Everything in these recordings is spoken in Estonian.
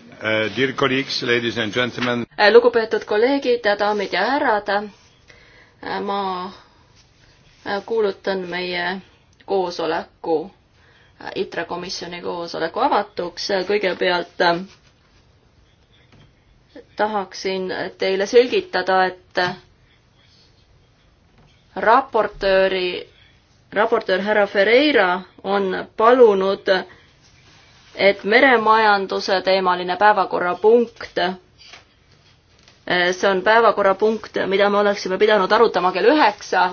Uh, uh, lugupeetud kolleegid, daamid ja härrad, uh, ma kuulutan meie koosoleku, ITRE komisjoni koosoleku avatuks. kõigepealt tahaksin teile selgitada, et raportööri, raportöör härra Ferreira on palunud et meremajanduse teemaline päevakorrapunkt, eh, see on päevakorrapunkt, mida me oleksime pidanud arutama kell üheksa.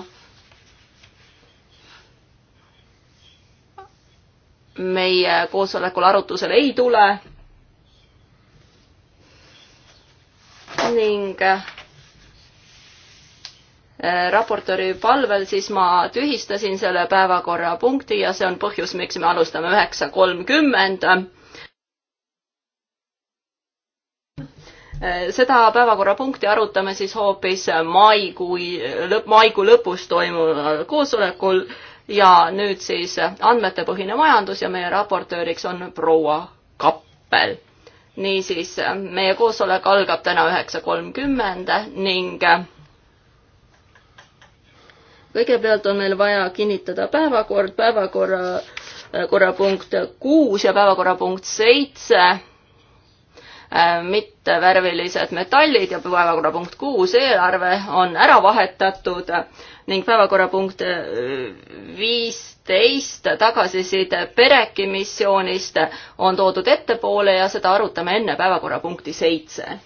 meie koosolekul arutusele ei tule. ning eh, Äh, raportööri palvel, siis ma tühistasin selle päevakorrapunkti ja see on põhjus, miks me alustame üheksa kolmkümmend. Äh, seda päevakorrapunkti arutame siis hoopis maikuu lõpp, maikuu lõpus toimuval koosolekul ja nüüd siis andmetepõhine majandus ja meie raportööriks on proua Kappel. niisiis, meie koosolek algab täna üheksa kolmkümmend ning kõigepealt on meil vaja kinnitada päevakord, päevakorra, äh, korrapunkt kuus ja päevakorrapunkt seitse, äh, mittevärvilised metallid ja päevakorrapunkt kuus, eelarve on ära vahetatud ning päevakorrapunkt äh, viisteist, tagasiside Pereki missioonist on toodud ettepoole ja seda arutame enne päevakorrapunkti seitse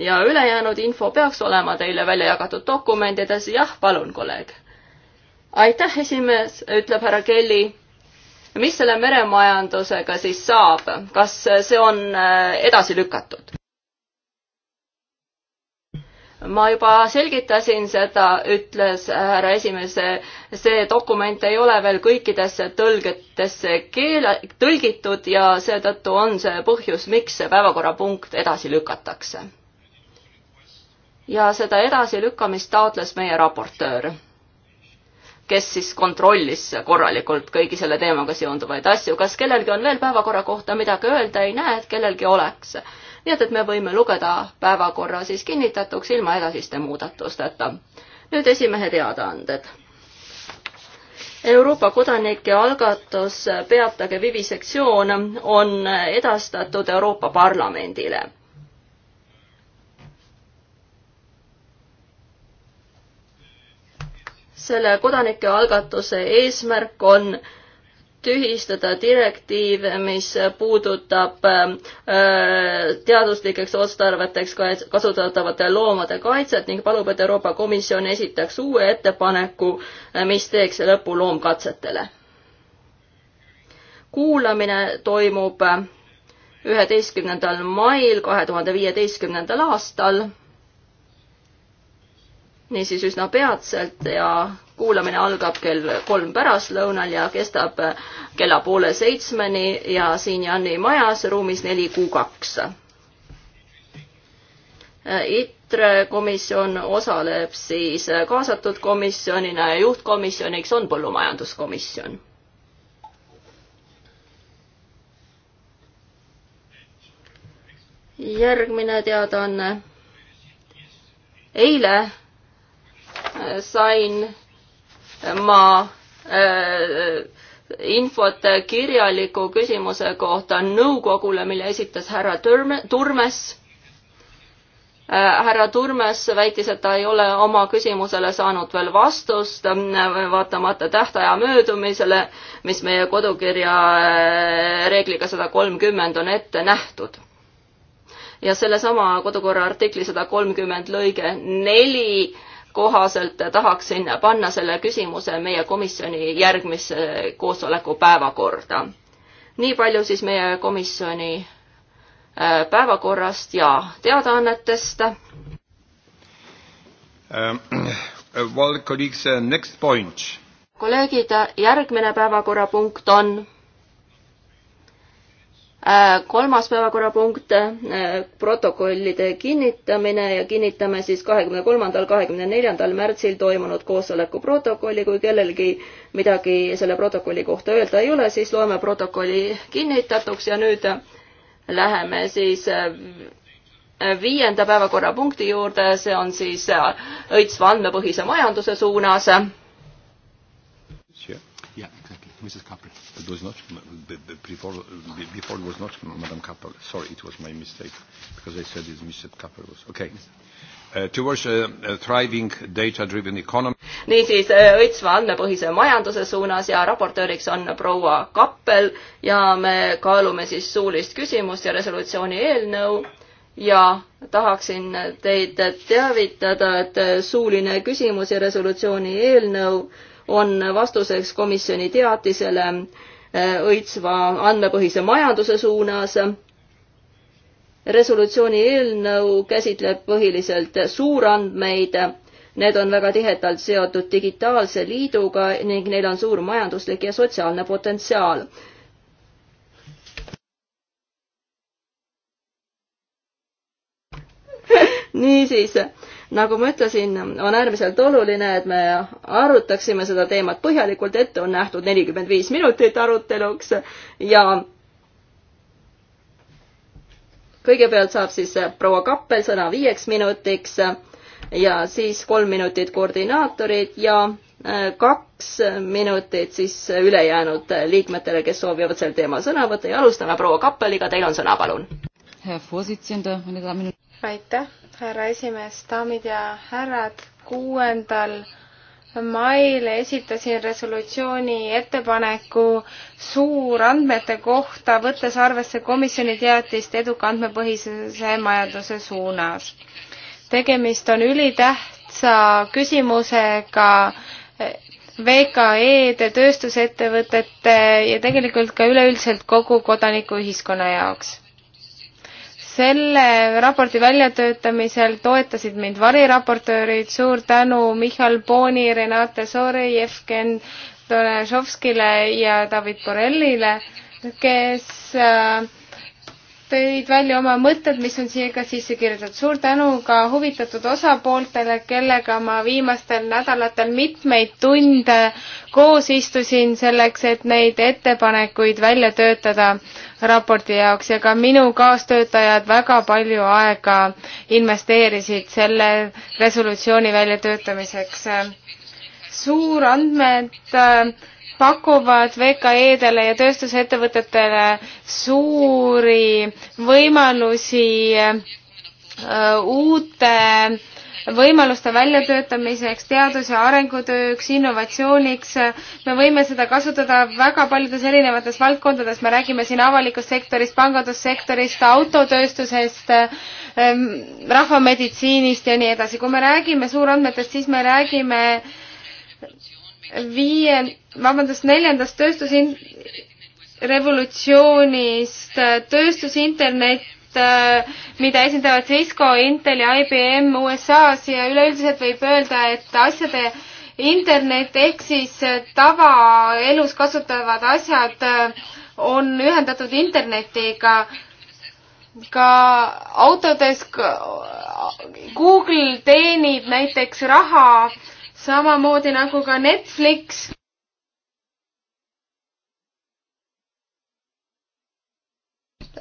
ja ülejäänud info peaks olema teile välja jagatud dokumentides. jah, palun, kolleeg. aitäh, esimees, ütleb härra Kelly. mis selle meremajandusega siis saab, kas see on äh, edasi lükatud? ma juba selgitasin seda, ütles härra esimees, see dokument ei ole veel kõikidesse tõlgetesse keele, tõlgitud ja seetõttu on see põhjus, miks see päevakorrapunkt edasi lükatakse ja seda edasilükkamist taotles meie raportöör, kes siis kontrollis korralikult kõigi selle teemaga seonduvaid asju. kas kellelgi on veel päevakorra kohta midagi öelda, ei näe, et kellelgi oleks. nii et, et me võime lugeda päevakorra siis kinnitatuks ilma edasiste muudatusteta. nüüd esimehe teadaanded Euroopa kodanike algatus Peatage vivisektsioon on edastatud Euroopa Parlamendile. selle kodanikealgatuse eesmärk on tühistada direktiiv, mis puudutab äh, teaduslikeks otstarveteks kasutatavate loomade kaitset ning palub, et Euroopa Komisjon esitaks uue ettepaneku, äh, mis teeks lõpu loomkatsetele. kuulamine toimub äh, üheteistkümnendal mail kahe tuhande viieteistkümnendal aastal niisiis üsna peatselt ja kuulamine algab kell kolm pärastlõunal ja kestab kella poole seitsmeni ja siin Janni majas ruumis neli kuu kaks. ITRE komisjon osaleb siis kaasatud komisjonina ja juhtkomisjoniks on põllumajanduskomisjon. järgmine teadaanne. eile sain ma äh, infot kirjaliku küsimuse kohta nõukogule, mille esitas härra Turmes. Äh, härra Turmes väitis, et ta ei ole oma küsimusele saanud veel vastust, äh, vaatamata tähtaja möödumisele, mis meie kodukirja reegliga sada kolmkümmend on ette nähtud ja sellesama kodukorra artikli sada kolmkümmend lõige neli kohaselt tahaksin panna selle küsimuse meie komisjoni järgmise koosoleku päevakorda. nii palju siis meie komisjoni äh, päevakorrast ja teadaannetest um,. kolleegid, järgmine päevakorrapunkt on Äh, kolmas päevakorrapunkt, äh, protokollide kinnitamine ja kinnitame siis kahekümne kolmandal, kahekümne neljandal märtsil toimunud koosoleku protokolli, kui kellelgi midagi selle protokolli kohta öelda ei ole, siis loeme protokolli kinnitatuks ja nüüd läheme siis äh, viienda päevakorrapunkti juurde, see on siis õitsva andmepõhise majanduse suunas. jah, Mrs. Kappel. It was not before. Before it was not Madam Kappel. Sorry, it was my mistake because I said it's Mrs. Kappel. Was. Okay. Uh, towards a, uh, a thriving data-driven economy. niisiis uh, õitsva andmepõhise majanduse suunas ja raportööriks on proua Kappel ja me kaalume siis suulist küsimust ja resolutsiooni eelnõu ja tahaksin teid teavitada, et suuline küsimus ja resolutsiooni eelnõu on vastuseks komisjoni teatisele äh, õitsva andmepõhise majanduse suunas. resolutsiooni eelnõu käsitleb põhiliselt suurandmeid. Need on väga tihedalt seotud digitaalse liiduga ning neil on suur majanduslik ja sotsiaalne potentsiaal niisiis, nagu ma ütlesin, on äärmiselt oluline, et me arutaksime seda teemat põhjalikult, ette on nähtud nelikümmend viis minutit aruteluks ja kõigepealt saab siis proua Kappel sõna viieks minutiks ja siis kolm minutit koordinaatorid ja äh, kaks minutit siis ülejäänud liikmetele, kes soovivad sel teemal sõna võtta ja alustame proua Kappeliga, teil on sõna, palun aitäh, härra esimees, daamid ja härrad, kuuendal mail esitasin resolutsiooni ettepaneku suurandmete kohta, võttes arvesse komisjoni teatist eduka andmepõhise majanduse suunas. tegemist on ülitähtsa küsimusega VKE-de, tööstusettevõtete ja tegelikult ka üleüldiselt kogu kodanikuühiskonna jaoks selle raporti väljatöötamisel toetasid mind variraportöörid, suur tänu Michal Booni, Renate Soore, Jevgen Donašovskile ja David Borellile, kes äh, tõid välja oma mõtted, mis on siia ka sisse kirjutatud. suur tänu ka huvitatud osapooltele, kellega ma viimastel nädalatel mitmeid tunde koos istusin selleks, et neid ettepanekuid välja töötada raporti jaoks ja ka minu kaastöötajad väga palju aega investeerisid selle resolutsiooni väljatöötamiseks. suurandmed äh, pakuvad VKE-dele ja tööstusettevõtetele suuri võimalusi äh, uute võimaluste väljatöötamiseks, teadus- ja arengutööks, innovatsiooniks. me võime seda kasutada väga paljudes erinevates valdkondades, me räägime siin avalikust sektorist, pangandussektorist, autotööstusest, ehm, rahvameditsiinist ja nii edasi. kui me räägime suurandmetest, siis me räägime viie, vabandust, neljandast tööstusin-, revolutsioonist, tööstusinternet, Äh, mida esindavad Cisco, Intel ja IBM USA-s ja üleüldiselt võib öelda, et asjade internet ehk siis äh, tavaelus kasutavad asjad äh, on ühendatud internetiga. ka autodes Google teenib näiteks raha samamoodi nagu ka Netflix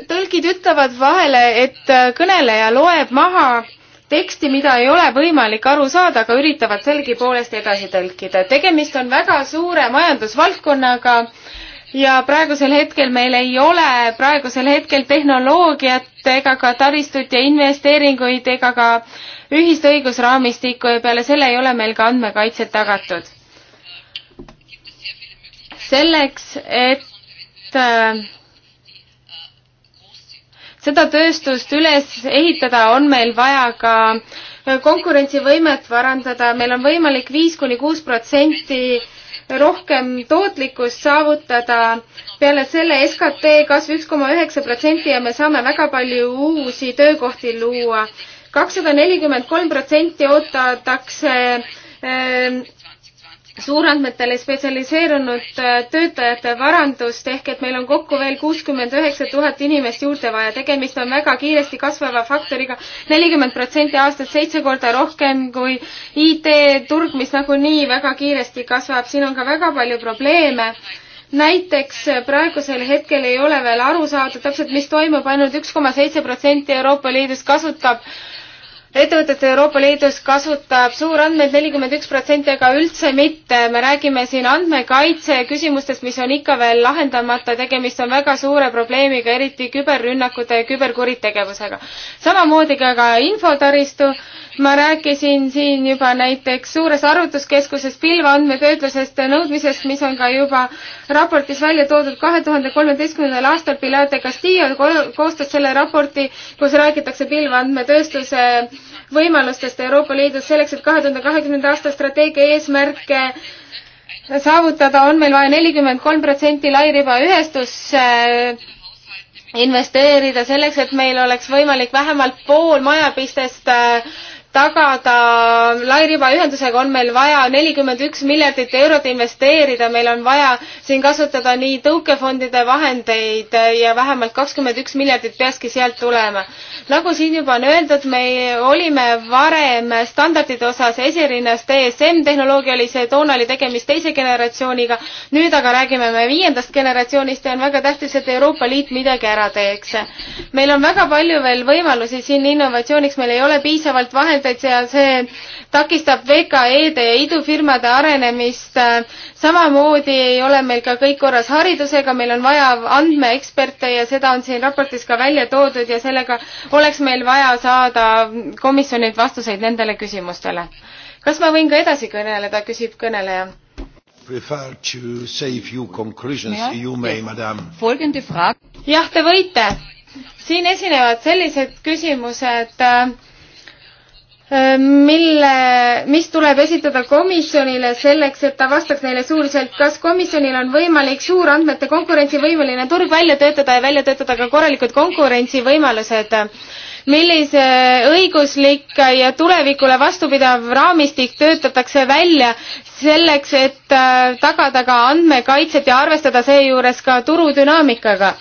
tõlgid ütlevad vahele, et äh, kõneleja loeb maha teksti, mida ei ole võimalik aru saada, aga üritavad selgipoolest edasi tõlkida. tegemist on väga suure majandusvaldkonnaga ja praegusel hetkel meil ei ole praegusel hetkel tehnoloogiat ega ka taristut ja investeeringuid ega ka ühist õigusraamistikku ja peale selle ei ole meil ka andmekaitset tagatud. selleks, et äh, seda tööstust üles ehitada, on meil vaja ka äh, konkurentsivõimet parandada, meil on võimalik viis kuni kuus protsenti rohkem tootlikkust saavutada. peale selle SKT kasv üks koma üheksa protsenti ja me saame väga palju uusi töökohti luua. kakssada nelikümmend kolm protsenti oodatakse äh, suurandmetele spetsialiseerunud äh, töötajate varandust ehk et meil on kokku veel kuuskümmend üheksa tuhat inimest juurde vaja. tegemist on väga kiiresti kasvava faktoriga, nelikümmend protsenti aastas, seitse korda rohkem kui IT-turg, mis nagunii väga kiiresti kasvab. siin on ka väga palju probleeme näiteks äh, praegusel hetkel ei ole veel aru saada täpselt, mis toimub ainult, ainult üks koma seitse protsenti Euroopa Liidus kasutab äh, ettevõtete Euroopa Liidus kasutab suurandmeid nelikümmend üks protsenti, aga üldse mitte. me räägime siin andmekaitse küsimustest, mis on ikka veel lahendamata, tegemist on väga suure probleemiga, eriti küberrünnakute ja küberkuritegevusega. samamoodi ka infotaristu ma rääkisin siin juba näiteks suures arvutuskeskuses pilveandmetöötlusest nõudmisest, mis on ka juba raportis välja toodud kahe tuhande kolmeteistkümnendal aastal Pilate Castillo koostas selle raporti, kus räägitakse pilveandmetööstuse võimalustest Euroopa Liidus selleks, et kahe tuhande kahekümnenda aasta strateegia eesmärke saavutada, on meil vaja nelikümmend kolm protsenti lairibaühestusse äh, investeerida selleks, et meil oleks võimalik vähemalt pool majapistest äh, tagada lairibaühendusega, on meil vaja nelikümmend üks miljardit eurot investeerida, meil on vaja siin kasutada nii tõukefondide vahendeid ja vähemalt kakskümmend üks miljardit peakski sealt tulema. nagu siin juba on öeldud, me olime varem standardide osas esirinnas, DSM tehnoloogia oli see, toona oli tegemist teise generatsiooniga, nüüd aga räägime me viiendast generatsioonist ja on väga tähtis, et Euroopa Liit midagi ära teeks. meil on väga palju veel võimalusi siin innovatsiooniks, meil ei ole piisavalt vahendeid, ettevõtteid ja see takistab VKE-de ja idufirmade arenemist. samamoodi ei ole meil ka kõik korras haridusega, meil on vaja andmeeksperte ja seda on siin raportis ka välja toodud ja sellega oleks meil vaja saada komisjonilt vastuseid nendele küsimustele. kas ma võin ka edasi kõneleda, küsib kõneleja jah, te võite. siin esinevad sellised küsimused äh, Äh, mille, mis tuleb esitada komisjonile selleks, et ta vastaks neile suuliselt. kas komisjonil on võimalik suurandmete konkurentsivõimeline turg välja töötada ja välja töötada ka korralikud konkurentsivõimalused? millise õiguslik ja tulevikule vastupidav raamistik töötatakse välja selleks, et äh, tagada ka andmekaitset ja arvestada seejuures ka turudünaamikaga.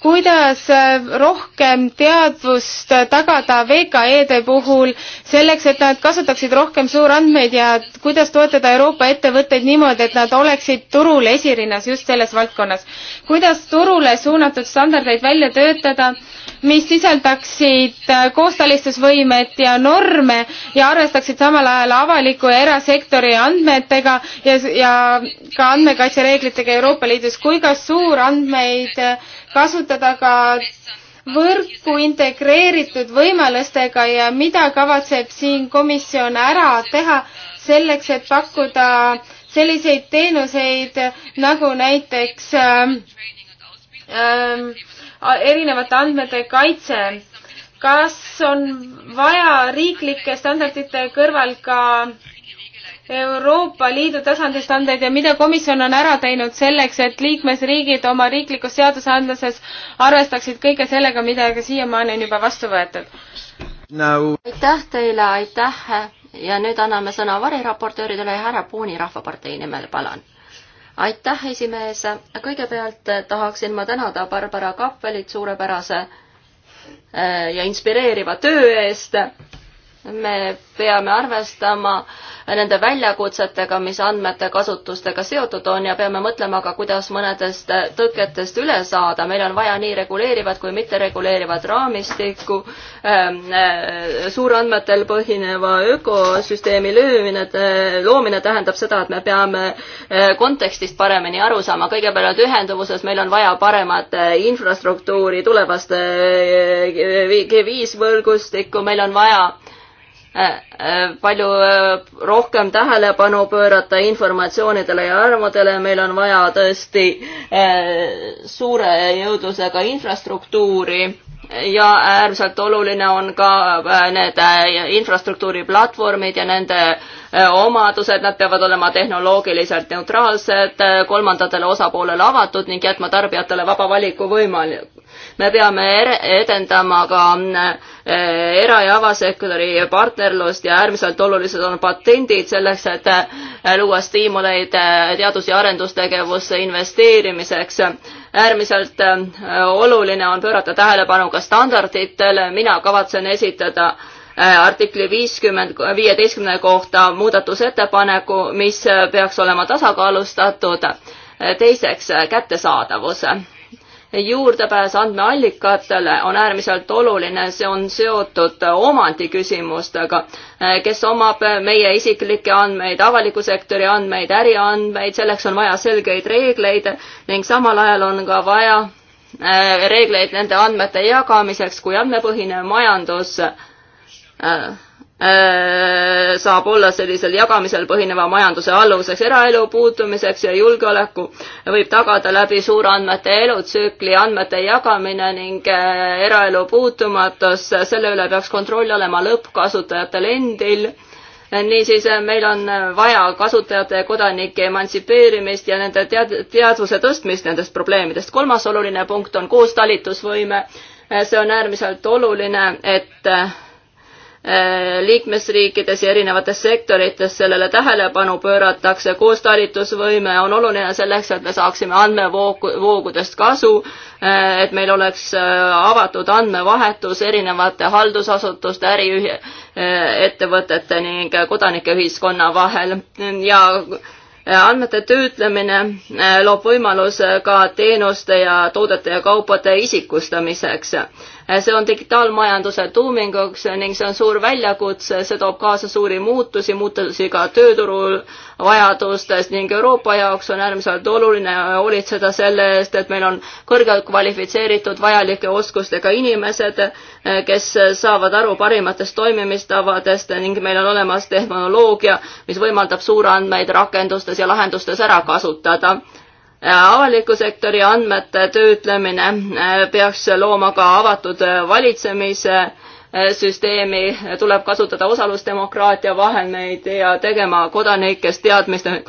kuidas äh, rohkem teadvust tagada VKE-de puhul selleks, et nad kasutaksid rohkem suurandmeid ja kuidas toetada Euroopa ettevõtteid niimoodi, et nad oleksid turul esirinnas just selles valdkonnas? kuidas turule suunatud standardeid välja töötada mis sisaldaksid äh, koostalistusvõimet ja norme ja arvestaksid samal ajal avaliku ja erasektori andmetega ja, ja ka andmekaitsereeglitega Euroopa Liidus, kui ka suurandmeid äh, kasutada ka võrku integreeritud võimalustega ja mida kavatseb siin komisjon ära teha selleks, et pakkuda selliseid teenuseid nagu näiteks ähm, ähm, erinevate andmete kaitse. kas on vaja riiklike standardite kõrval ka Euroopa Liidu tasandi standardeid ja mida komisjon on ära teinud selleks, et liikmesriigid oma riiklikus seadusandluses arvestaksid kõige sellega, mida ka siiamaani on juba vastu võetud no.? aitäh teile, aitäh ja nüüd anname sõna variraportööridele ja härra Puuni Rahvapartei nimel, palun aitäh, esimees. kõigepealt tahaksin ma tänada Barbara Kappelit suurepärase äh, ja inspireeriva töö eest me peame arvestama nende väljakutsetega, mis andmete kasutustega seotud on ja peame mõtlema ka, kuidas mõnedest tõketest üle saada. meil on vaja nii reguleerivat kui mittereguleerivat raamistikku, ähm, äh, suurandmetel põhineva ökosüsteemi löömine, äh, loomine tähendab seda, et me peame äh, kontekstist paremini aru saama. kõigepealt ühenduvuses meil on vaja paremat infrastruktuuri tulevaste G5 võrgustikku, meil on vaja Äh, äh, palju äh, rohkem tähelepanu pöörata informatsioonidele ja arvudele, meil on vaja tõesti suure jõudlusega infrastruktuuri ja äärmiselt oluline on ka need infrastruktuuri platvormid ja nende omadused, nad peavad olema tehnoloogiliselt neutraalsed, kolmandatele osapoolele avatud ning jätma tarbijatele vaba valiku võimalik me peame edendama ka äh, era- ja avasektori partnerlust ja äärmiselt olulised on patendid selleks, et äh, luua stiimuleid äh, teadus- ja arendustegevusse investeerimiseks. äärmiselt oluline on pöörata tähelepanu ka standarditele, mina kavatsen esitada artikli viiskümmend, viieteistkümne kohta muudatusettepaneku, mis peaks olema tasakaalustatud. teiseks, kättesaadavus juurdepääs andmeallikatele on äärmiselt oluline, see on seotud omandiküsimustega. Eh, kes omab meie isiklikke andmeid, avaliku sektori andmeid, äriandmeid, selleks on vaja selgeid reegleid ning samal ajal on ka vaja eh, reegleid nende andmete jagamiseks, kui andmepõhine majandus eh, Äh, saab olla sellisel jagamisel põhineva majanduse aluseks. eraelu puutumiseks ja julgeoleku võib tagada läbi suurandmete elutsükli andmete jagamine ning äh, eraelu puutumatus, selle üle peaks kontroll olema lõppkasutajatel endil niisiis äh, meil on vaja kasutajate ja kodanike emantsipeerimist ja nende tead-, teadvuse tõstmist nendest probleemidest. kolmas oluline punkt on koostalitusvõime. see on äärmiselt oluline, et Äh, liikmesriikides ja erinevates sektorites sellele tähelepanu pööratakse, koostalitusvõime on oluline selleks, et me saaksime andmevoogudest kasu, äh, et meil oleks äh, avatud andmevahetus erinevate haldusasutuste, äriettevõtete ning kodanikeühiskonna vahel ja andmete töötlemine loob võimaluse ka teenuste ja toodete ja kaupade isikustamiseks see on digitaalmajanduse tuuminguks ning see on suur väljakutse, see toob kaasa suuri muutusi, muutusi ka tööturul, vajadustes ning Euroopa jaoks on äärmiselt oluline hoolitseda selle eest, et meil on kõrgelt kvalifitseeritud vajalike oskustega inimesed, kes saavad aru parimatest toimimistavadest ning meil on olemas tehnoloogia, mis võimaldab suurandmeid rakendustes ja lahendustes ära kasutada avaliku sektori andmete töötlemine äh, peaks looma ka avatud äh, valitsemise äh, süsteemi, tuleb kasutada osalusdemokraatia vahendeid ja tegema kodanikest teadmiste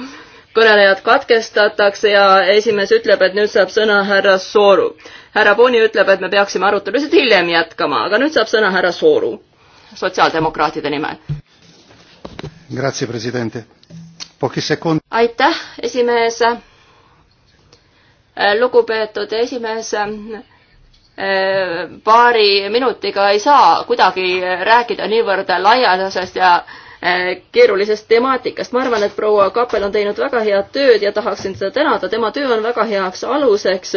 kõnelejad katkestatakse ja esimees ütleb, et nüüd saab sõna härra Sooru. härra Boni ütleb, et me peaksime arutelusid hiljem jätkama, aga nüüd saab sõna härra Sooru sotsiaaldemokraatide nimel. aitäh, esimees Äh, lugupeetud esimees, äh, paari minutiga ei saa kuidagi äh, rääkida niivõrd laialdasest ja keerulisest temaatikast. ma arvan, et proua Kappel on teinud väga head tööd ja tahaksin teda tänada. tema töö on väga heaks aluseks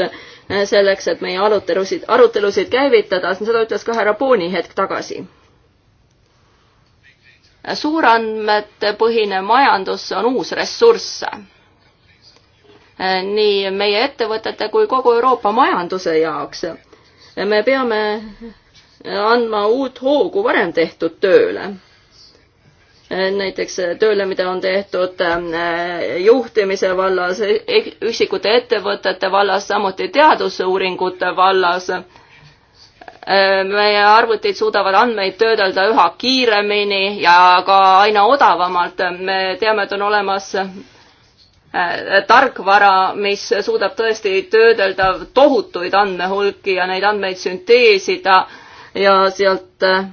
selleks, et meie arutelusid, arutelusid käivitada. seda ütles ka härra Pooni hetk tagasi. suurandmete põhine majandus on uus ressurss Äh, nii meie ettevõtete kui kogu Euroopa majanduse jaoks. me peame andma uut hoogu varem tehtud tööle. Äh, näiteks tööle, mida on tehtud äh, juhtimise vallas, e-, üksikute ettevõtete vallas, samuti teadusuuringute vallas. meie arvutid suudavad andmeid töödelda üha kiiremini ja ka aina odavamalt. me teame, et on olemas Äh, tarkvara, mis suudab tõesti töödelda tohutuid andmehulki ja neid andmeid sünteesida ja sealt äh,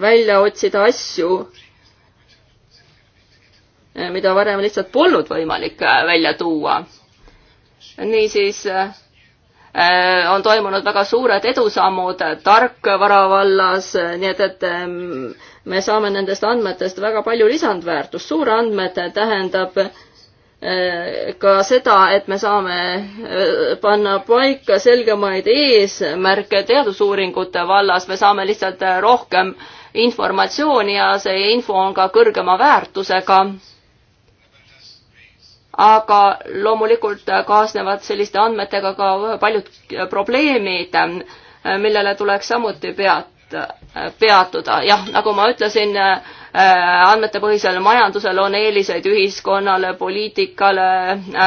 välja otsida asju, äh, mida varem lihtsalt polnud võimalik välja tuua. niisiis on toimunud väga suured edusammud tarkvara vallas, nii et, et ähm, me saame nendest andmetest väga palju lisandväärtust. suurandmed tähendab eh, ka seda, et me saame eh, panna paika selgemaid eesmärke teadusuuringute vallas, me saame lihtsalt eh, rohkem informatsiooni ja see info on ka kõrgema väärtusega. aga loomulikult kaasnevad selliste andmetega ka paljud probleemid, millele tuleks samuti peat-, Äh, peatuda. jah, nagu ma ütlesin, äh, äh, andmetepõhisel majandusel on eeliseid ühiskonnale, poliitikale,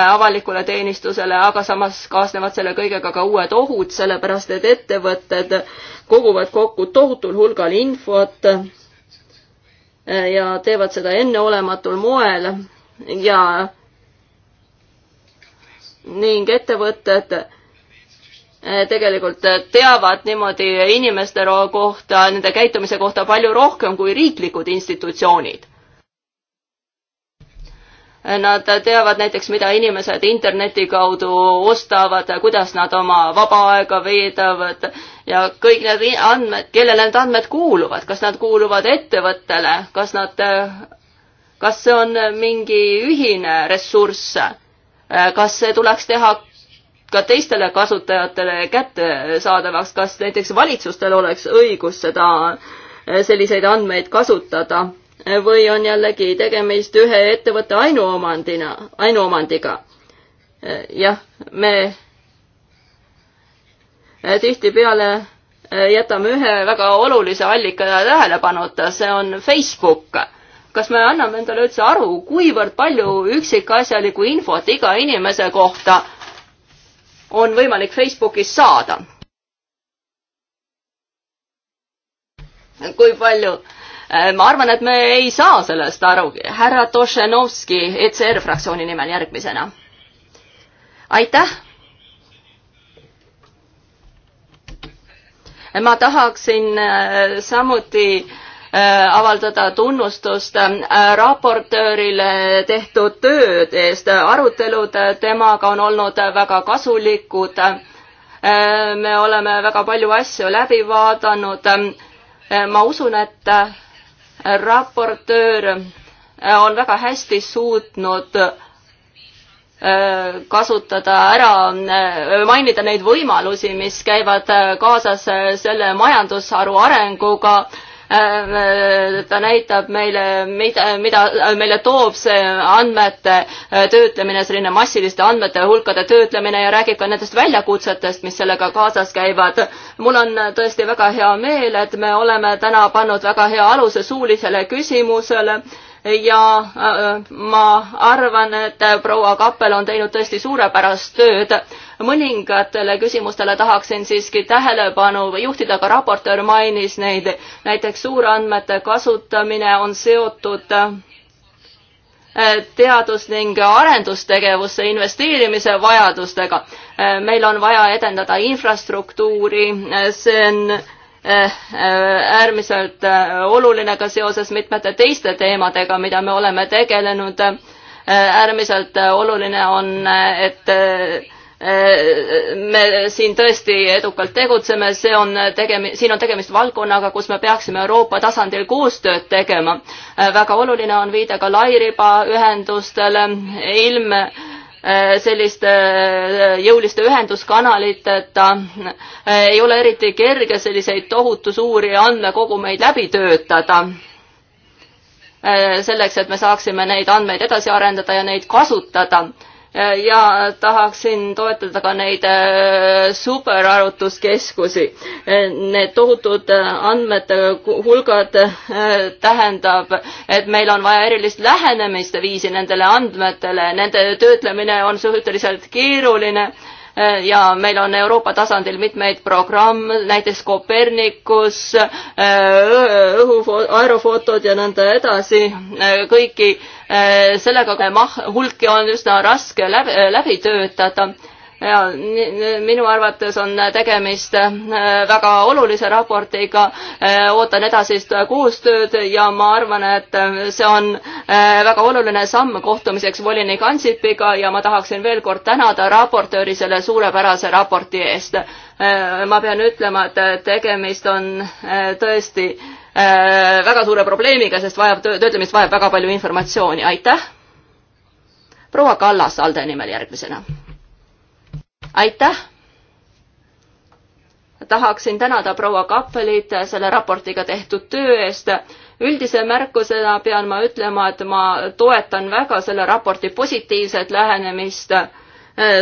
avalikule teenistusele, aga samas kaasnevad selle kõigega ka uued ohud, sellepärast et ettevõtted koguvad kokku tohutul hulgal infot ja teevad seda enneolematul moel ja ning ettevõtted et Eh, tegelikult teavad niimoodi inimeste kohta, nende käitumise kohta palju rohkem kui riiklikud institutsioonid. Nad teavad näiteks, mida inimesed interneti kaudu ostavad, kuidas nad oma vaba aega veedavad ja kõik need andmed, kellele need andmed kuuluvad, kas nad kuuluvad ettevõttele, kas nad, kas see on mingi ühine ressurss, kas see tuleks teha ka teistele kasutajatele kättesaadavaks, kas näiteks valitsustel oleks õigus seda, eh, selliseid andmeid kasutada või on jällegi tegemist ühe ettevõtte ainuomandina, ainuomandiga? Eh, jah, me eh, tihtipeale jätame ühe väga olulise allika tähelepanuta, see on Facebook. kas me anname endale üldse aru, kuivõrd palju üksikasjalikku infot iga inimese kohta on võimalik Facebookis saada. kui palju? Äh, ma arvan, et me ei saa sellest aru. härra Tošenovski ECR fraktsiooni nimel järgmisena. aitäh. ma tahaksin äh, samuti äh, Äh, avaldada tunnustust äh, raportöörile tehtud tööd eest. arutelud temaga on olnud väga kasulikud. Äh, me oleme väga palju asju läbi vaadanud. ma usun, et raportöör on väga hästi suutnud kasutada ära, mainida neid võimalusi, mis käivad kaasas selle majandusharu arenguga Ähm, äh, ta näitab meile, mida, mida äh, meile toob see andmete äh, töötlemine, selline massiliste andmete hulkade töötlemine ja räägib ka nendest väljakutsetest, mis sellega kaasas käivad. mul on tõesti väga hea meel, et me oleme täna pannud väga hea aluse suulisele küsimusele ja ma arvan, et proua Kappel on teinud tõesti suurepärast tööd mõningatele küsimustele tahaksin siiski tähelepanu juhtida, ka raportöör mainis neid, näiteks suurandmete kasutamine on seotud äh, teadus- ning arendustegevusse investeerimise vajadustega. Äh, meil on vaja edendada infrastruktuuri, äh, see on äärmiselt oluline ka seoses mitmete teiste teemadega, mida me oleme tegelenud. äärmiselt oluline on, et me siin tõesti edukalt tegutseme, see on tegemi-, siin on tegemist valdkonnaga, kus me peaksime Euroopa tasandil koostööd tegema. väga oluline on viida ka lairibaühendustele ilm selliste jõuliste ühenduskanaliteta ei ole eriti kerge selliseid tohutu suuri andmekogumeid läbi töötada selleks, et me saaksime neid andmeid edasi arendada ja neid kasutada Äh, ja tahaksin toetada ka neid äh, superarvutuskeskusi. Äh, need tohutud andmete hulgad tähendab, et meil on vaja erilist lähenemist viisi nendele andmetele, nende töötlemine on suhteliselt keeruline ja meil on Euroopa tasandil mitmeid programme, näiteks Copernicus, õhu, aerofotod ja nõnda edasi, kõiki Äh, sellega mah-, hulki on üsna raske läbi, äh, läbi töötada ja minu arvates on tegemist äh, väga olulise raportiga, ootan edasist koostööd ja ma arvan, et see on väga oluline samm kohtumiseks volinik Ansipiga ja ma tahaksin veel kord tänada raportööri selle suurepärase raporti eest. ma pean ütlema, et tegemist on tõesti Äh, väga suure probleemiga, sest vajab, töötlemist vajab väga palju informatsiooni, aitäh. proua Kallas ALDE nimel järgmisena. aitäh. tahaksin tänada proua Kappelit selle raportiga tehtud töö eest. üldise märkusena pean ma ütlema, et ma toetan väga selle raporti positiivset lähenemist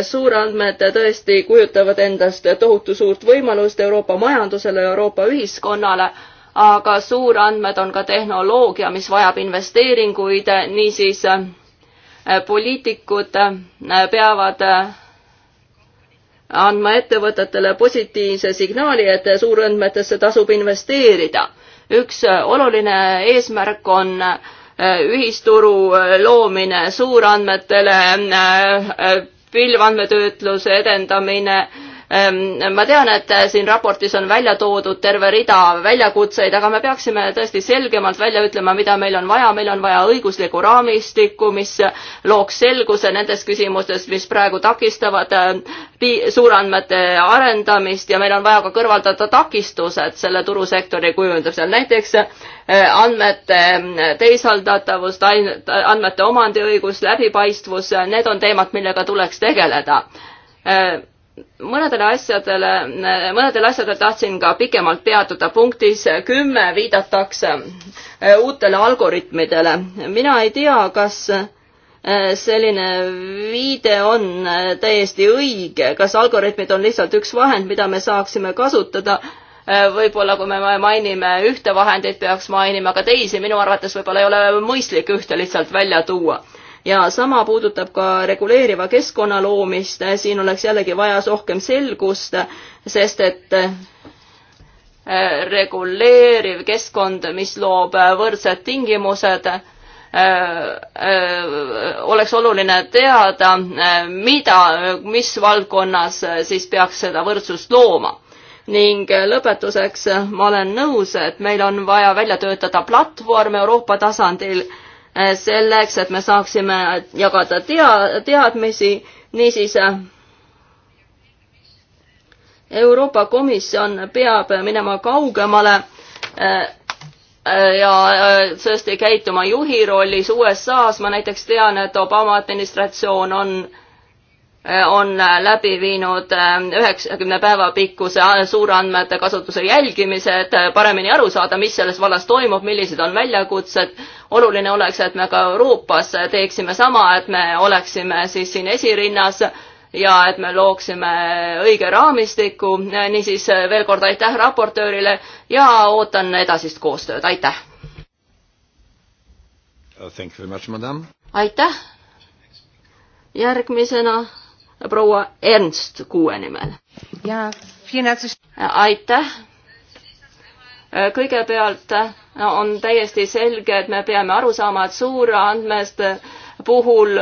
suurandmed tõesti kujutavad endast tohutu suurt võimalust Euroopa majandusele, Euroopa ühiskonnale, aga suurandmed on ka tehnoloogia, mis vajab investeeringuid, niisiis äh, poliitikud äh, peavad äh, andma ettevõtetele positiivse signaali, et suurandmetesse tasub investeerida. üks oluline eesmärk on ühisturu loomine suurandmetele, pilvandmetöötluse edendamine Ehm, ma tean, et äh, siin raportis on välja toodud terve rida väljakutseid, aga me peaksime tõesti selgemalt välja ütlema, mida meil on vaja, meil on vaja õiguslikku raamistikku, mis äh, looks selguse nendes küsimustes, mis praegu takistavad äh, suurandmete arendamist ja meil on vaja ka kõrvaldada takistused selle turusektori kujundamisel, näiteks andmete teisaldatavust, andmete omandiõigus, läbipaistvus, need on teemad, millega tuleks tegeleda mõnedele asjadele, mõnedele asjadele tahtsin ka pikemalt peatuda. punktis kümme viidatakse eh, uutele algoritmidele. mina ei tea, kas eh, selline viide on eh, täiesti õige, kas algoritmid on lihtsalt üks vahend, mida me saaksime kasutada võib-olla kui me mainime ühte vahendit, peaks mainima ka teisi, minu arvates võib-olla ei ole mõistlik ühte lihtsalt välja tuua ja sama puudutab ka reguleeriva keskkonna loomist, siin oleks jällegi vaja rohkem selgust, sest et äh, reguleeriv keskkond, mis loob võrdsed tingimused, äh, äh, oleks oluline teada, mida, mis valdkonnas siis peaks seda võrdsust looma ning lõpetuseks ma olen nõus, et meil on vaja välja töötada platvorm Euroopa tasandil Eh, selleks, et me saaksime jagada tea-, teadmisi, niisiis eh, Euroopa Komisjon peab minema kaugemale eh, ja tõesti käituma juhi rollis. USA-s ma näiteks tean, et Obama administratsioon on, on läbi viinud üheksakümne päeva pikkuse suurandmete kasutuse jälgimise, et paremini aru saada, mis selles vallas toimub, millised on väljakutsed oluline oleks, et me ka Euroopas teeksime sama, et me oleksime siis siin esirinnas ja et me looksime õige raamistiku. niisiis veel kord aitäh raportöörile ja ootan edasist koostööd, aitäh! Uh, aitäh! järgmisena proua Ernst kuue nimel. aitäh! kõigepealt on täiesti selge, et me peame aru saama, et suurandmeste puhul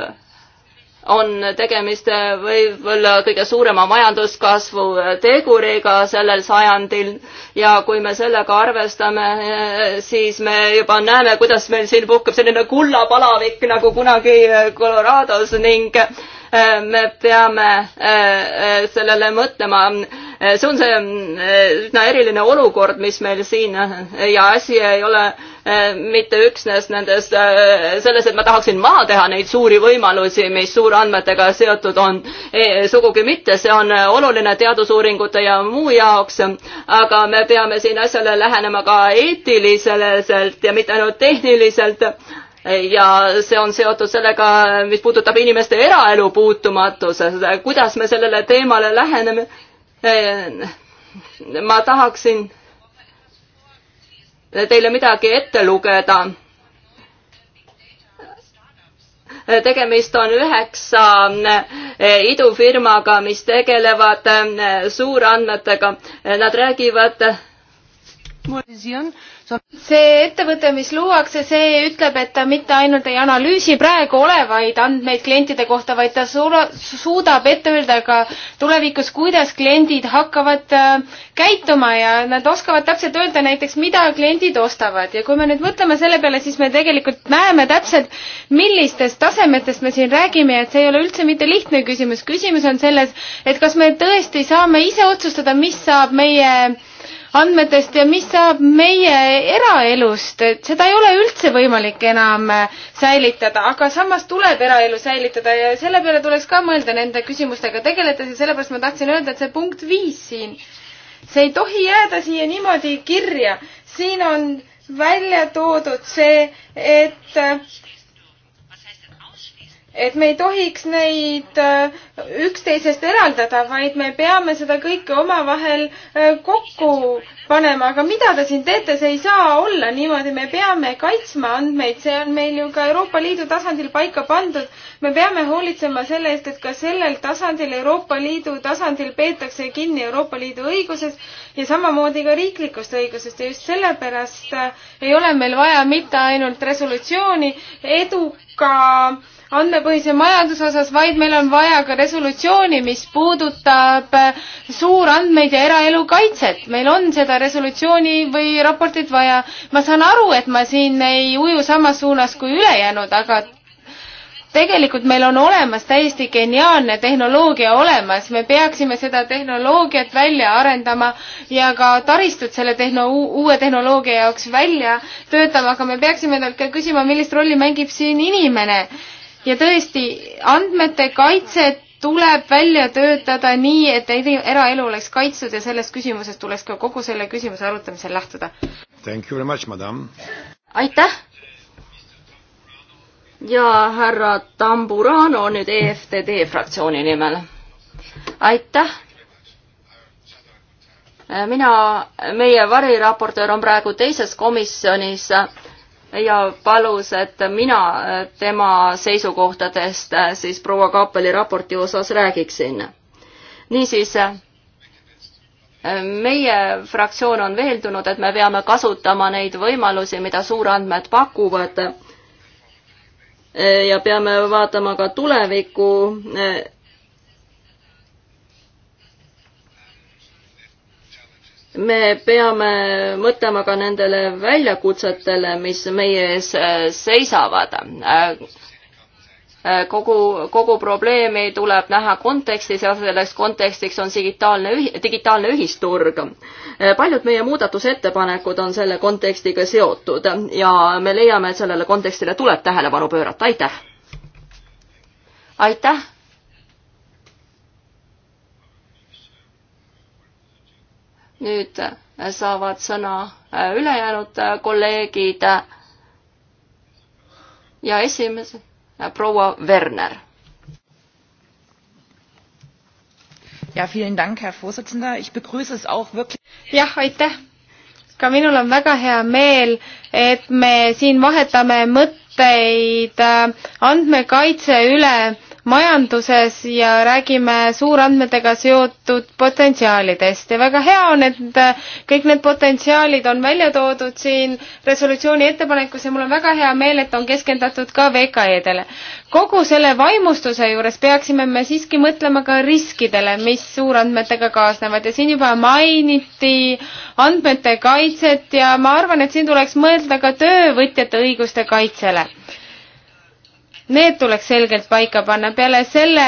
on tegemist võib-olla kõige suurema majanduskasvu teguriga sellel sajandil ja kui me sellega arvestame, siis me juba näeme, kuidas meil siin puhkeb selline kullapalavik nagu kunagi Colorados ning äh, Äh, me peame äh, äh, sellele mõtlema. see on see üsna eriline olukord, mis meil siin ja asi ei ole mitte üksnes nendes, selles, et ma tahaksin maha teha neid suuri võimalusi, mis suurandmetega seotud on, e, sugugi mitte, see on oluline teadusuuringute ja muu jaoks, aga me peame siin asjale lähenema ka eetiliselt ja mitte ainult tehniliselt ja see on seotud sellega, mis puudutab inimeste eraelu puutumatuse, kuidas me sellele teemale läheneme. Eh, ma tahaksin teile midagi ette lugeda tegemist on üheksa eh, idufirmaga, mis tegelevad eh, suurandmetega. Nad räägivad see ettevõte, mis luuakse, see ütleb, et ta mitte ainult ei analüüsi praegu olevaid andmeid klientide kohta, vaid ta suudab ette öelda ka tulevikus, kuidas kliendid hakkavad äh, käituma ja nad oskavad täpselt öelda näiteks, mida kliendid ostavad ja kui me nüüd mõtleme selle peale, siis me tegelikult näeme täpselt, millistest tasemetest me siin räägime ja et see ei ole üldse mitte lihtne küsimus. küsimus on selles, et kas me tõesti saame ise otsustada, mis saab meie andmetest ja mis saab meie eraelust, et seda ei ole üldse võimalik enam äh, säilitada, aga samas tuleb eraelu säilitada ja selle peale tuleks ka mõelda nende küsimustega tegeledes ja sellepärast ma tahtsin öelda, et see punkt viis siin, see ei tohi jääda siia niimoodi kirja, siin on välja toodud see, et äh, et me ei tohiks neid äh, üksteisest eraldada, vaid me peame seda kõike omavahel äh, kokku panema, aga mida te siin teete, see ei saa olla niimoodi, me peame kaitsma andmeid, see on meil ju ka Euroopa Liidu tasandil paika pandud. me peame hoolitsema selle eest, et ka sellel tasandil, Euroopa Liidu tasandil peetakse kinni Euroopa Liidu õigusest ja samamoodi ka riiklikust õigusest ja just sellepärast äh, ei ole meil vaja mitte ainult resolutsiooni, eduka äh, andmepõhise majanduse osas, vaid meil on vaja ka resolutsiooni, mis puudutab eh, suurandmeid ja eraelu kaitset. meil on seda resolutsiooni või raportit vaja. ma saan aru, et ma siin ei uju samas suunas kui ülejäänud, aga tegelikult meil on olemas täiesti geniaalne tehnoloogia olemas, me peaksime seda tehnoloogiat välja arendama ja ka taristut selle tehno-, uue tehnoloogia jaoks välja töötama, aga me peaksime endalt ka küsima, millist rolli mängib siin inimene ja tõesti, andmete kaitset tuleb välja töötada nii, et eraelu oleks kaitstud ja sellest küsimusest tuleks ka kogu selle küsimuse arutamisel lähtuda. aitäh! ja härra Tamburano nüüd EFTD fraktsiooni nimel. aitäh! mina, meie variraportöör on praegu teises komisjonis ja palus, et mina äh, tema seisukohtadest äh, siis proua Kappeli raporti osas räägiksin. niisiis, äh, meie fraktsioon on veendunud, et me peame kasutama neid võimalusi, mida suurandmed pakuvad ja peame vaatama ka tulevikku me peame mõtlema ka nendele väljakutsetele, mis meie ees äh, seisavad. Äh, äh, kogu, kogu probleemi tuleb näha kontekstis ja selleks kontekstiks on digitaalne ühi,, digitaalne ühisturg. paljud meie muudatusettepanekud on selle kontekstiga seotud ja me leiame, et sellele kontekstile tuleb tähelepanu pöörata, aitäh! aitäh! nüüd äh, saavad sõna äh, ülejäänud äh, kolleegid. ja esimese, proua Werner. ja, jah, aitäh. ka minul on väga hea meel, et me siin vahetame mõtteid andmekaitse üle majanduses ja räägime suurandmetega seotud potentsiaalidest ja väga hea on, et kõik need potentsiaalid on välja toodud siin resolutsiooni ettepanekus ja mul on väga hea meel, et on keskendatud ka VKE-dele. kogu selle vaimustuse juures peaksime me siiski mõtlema ka riskidele, mis suurandmetega kaasnevad ja siin juba mainiti andmete kaitset ja ma arvan, et siin tuleks mõelda ka töövõtjate õiguste kaitsele Need tuleks selgelt paika panna. peale selle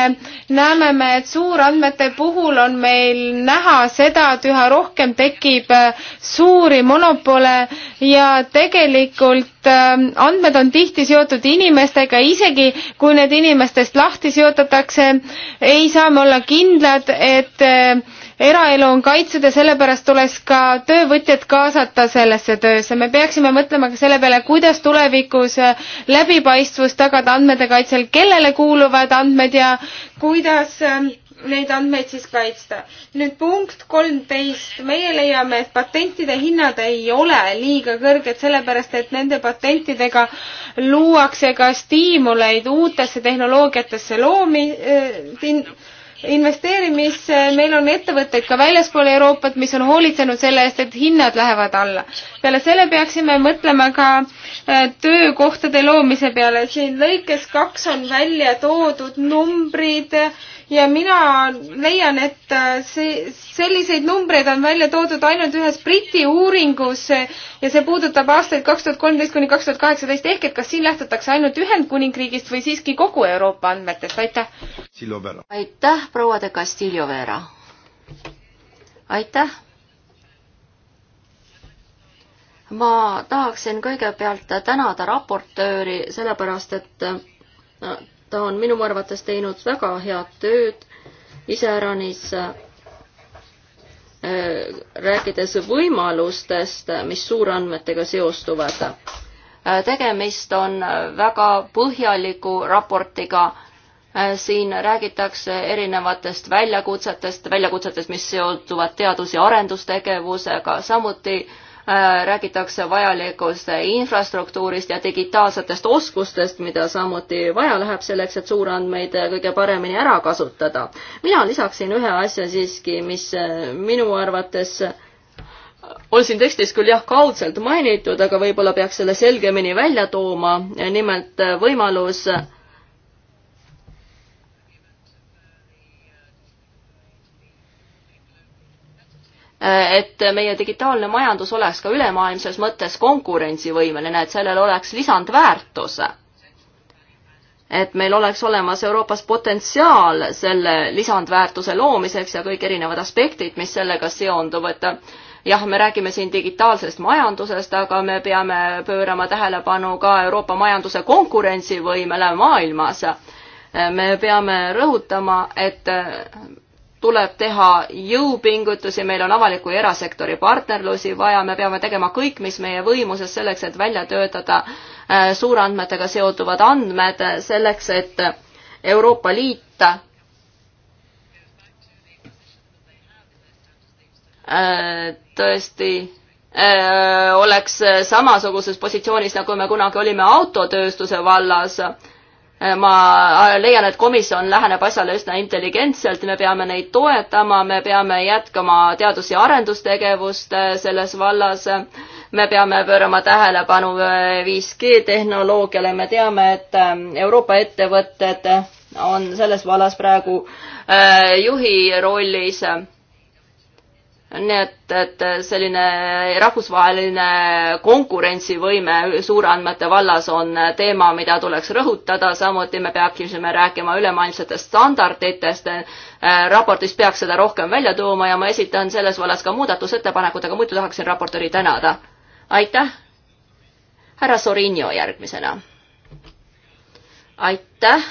näeme me, et suurandmete puhul on meil näha seda, et üha rohkem tekib äh, suuri monopole ja tegelikult ähm, andmed on tihti seotud inimestega, isegi kui need inimestest lahti seotatakse, ei saa me olla kindlad, et äh, eraelu on kaitstud ja sellepärast tuleks ka töövõtjad kaasata sellesse töösse. me peaksime mõtlema ka selle peale, kuidas tulevikus läbipaistvus tagada andmete kaitsel, kellele kuuluvad andmed ja kuidas ähm, neid andmeid siis kaitsta. nüüd punkt kolmteist. meie leiame, et patentide hinnad ei ole liiga kõrged, sellepärast et nende patentidega luuakse ka stiimuleid uutesse tehnoloogiatesse loomi- äh,, investeerimisse, meil on ettevõtteid ka väljaspool Euroopat, mis on hoolitsenud selle eest, et hinnad lähevad alla. peale selle peaksime mõtlema ka äh, töökohtade loomise peale. siin lõikes kaks on välja toodud numbrid ja mina leian, et äh, see, selliseid numbreid on välja toodud ainult ühes Briti uuringus ja see puudutab aastaid kaks tuhat kolmteist kuni kaks tuhat kaheksateist, ehk et kas siin lähtutakse ainult Ühendkuningriigist või siiski kogu Euroopa andmetest, aitäh! aitäh, proua de Castillo Vera! aitäh! ma tahaksin kõigepealt tänada raportööri, sellepärast et äh, ta on minu arvates teinud väga head tööd, iseäranis äh, rääkides võimalustest, mis suurandmetega seostuvad. Äh, tegemist on väga põhjaliku raportiga, äh, siin räägitakse erinevatest väljakutsetest, väljakutsetest, mis seonduvad teadus- ja arendustegevusega, samuti äh, Äh, räägitakse vajalikust infrastruktuurist ja digitaalsetest oskustest, mida samuti vaja läheb selleks, et suurandmeid kõige paremini ära kasutada. mina lisaksin ühe asja siiski, mis äh, minu arvates on siin tekstis küll jah kaudselt mainitud, aga võib-olla peaks selle selgemini välja tooma, nimelt võimalus äh, Äh, et meie digitaalne majandus oleks ka ülemaailmses mõttes konkurentsivõimeline, et sellel oleks lisandväärtus. et meil oleks olemas Euroopas potentsiaal selle lisandväärtuse loomiseks ja kõik erinevad aspektid, mis sellega seonduvad jah, me räägime siin digitaalsest majandusest, aga me peame pöörama tähelepanu ka Euroopa majanduse konkurentsivõimele maailmas. Äh, me peame rõhutama, et tuleb teha jõupingutusi, meil on avaliku ja erasektori partnerlusi vaja, me peame tegema kõik, mis meie võimuses selleks, et välja töötada äh, suurandmetega seotuvad andmed, selleks, et Euroopa Liit äh, tõesti äh, oleks samasuguses positsioonis, nagu me kunagi olime autotööstuse vallas Äh, ma äh, leian, et komisjon läheneb asjale üsna intelligentselt, me peame neid toetama, me peame jätkama teadus- ja arendustegevust äh, selles vallas, me peame pöörama tähelepanu 5G tehnoloogiale, me teame, et Euroopa ettevõtted on selles vallas praegu juhi rollis nii et, et selline rahvusvaheline konkurentsivõime suurandmete vallas on teema, mida tuleks rõhutada, samuti me peaksime rääkima ülemaailmsetest standarditest. raportis peaks seda rohkem välja tooma ja ma esitan selles vallas ka muudatusettepanekud, aga muidu tahaksin raportööri tänada. aitäh. härra Sorinio järgmisena. aitäh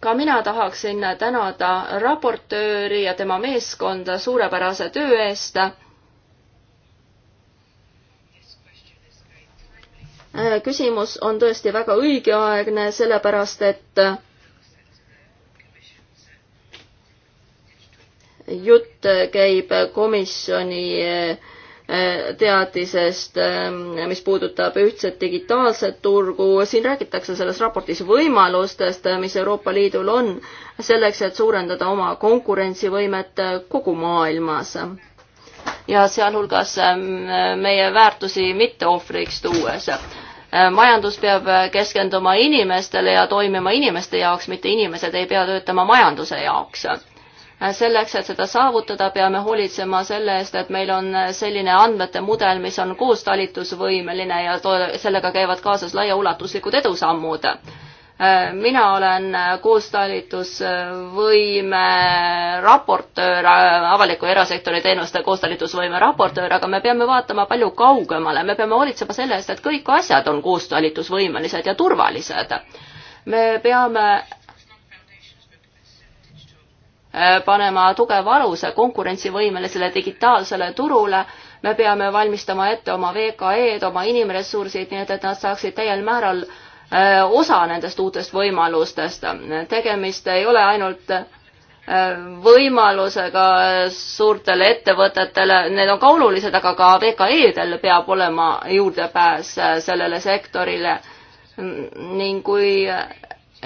ka mina tahaksin tänada raportööri ja tema meeskonda suurepärase töö eest. küsimus on tõesti väga õigeaegne, sellepärast et jutt käib komisjoni Äh, teatisest, ähm, mis puudutab ühtset digitaalset turgu. siin räägitakse selles raportis võimalustest, äh, mis Euroopa Liidul on selleks, et suurendada oma konkurentsivõimet äh, kogu maailmas ja sealhulgas ähm, meie väärtusi mitte ohvriks tuues. majandus peab keskenduma inimestele ja toimima inimeste jaoks, mitte inimesed ei pea töötama majanduse jaoks selleks, et seda saavutada, peame hoolitsema selle eest, et meil on selline andmete mudel, mis on koostalitusvõimeline ja sellega käivad kaasas laiaulatuslikud edusammud. mina olen koostalitusvõime raportöör, avaliku ja erasektori teenuste koostalitusvõime raportöör, aga me peame vaatama palju kaugemale, me peame hoolitsema selle eest, et kõik asjad on koostalitusvõimelised ja turvalised me peame Äh, panema tugeva aluse konkurentsivõimelisele digitaalsele turule. me peame valmistama ette oma VKE-d, oma inimressursid, nii et, et nad saaksid täiel määral äh, osa nendest uutest võimalustest. tegemist ei ole ainult äh, võimalusega suurtele ettevõtetele, need on ka olulised, aga ka VKE-del peab olema juurdepääs sellele sektorile. ning kui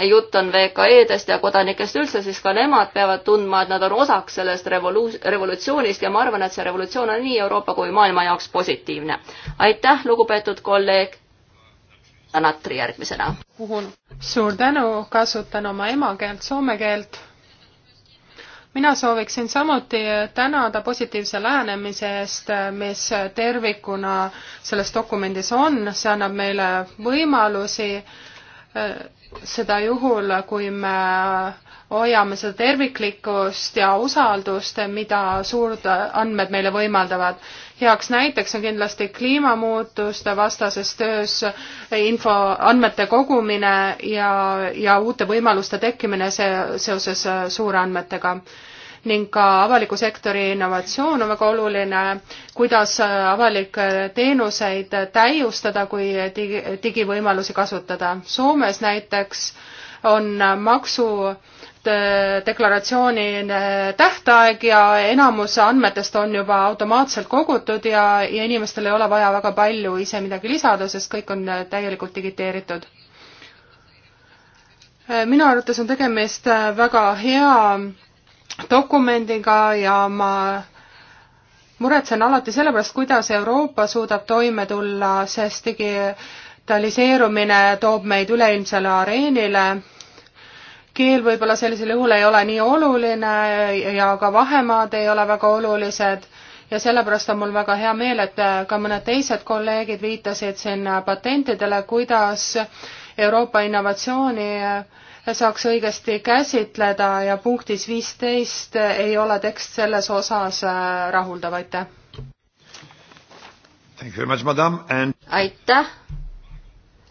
jutt on VKE-dest ja kodanikest üldse, siis ka nemad peavad tundma, et nad on osaks sellest revolu-, revolutsioonist ja ma arvan, et see revolutsioon on nii Euroopa kui maailma jaoks positiivne. aitäh, lugupeetud kolleeg. Anatri järgmisena. suur tänu, kasutan oma emakeelt, soome keelt. mina sooviksin samuti tänada positiivse lähenemise eest, mis tervikuna selles dokumendis on, see annab meile võimalusi seda juhul, kui me hoiame seda terviklikkust ja usaldust, mida suured andmed meile võimaldavad. heaks näiteks on kindlasti kliimamuutuste vastases töös info, andmete kogumine ja, ja uute võimaluste tekkimine see, seoses suurandmetega ning ka avaliku sektori innovatsioon on väga oluline, kuidas äh, avalikke teenuseid täiustada, kui digi, digivõimalusi kasutada. Soomes näiteks on maksu äh, deklaratsiooni äh, tähtaeg ja enamus andmetest on juba automaatselt kogutud ja, ja inimestel ei ole vaja väga palju ise midagi lisada, sest kõik on täielikult digiteeritud. minu arvates on tegemist väga hea dokumendiga ja ma muretsen alati selle pärast, kuidas Euroopa suudab toime tulla, sest digitaliseerumine toob meid üleilmsele areenile. keel võib-olla sellisel juhul ei ole nii oluline ja ka vahemaad ei ole väga olulised ja sellepärast on mul väga hea meel, et ka mõned teised kolleegid viitasid siin patentidele, kuidas Euroopa innovatsiooni saaks õigesti käsitleda ja punktis viisteist ei ole tekst selles osas äh, rahuldav, aitäh. And... aitäh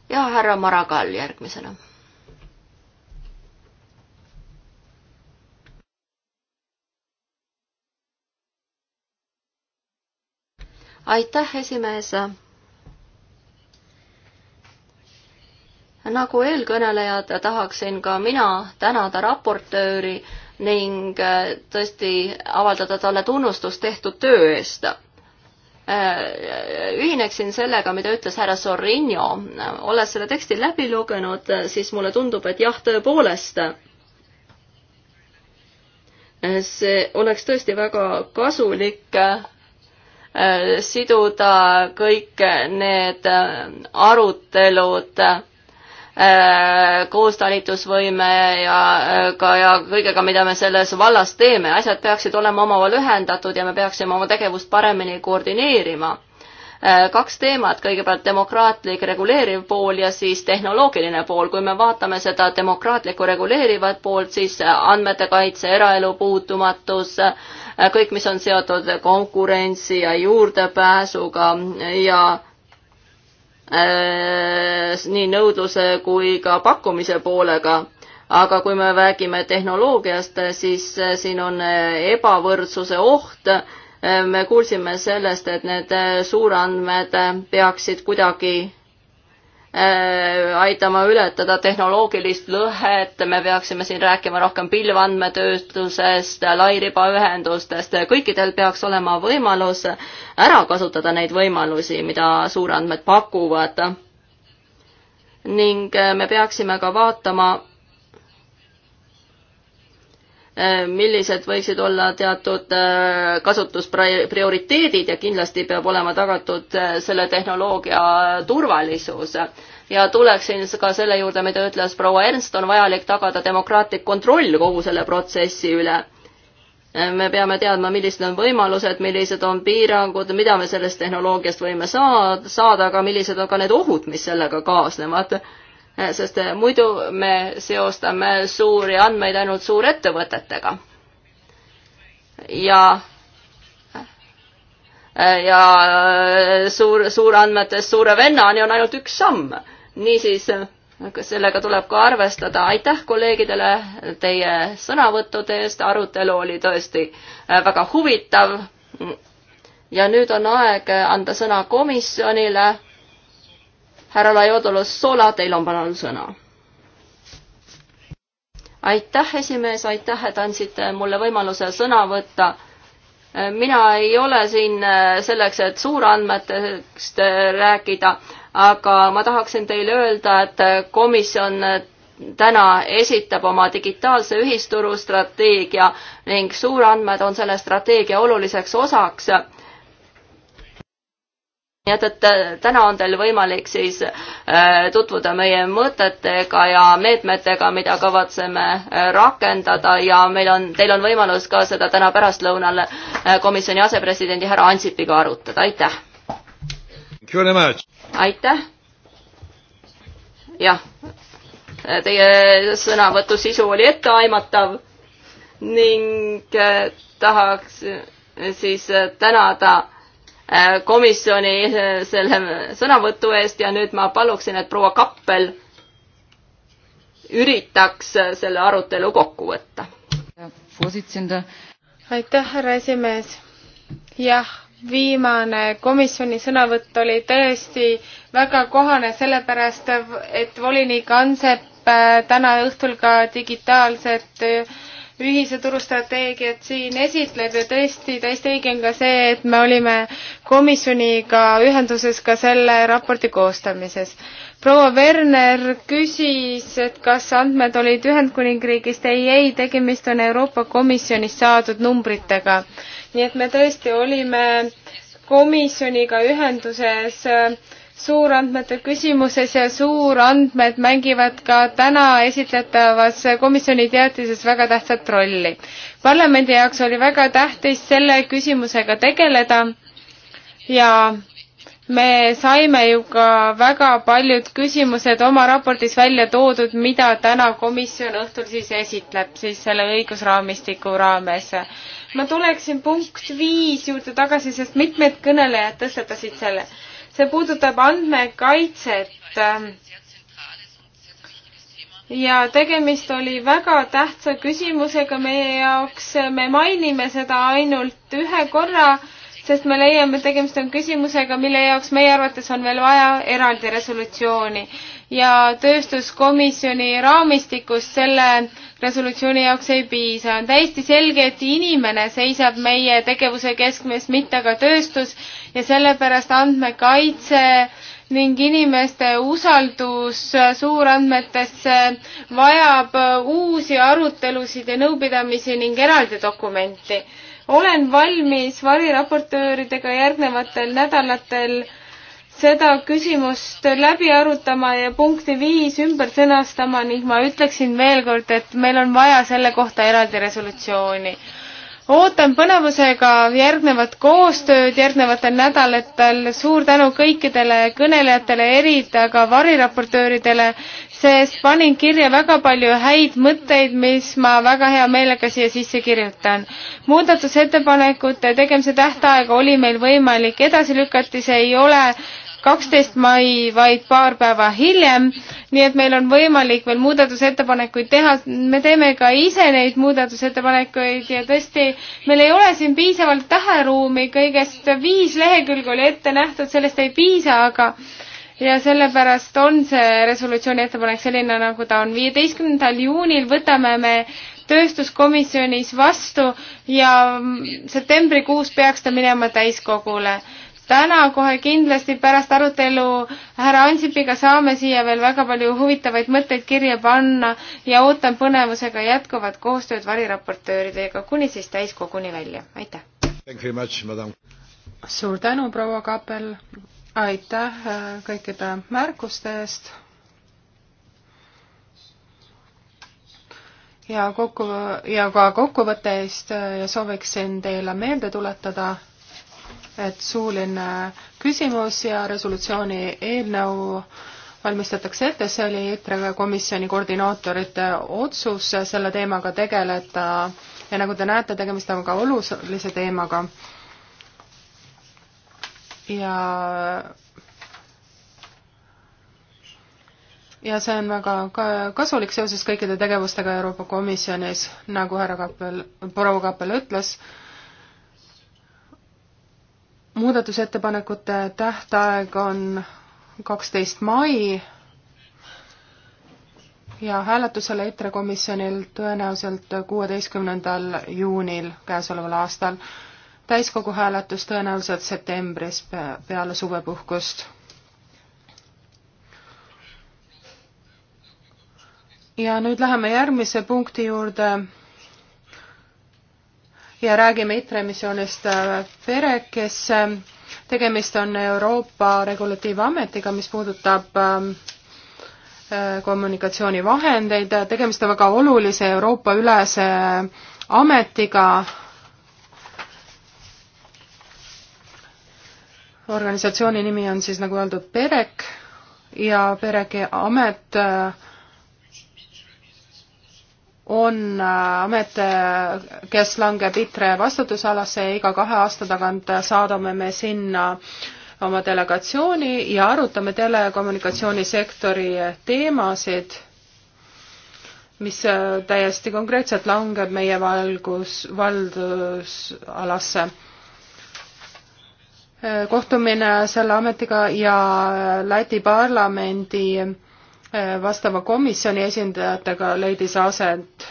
ja härra Maragall järgmisena. aitäh, esimees nagu eelkõnelejad, tahaksin ka mina tänada raportööri ning äh, tõesti avaldada talle tunnustust tehtud töö eest. Äh, ühineksin sellega, mida ütles härra Sorinio. olles selle teksti läbi lugenud, äh, siis mulle tundub, et jah, tõepoolest, see oleks tõesti väga kasulik siduda kõik need arutelud Äh, koostalitusvõime ja äh, ka ja kõigega, mida me selles vallas teeme, asjad peaksid olema omavahel ühendatud ja me peaksime oma tegevust paremini koordineerima. Äh, kaks teemat, kõigepealt demokraatlik reguleeriv pool ja siis tehnoloogiline pool. kui me vaatame seda demokraatlikku reguleerivat poolt, siis andmete kaitse, eraelu puutumatus, kõik, mis on seotud konkurentsi ja juurdepääsuga ja nii nõudluse kui ka pakkumise poolega aga kui me räägime tehnoloogiast, siis eh, siin on eh, ebavõrdsuse oht. Eh, me kuulsime sellest, et need suurandmed peaksid kuidagi aitama ületada tehnoloogilist lõhet, me peaksime siin rääkima rohkem pilveandmetööstusest, lairibaühendustest, kõikidel peaks olema võimalus ära kasutada neid võimalusi, mida suurandmed pakuvad ning äh, me peaksime ka vaatama, äh, millised võiksid olla teatud äh, kasutusprioriteedid ja kindlasti peab olema tagatud selle tehnoloogia turvalisus. ja tuleksin ka selle juurde, mida ütles proua Ernst, on vajalik tagada demokraatlik kontroll kogu selle protsessi üle me peame teadma, millised on võimalused, millised on piirangud, mida me sellest tehnoloogiast võime saada, saada, aga millised on ka need ohud, mis sellega kaasnevad. sest muidu me seostame suuri andmeid ainult suurettevõtetega. ja ja suur, suurandmetest suure vennani on ainult üks samm. niisiis sellega tuleb ka arvestada. aitäh kolleegidele teie sõnavõttude eest, arutelu oli tõesti äh, väga huvitav. ja nüüd on aeg äh, anda sõna komisjonile. härra Laiodolus Sola, teil on palun sõna. aitäh, esimees, aitäh, et andsite mulle võimaluse sõna võtta äh, mina ei ole siin selleks, et suurandmetest rääkida aga ma tahaksin teile öelda, et komisjon täna esitab oma digitaalse ühisturu strateegia ning suurandmed on selle strateegia oluliseks osaks nii et, et täna on teil võimalik siis äh, tutvuda meie mõtetega ja meetmetega, mida kavatseme äh, rakendada ja meil on, teil on võimalus ka seda täna pärastlõunal äh, komisjoni asepresidendi härra Ansipiga arutada, aitäh! aitäh. jah, teie sõnavõtu sisu oli etteaimatav ning eh, tahaks eh, siis eh, tänada komisjoni selle sõnavõtu eest ja nüüd ma paluksin, et proua Kappel üritaks selle arutelu kokku võtta. aitäh, härra esimees. jah viimane komisjoni sõnavõtt oli tõesti väga kohane, sellepärast et volinik Ansep äh, täna õhtul ka digitaalset äh, ühise turustrateegiat siin esitleb ja tõesti täiesti õige on ka see, et me olime komisjoniga ühenduses ka selle raporti koostamises. proua Werner küsis, et kas andmed olid Ühendkuningriigist. ei, ei, tegemist on Euroopa Komisjonist saadud numbritega nii et me tõesti olime komisjoniga ühenduses äh, suurandmete küsimuses ja suurandmed mängivad ka täna esitletavas komisjoni teatises väga tähtsat rolli. parlamendi jaoks oli väga tähtis selle küsimusega tegeleda ja me saime ju ka väga paljud küsimused oma raportis välja toodud, mida täna komisjon õhtul siis esitleb, siis selle õigusraamistiku raames ma tuleksin punkt viis juurde tagasi, sest mitmed kõnelejad tõstatasid selle. see puudutab andmekaitset. ja tegemist oli väga tähtsa küsimusega meie jaoks. me mainime seda ainult ühe korra, sest me leiame, tegemist on küsimusega, mille jaoks meie arvates on veel vaja eraldi resolutsiooni ja tööstuskomisjoni raamistikust selle resolutsiooni jaoks ei piisa. on täiesti selge, et inimene seisab meie tegevuse keskmes, mitte aga tööstus ja sellepärast andmekaitse ning inimeste usaldus suurandmetesse vajab uusi arutelusid ja nõupidamisi ning eraldi dokumenti. olen valmis variraportööridega järgnevatel nädalatel seda küsimust läbi arutama ja punkti viis ümber sõnastama ning ma ütleksin veel kord, et meil on vaja selle kohta eraldi resolutsiooni. ootan põnevusega järgnevat koostööd järgnevatel nädalatel, suur tänu kõikidele kõnelejatele, eriti aga variraportööridele, sest panin kirja väga palju häid mõtteid, mis ma väga hea meelega siia sisse kirjutan. muudatusettepanekute tegemise tähtaega oli meil võimalik edasi lükata, see ei ole kaksteist mai, vaid paar päeva hiljem. nii et meil on võimalik veel muudatusettepanekuid teha, me teeme ka ise neid muudatusettepanekuid ja tõesti, meil ei ole siin piisavalt täheruumi, kõigest viis lehekülge oli ette nähtud, sellest ei piisa, aga ja sellepärast on see resolutsiooni ettepanek selline, nagu ta on. viieteistkümnendal juunil võtame me tööstuskomisjonis vastu ja septembrikuus peaks ta minema täiskogule täna kohe kindlasti pärast arutelu härra Ansipiga saame siia veel väga palju huvitavaid mõtteid kirja panna ja ootan põnevusega jätkuvat koostööd variraportööridega kuni siis täiskoguni välja. aitäh! suur tänu, proua Kapel, aitäh äh, kõikide märkuste eest ja kokku, ja ka kokkuvõtte eest äh, ja sooviksin teile meelde tuletada, et suuline küsimus ja resolutsiooni eelnõu valmistatakse ette, see oli EKRE komisjoni koordinaatorite otsus selle teemaga tegeleda ja nagu te näete, tegemist on ka olulise teemaga. ja ja see on väga ka kasulik seoses kõikide tegevustega Euroopa Komisjonis, nagu härra Kappel, proua Kappel ütles äh,, muudatusettepanekute tähtaeg on kaksteist mai ja hääletusele EKRE komisjonil tõenäoliselt kuueteistkümnendal juunil käesoleval aastal. täiskogu hääletus tõenäoliselt septembris peale suvepuhkust. ja nüüd läheme järgmise punkti juurde ja räägime ITRE missioonist perekesse. Äh, tegemist on Euroopa Regulatiivametiga, mis puudutab ähm, äh, kommunikatsioonivahendeid, tegemist on väga olulise Euroopa-ülese ametiga, organisatsiooni nimi on siis nagu öeldud PEREK ja PEREK-i amet äh, on äh, amet, äh, kes langeb ITRE vastutusalasse ja iga kahe aasta tagant saadame me sinna oma delegatsiooni ja arutame telekommunikatsioonisektori teemasid, mis äh, täiesti konkreetselt langeb meie valgus, valdusalasse. kohtumine selle ametiga ja Läti parlamendi vastava komisjoni esindajatega leidis aset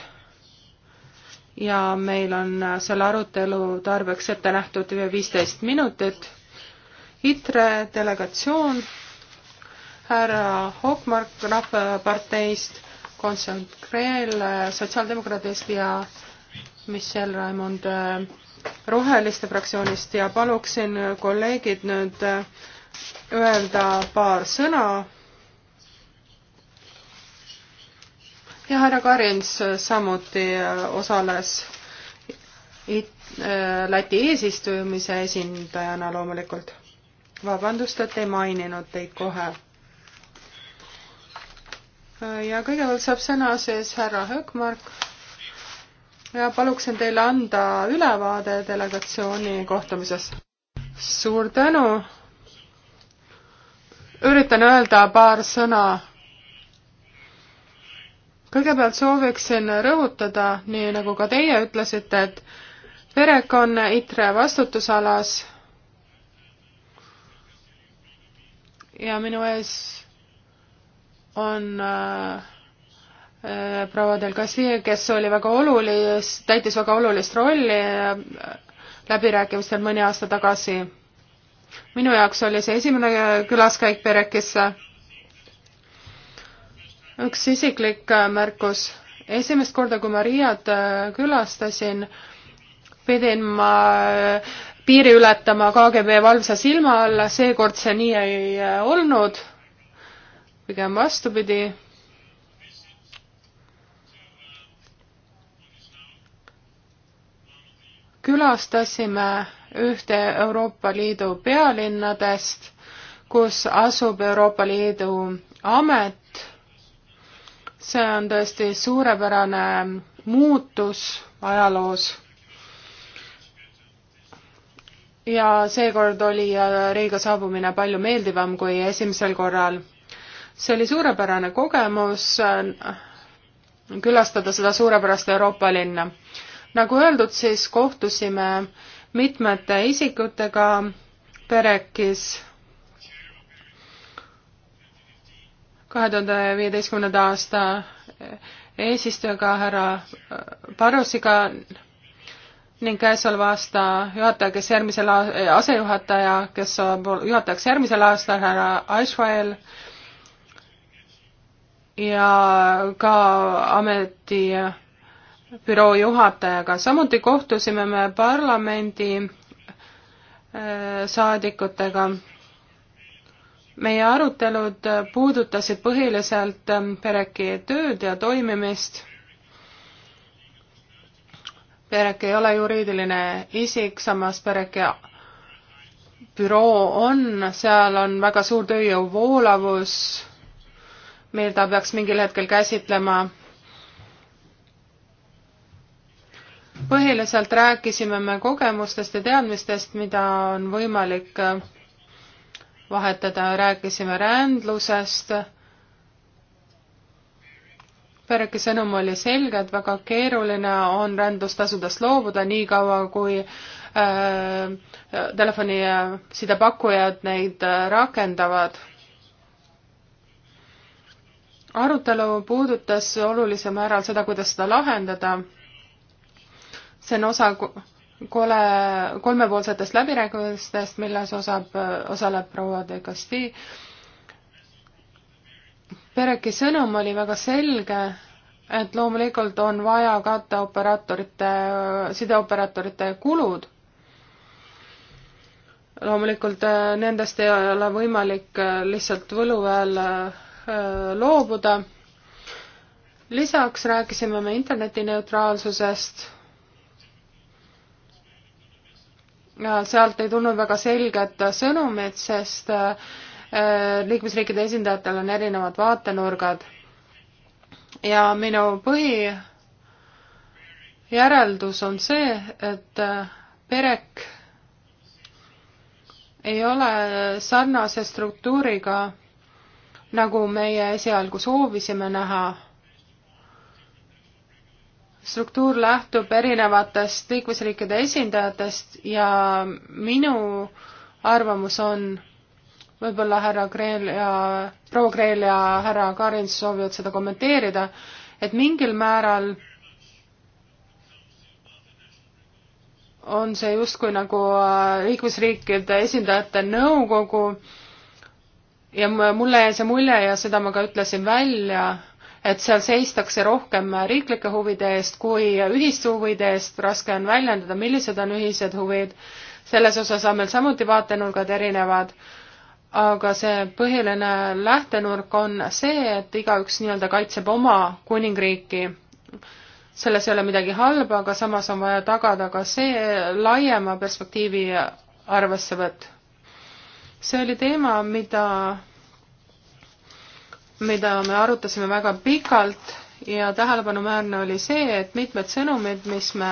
ja meil on selle arutelu tarbeks ette nähtud viisteist minutit. ITRE delegatsioon härra Hokmark Rahvaparteist, Constant Kreel Sotsiaaldemokraadist ja Michel Raimond äh, Roheliste fraktsioonist ja paluksin kolleegid nüüd äh, öelda paar sõna ja härra Karins äh, samuti äh, osales It äh, Läti eesistumise esindajana loomulikult. vabandust, et ei maininud teid kohe. ja kõigepealt saab sõna siis härra Höökmark ja paluksin teile anda ülevaade delegatsiooni kohtumisest. suur tänu. üritan öelda paar sõna kõigepealt sooviksin rõhutada, nii nagu ka teie ütlesite, et perekonn ITRE vastutusalas ja minu ees on äh, proua Del Cassie, kes oli väga olulist, täitis väga olulist rolli äh, läbirääkimistel mõni aasta tagasi. minu jaoks oli see esimene külaskäik Perekisse üks isiklik äh, märkus. esimest korda, kui ma Riiat äh, külastasin, pidin ma äh, piiri ületama KGB valvsa silma alla, seekord see nii ei olnud, pigem vastupidi. külastasime ühte Euroopa Liidu pealinnadest, kus asub Euroopa Liidu amet, see on tõesti suurepärane muutus ajaloos. ja seekord oli äh, Riiga saabumine palju meeldivam kui esimesel korral. see oli suurepärane kogemus äh, külastada seda suurepärast Euroopa linna. nagu öeldud, siis kohtusime mitmete isikutega Perekis kahe tuhande viieteistkümnenda aasta eesistujaga härra Barrosiga ning käesoleva aasta juhataja, kes järgmisel aasta, asejuhataja, kes saab juhatajaks järgmisel aastal, härra Aishvael, ja ka ametibüroo juhatajaga. samuti kohtusime me parlamendi äh, saadikutega meie arutelud puudutasid põhiliselt ähm, pereki tööd ja toimimist. perek ei ole juriidiline isik, samas pereki büroo on, seal on väga suur tööjõu voolavus, mida peaks mingil hetkel käsitlema. põhiliselt rääkisime me kogemustest ja teadmistest, mida on võimalik äh, vahetada, rääkisime rändlusest. Pereki sõnum oli selge, et väga keeruline on rändlustasudest loobuda niikaua, kui äh, telefonisidepakkujad neid äh, rakendavad arutelu puudutas olulisel määral seda, kuidas seda lahendada. see on osa kole, kolmepoolsetest läbirääkimistest, milles osab, osaleb proua de Casti. Pereki sõnum oli väga selge, et loomulikult on vaja katta operaatorite, sideoperaatorite kulud. loomulikult äh, nendest ei ole võimalik äh, lihtsalt võlu ajal äh, loobuda. lisaks rääkisime me internetineutraalsusest sealt ei tulnud väga selget sõnumit, sest äh, liikmesriikide esindajatel on erinevad vaatenurgad. ja minu põhijäreldus on see, et äh, PEREK ei ole sarnase struktuuriga, nagu meie esialgu soovisime näha struktuur lähtub erinevatest liikmesriikide esindajatest ja minu arvamus on, võib-olla härra Kreel ja proua Kreel ja härra Karins soovivad seda kommenteerida, et mingil määral on see justkui nagu äh, liikmesriikide esindajate nõukogu ja mulle jäi see mulje ja seda ma ka ütlesin välja et seal seistakse rohkem riiklike huvide eest kui ühiste huvide eest, raske on väljendada, millised on ühised huvid, selles osas on meil samuti vaatenurgad erinevad, aga see põhiline lähtenurk on see, et igaüks nii-öelda kaitseb oma kuningriiki. selles ei ole midagi halba, aga samas on vaja tagada ka see laiema perspektiivi arvessevõtt. see oli teema, mida mida me arutasime väga pikalt ja tähelepanuväärne oli see, et mitmed sõnumid, mis me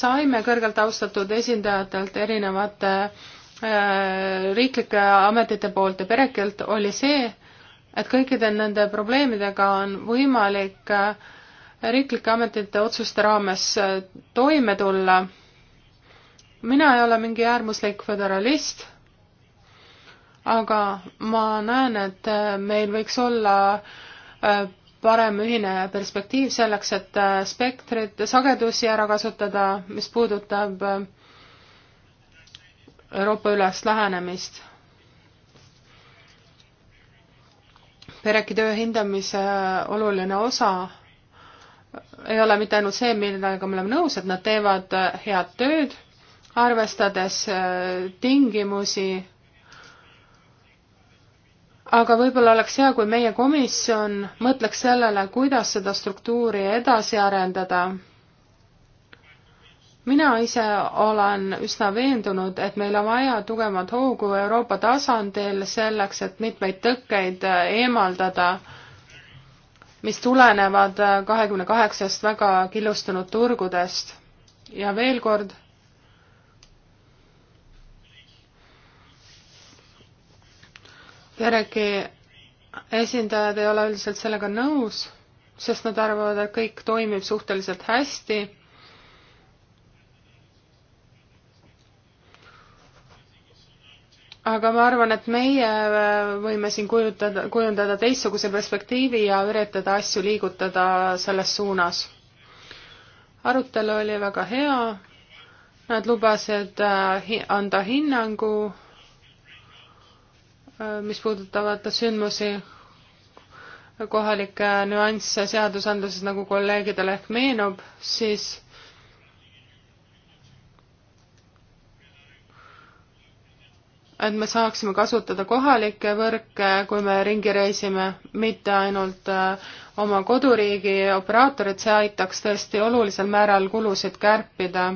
saime kõrgelt austatud esindajatelt erinevate äh, riiklike ametite poolt ja perekelt, oli see, et kõikide nende probleemidega on võimalik äh, riiklike ametite otsuste raames äh, toime tulla. mina ei ole mingi äärmuslik föderalist aga ma näen, et äh, meil võiks olla äh, parem ühine perspektiiv selleks, et äh, spektrit, sagedusi ära kasutada, mis puudutab Euroopa-ülest lähenemist. pereki töö hindamise oluline osa ei ole mitte ainult see, millega me oleme nõus, et nad teevad head tööd, arvestades tingimusi aga võib-olla oleks hea, kui meie komisjon mõtleks sellele, kuidas seda struktuuri edasi arendada. mina ise olen üsna veendunud, et meil on vaja tugevamat hoogu Euroopa tasandil selleks, et mitmeid tõkkeid eemaldada, mis tulenevad kahekümne kaheksast väga killustunud turgudest. ja veel kord Vereki esindajad ei ole üldiselt sellega nõus, sest nad arvavad, et kõik toimib suhteliselt hästi. aga ma arvan, et meie äh, võime siin kujutada, kujundada teistsuguse perspektiivi ja üritada asju liigutada selles suunas. arutelu oli väga hea, nad lubasid äh, anda hinnangu Äh, mis puudutavad sündmusi, kohalikke nüansse seadusandluses, nagu kolleegidele ehk meenub, siis et me saaksime kasutada kohalikke võrke, kui me ringi reisime, mitte ainult äh, oma koduriigi operaatorid, see aitaks tõesti olulisel määral kulusid kärpida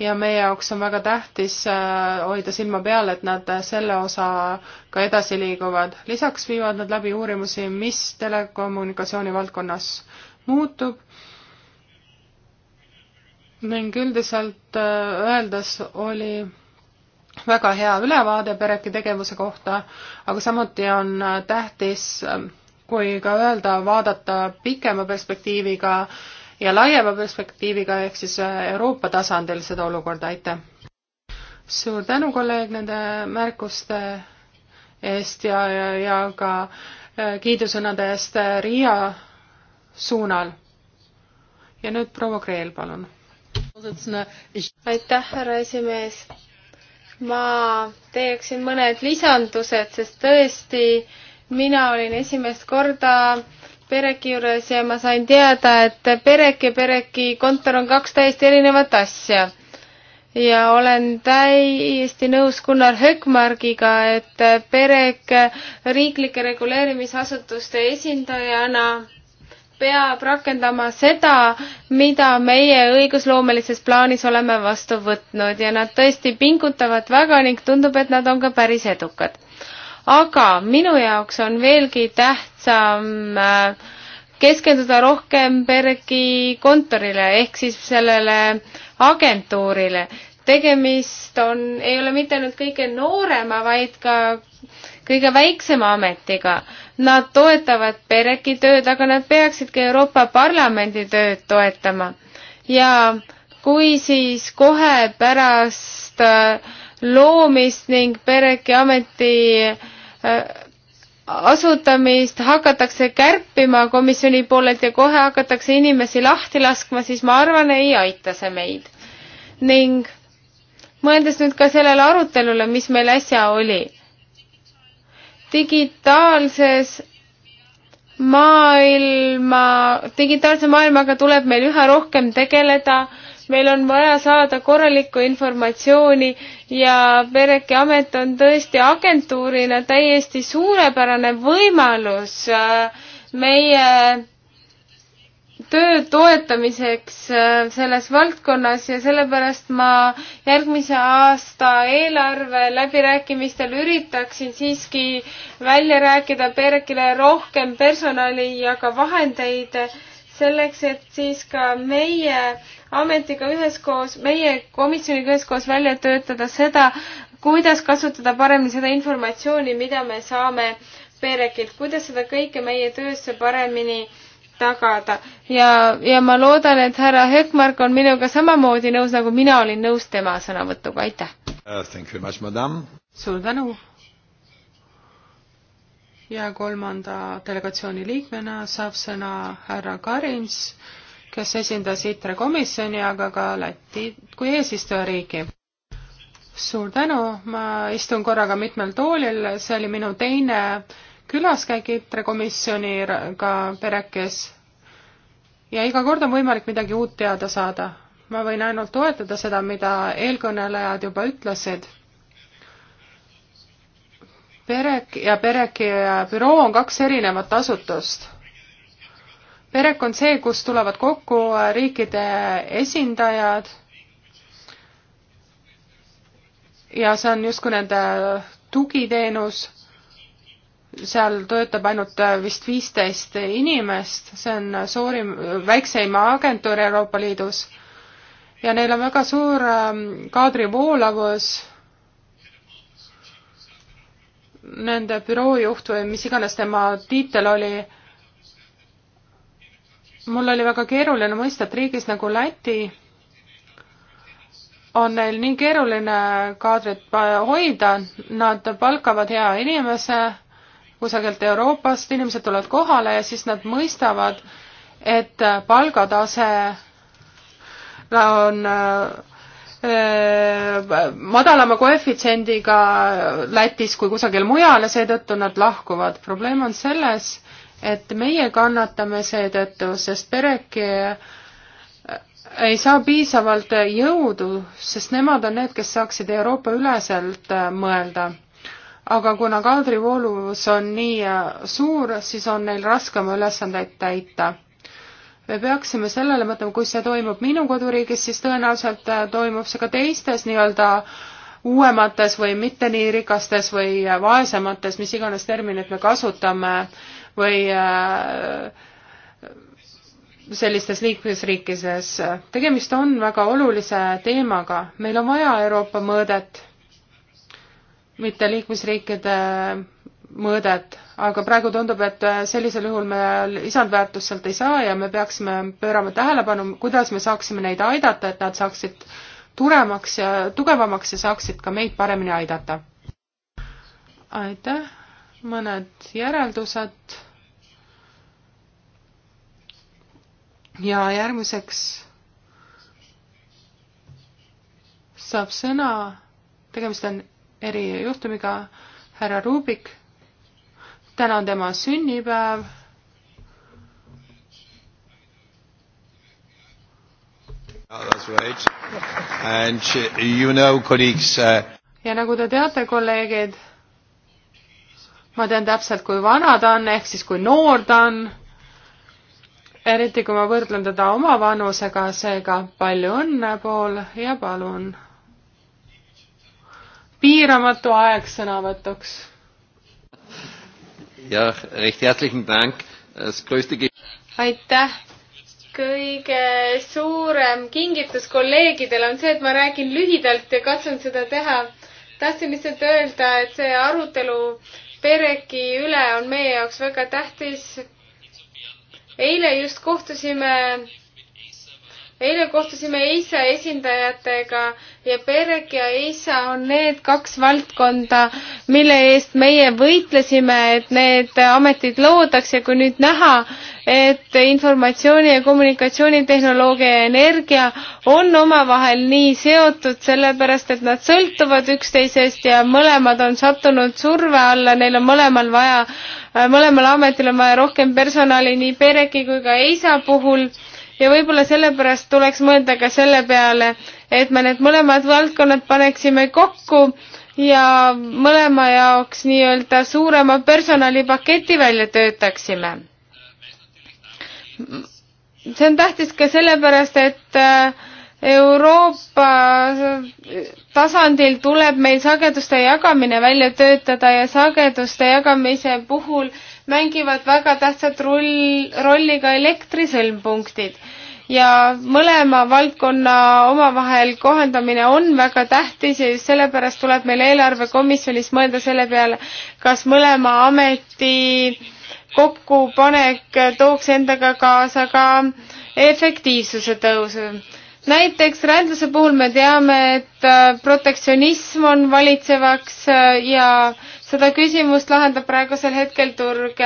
ja meie jaoks on väga tähtis äh, hoida silma peal, et nad selle osaga edasi liiguvad. lisaks viivad nad läbi uurimusi, mis telekommunikatsiooni valdkonnas muutub ning üldiselt äh, öeldes oli väga hea ülevaade pereki tegevuse kohta, aga samuti on äh, tähtis, kui ka öelda, vaadata pikema perspektiiviga äh, ja laiema perspektiiviga ehk siis äh, Euroopa tasandil seda olukorda, aitäh! suur tänu, kolleeg, nende märkuste eest ja, ja, ja ka äh, kiidusõnade eest äh, Riia suunal. ja nüüd proua Kreel, palun. aitäh, härra esimees! ma teeksin mõned lisandused, sest tõesti, mina olin esimest korda Pereki juures ja ma sain teada, et Perek ja Pereki kontor on kaks täiesti erinevat asja. ja olen täiesti nõus Gunnar Höckmargiga, et Perek riiklike reguleerimisasutuste esindajana peab rakendama seda, mida meie õigusloomelises plaanis oleme vastu võtnud ja nad tõesti pingutavad väga ning tundub, et nad on ka päris edukad aga minu jaoks on veelgi tähtsam äh, keskenduda rohkem PERK-i kontorile ehk siis sellele agentuurile. tegemist on, ei ole mitte ainult kõige noorema, vaid ka kõige väiksema ametiga. Nad toetavad PERK-i tööd, aga nad peaksid ka Euroopa Parlamendi tööd toetama. ja kui siis kohe pärast äh, loomist ning PERK-i ameti äh, Äh, asutamist hakatakse kärpima komisjoni poolelt ja kohe hakatakse inimesi lahti laskma, siis ma arvan, ei aita see meid. ning mõeldes nüüd ka sellele arutelule, mis meil äsja oli. digitaalses maailma, digitaalse maailmaga tuleb meil üha rohkem tegeleda meil on vaja saada korralikku informatsiooni ja Vereki amet on tõesti agentuurina täiesti suurepärane võimalus äh, meie töö toetamiseks äh, selles valdkonnas ja sellepärast ma järgmise aasta eelarve läbirääkimistel üritaksin siiski välja rääkida PERK-ile rohkem personali ja ka vahendeid selleks, et siis ka meie ametiga üheskoos, meie komisjoniga üheskoos välja töötada seda, kuidas kasutada paremini seda informatsiooni, mida me saame Perekilt, kuidas seda kõike meie töösse paremini tagada ja, ja ma loodan, et härra Hökmark on minuga samamoodi nõus, nagu mina olin nõus tema sõnavõtuga, aitäh uh,! suur tänu! ja kolmanda delegatsiooni liikmena saab sõna härra Karins kes esindas ITRE komisjoni, aga ka Läti kui eesistujariiki. suur tänu, ma istun korraga mitmel toolil, see oli minu teine külaskäik ITRE komisjoniga perekes ja iga kord on võimalik midagi uut teada saada. ma võin ainult toetada seda, mida eelkõnelejad juba ütlesid Perek ja Pereki büroo on kaks erinevat asutust perek on see, kus tulevad kokku äh, riikide esindajad ja see on justkui nende tugiteenus, seal töötab ainult äh, vist viisteist inimest, see on äh, suurim, väikseim agentuur Euroopa Liidus ja neil on väga suur ähm, kaadrivoolavus nende büroo juht või mis iganes tema tiitel oli mul oli väga keeruline mõista, et riigis nagu Läti on neil nii keeruline kaadrit hoida, nad palkavad hea inimese kusagilt Euroopast, inimesed tulevad kohale ja siis nad mõistavad, et palgatase on äh, madalama koefitsiendiga Lätis kui kusagil mujal ja seetõttu nad lahkuvad. probleem on selles, et meie kannatame seetõttu, sest pereki ei saa piisavalt jõudu, sest nemad on need, kes saaksid Euroopa-üleselt mõelda. aga kuna kaldrivooluvus on nii suur, siis on neil raske oma ülesandeid täita. me peaksime sellele mõtlema, kui see toimub minu koduriigis, siis tõenäoliselt toimub see ka teistes nii-öelda uuemates või mitte nii rikastes või vaesemates, mis iganes terminit me kasutame või äh, sellistes liikmesriikides. tegemist on väga olulise teemaga, meil on vaja Euroopa mõõdet, mitte liikmesriikide mõõdet, aga praegu tundub, et sellisel juhul me lisandväärtust sealt ei saa ja me peaksime pöörama tähelepanu, kuidas me saaksime neid aidata, et nad saaksid turemaks ja tugevamaks ja saaksid ka meid paremini aidata. aitäh, mõned järeldused ja järgmiseks saab sõna, tegemist on erijuhtumiga, härra Rubik. täna on tema sünnipäev. Uh, ja nagu te teate, kolleegid, ma tean täpselt, kui vana ta on, ehk siis kui noor ta on eriti kui ma võrdlen teda oma vanusega, seega palju õnne, Paul, ja palun. piiramatu aeg sõnavõtuks. jah, recht herzlichen Dank, das größte aitäh! kõige suurem kingitus kolleegidele on see, et ma räägin lühidalt ja katsun seda teha. tahtsin lihtsalt öelda, et see arutelu pereki üle on meie jaoks väga tähtis eile just kohtusime eile kohtusime EISA esindajatega ja PEREK ja EISA on need kaks valdkonda, mille eest meie võitlesime, et need ametid loodaks ja kui nüüd näha, et informatsiooni ja kommunikatsioonitehnoloogia ja energia on omavahel nii seotud, sellepärast et nad sõltuvad üksteisest ja mõlemad on sattunud surve alla, neil on mõlemal vaja, mõlemal ametil on vaja rohkem personali nii PEREK-i kui ka EISA puhul ja võib-olla sellepärast tuleks mõelda ka selle peale, et me need mõlemad valdkonnad paneksime kokku ja mõlema jaoks nii-öelda suurema personalipaketi välja töötaksime. see on tähtis ka sellepärast, et äh, Euroopa tasandil tuleb meil sageduste jagamine välja töötada ja sageduste jagamise puhul äh, mängivad väga tähtsat roll, rolli ka elektrisõlmpunktid ja mõlema valdkonna omavahel kohendamine on väga tähtis ja just sellepärast tuleb meil eelarvekomisjonis mõelda selle peale, kas mõlema ameti kokkupanek tooks endaga kaasa ka efektiivsuse tõusu. näiteks rändluse puhul me teame, et protektsionism on valitsevaks ja seda küsimust lahendab praegusel hetkel turg.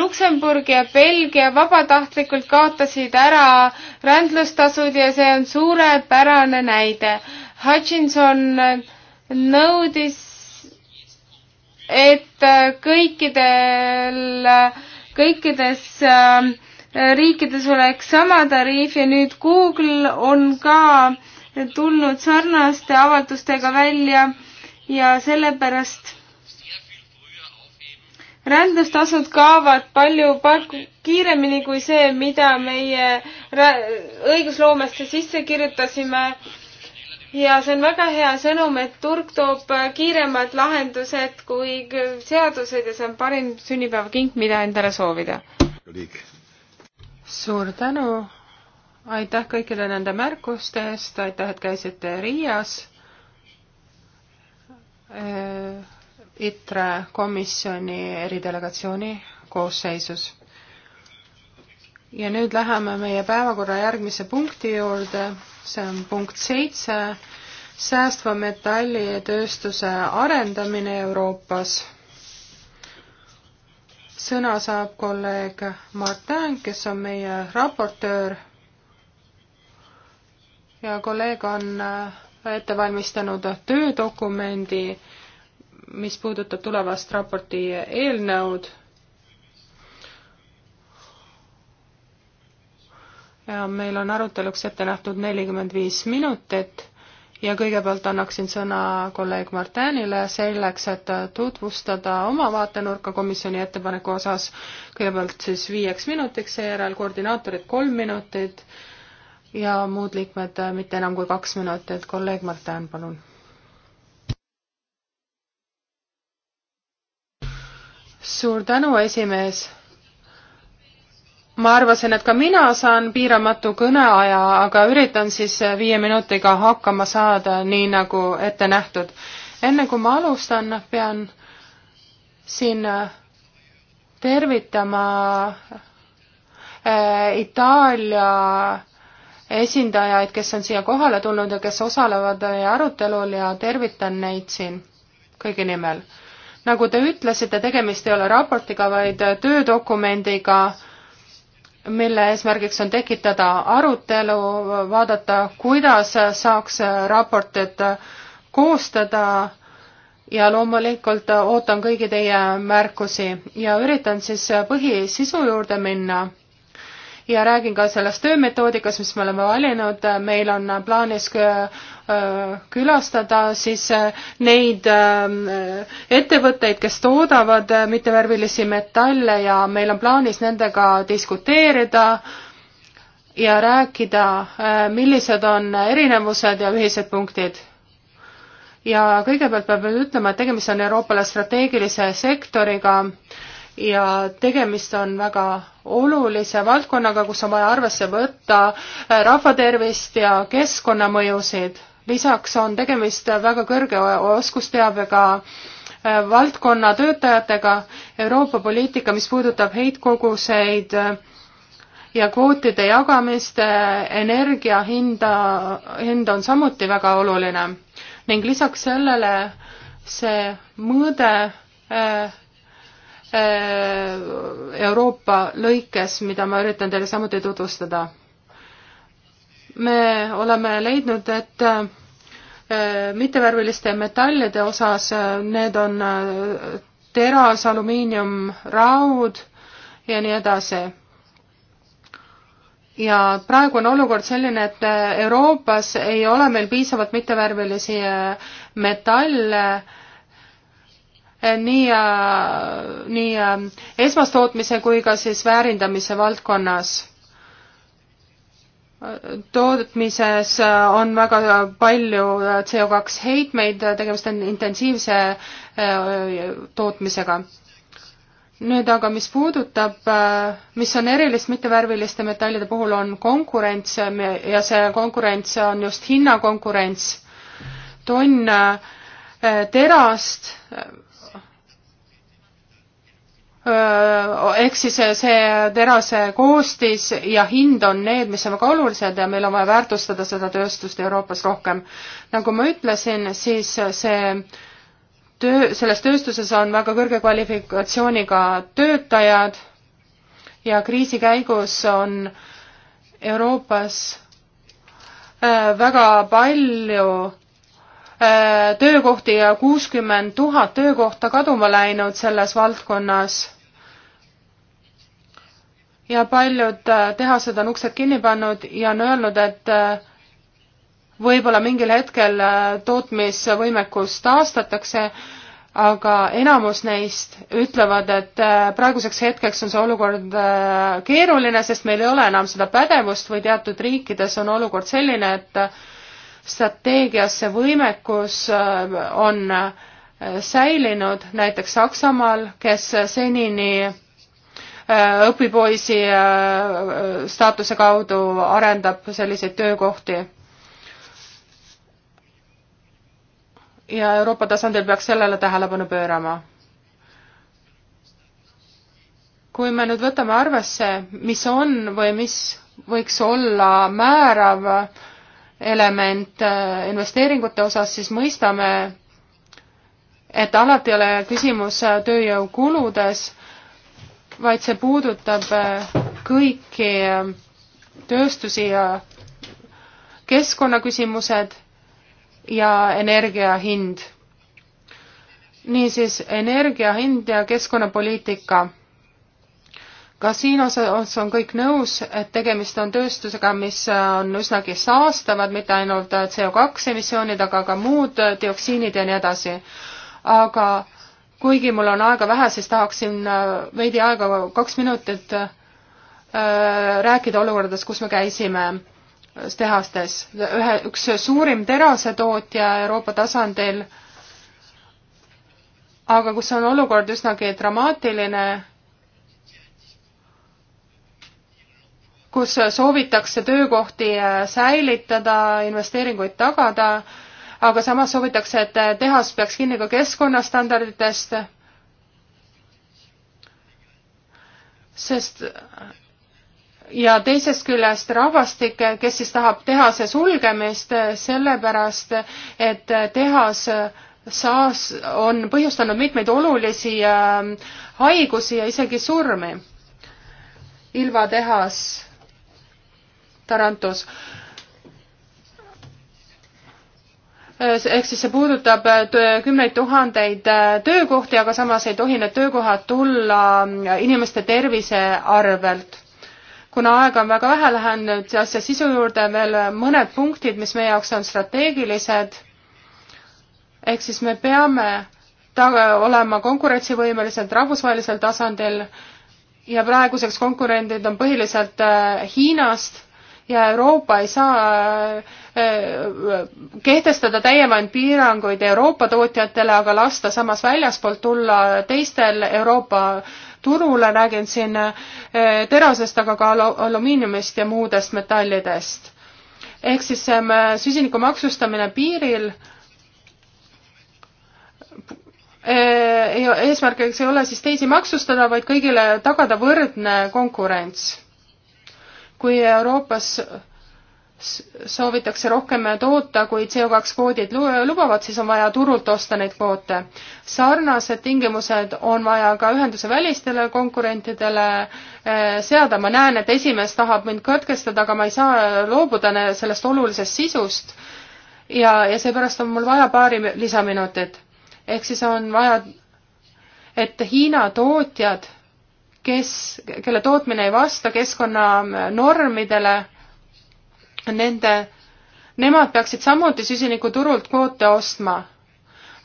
Luksemburg ja Belgia vabatahtlikult kaotasid ära rändlustasud ja see on suurepärane näide. Hutchinson nõudis, et kõikidel, kõikides äh, riikides oleks sama tariif ja nüüd Google on ka tulnud sarnaste avaldustega välja ja sellepärast rändustasud kaovad palju pak-, kiiremini kui see, mida meie õigusloomesse sisse kirjutasime. ja see on väga hea sõnum, et turg toob kiiremad lahendused kui seadused ja see on parim sünnipäevakink, mida endale soovida. suur tänu, aitäh kõigile nende märkuste eest, aitäh, et käisite Riias äh ITRE komisjoni eridelegatsiooni koosseisus. ja nüüd läheme meie päevakorra järgmise punkti juurde, see on punkt seitse, säästva metallitööstuse arendamine Euroopas. sõna saab kolleeg Martin, kes on meie raportöör ja kolleeg on äh, ette valmistanud töödokumendi äh, mis puudutab tulevast raporti eelnõud ja meil on aruteluks ette nähtud nelikümmend viis minutit ja kõigepealt annaksin sõna kolleeg Martinile selleks, et tutvustada oma vaatenurka komisjoni ettepaneku osas kõigepealt siis viieks minutiks, seejärel koordinaatorid kolm minutit ja muud liikmed mitte enam kui kaks minutit. kolleeg Martin, palun suur tänu, esimees. ma arvasin, et ka mina saan piiramatu kõneaja, aga üritan siis viie minutiga hakkama saada, nii nagu ette nähtud. enne kui ma alustan, pean siin tervitama äh, Itaalia esindajaid, kes on siia kohale tulnud ja kes osalevad arutelul ja tervitan neid siin kõigi nimel nagu te ütlesite, tegemist ei ole raportiga, vaid töödokumendiga, mille eesmärgiks on tekitada arutelu, vaadata, kuidas saaks raportit koostada ja loomulikult ootan kõigi teie märkusi ja üritan siis põhisisu juurde minna ja räägin ka sellest töömetoodikast, mis me oleme valinud, meil on plaanis äh, külastada siis äh, neid äh, ettevõtteid, kes toodavad mittevärvilisi metalle ja meil on plaanis nendega diskuteerida ja rääkida, millised on erinevused ja ühised punktid ja kõigepealt peab veel ütlema, et tegemist on Euroopale strateegilise sektoriga, ja tegemist on väga olulise valdkonnaga, kus on vaja arvesse võtta äh, rahvatervist ja keskkonnamõjusid. lisaks on tegemist väga kõrge oskusteabega äh, valdkonna töötajatega Euroopa poliitika, mis puudutab heitkoguseid äh, ja kvootide jagamist, energia hinda, hind on samuti väga oluline. ning lisaks sellele see mõõde Äh, Euroopa lõikes, mida ma üritan teile samuti tutvustada. me oleme leidnud, et äh, mittevärviliste metallide osas, äh, need on teras, alumiinium, raud ja nii edasi. ja praegu on olukord selline, et Euroopas ei ole meil piisavalt mittevärvilisi metalle Eh, nii, äh, nii äh, esmastootmise kui ka siis väärindamise valdkonnas. Äh, tootmises on väga palju CO2 heitmeid, tegemist on intensiivse tootmisega. nüüd aga, mis puudutab, mis on erilist mittevärviliste metallide puhul, on konkurents ja see konkurents on just hinnakonkurents. tonn terast ehk siis see terase koostis ja hind on need, mis on väga olulised ja meil on vaja väärtustada seda tööstust Euroopas rohkem. nagu ma ütlesin, siis see töö, selles tööstuses on väga kõrge kvalifikatsiooniga töötajad ja kriisi käigus on Euroopas äh, väga palju Äh, töökohti ja kuuskümmend tuhat töökohta kaduma läinud selles valdkonnas. ja paljud äh, tehased on uksed kinni pannud ja on öelnud, et äh, võib-olla mingil hetkel tootmisvõimekus taastatakse, aga enamus neist ütlevad, et praeguseks hetkeks on see olukord keeruline, sest meil ei ole enam seda pädevust või teatud riikides on olukord selline, et strateegiasse võimekus äh, on äh, säilinud, näiteks Saksamaal, kes senini äh, õpipoisi staatuse kaudu arendab selliseid töökohti. ja Euroopa tasandil peaks sellele tähelepanu pöörama. kui me nüüd võtame arvesse, mis on või mis võiks olla määrav äh, element äh, investeeringute osas, siis mõistame, et alati ei ole küsimus äh, tööjõukuludes, vaid see puudutab äh, kõiki tööstusi ja keskkonnaküsimused ja energia hind. niisiis, energia hind ja keskkonnapoliitika ka siin osas on kõik nõus, et tegemist on tööstusega, mis äh, on üsnagi saastavad, mitte ainult äh, CO2 emissioonid, aga ka muud äh, dioksiinid ja nii edasi. aga kuigi mul on aega vähe, siis tahaksin veidi aega, kaks minutit äh, rääkida olukordades, kus me käisime tehastes. ühe, üks suurim terasetootja Euroopa tasandil, aga kus on olukord üsnagi dramaatiline kus soovitakse töökohti äh, säilitada, investeeringuid tagada, aga samas soovitakse, et äh, tehas peaks kinni ka keskkonnastandarditest, sest ja teisest küljest rahvastik, kes siis tahab tehase sulgemist, sellepärast et tehas saas, on põhjustanud mitmeid olulisi ähm, haigusi ja isegi surmi. Ilva tehas Tarantus. ehk siis see puudutab kümneid tuhandeid äh, töökohti, aga samas ei tohi need töökohad tulla äh, inimeste tervise arvelt kuna aega on väga vähe, lähen nüüd asja sisu juurde veel äh, mõned punktid, mis meie jaoks on strateegilised. ehk siis me peame ta-, olema konkurentsivõimelised rahvusvahelisel tasandil ja praeguseks konkurendid on põhiliselt Hiinast ja Euroopa ei saa äh, äh, kehtestada täiemaid piiranguid Euroopa tootjatele, aga lasta samas väljaspoolt tulla teistel Euroopa turule, räägin siin äh, terasest, aga ka alumiiniumist ja muudest metallidest. ehk siis see ähm, süsiniku maksustamine piiril eesmärgiks ei ole siis teisi maksustada, vaid kõigile tagada võrdne konkurents kui Euroopas soovitakse rohkem toota, kui CO2 kvoodid lubavad, siis on vaja turult osta neid kvoote. sarnased tingimused on vaja ka ühenduse välistele konkurentidele eh, seada, ma näen, et esimees tahab mind katkestada, aga ma ei saa loobuda sellest olulisest sisust ja, ja seepärast on mul vaja paari lisaminutit. ehk siis on vaja, et Hiina tootjad kes, kelle tootmine ei vasta keskkonnanormidele, nende, nemad peaksid samuti süsinikuturult kvoote ostma.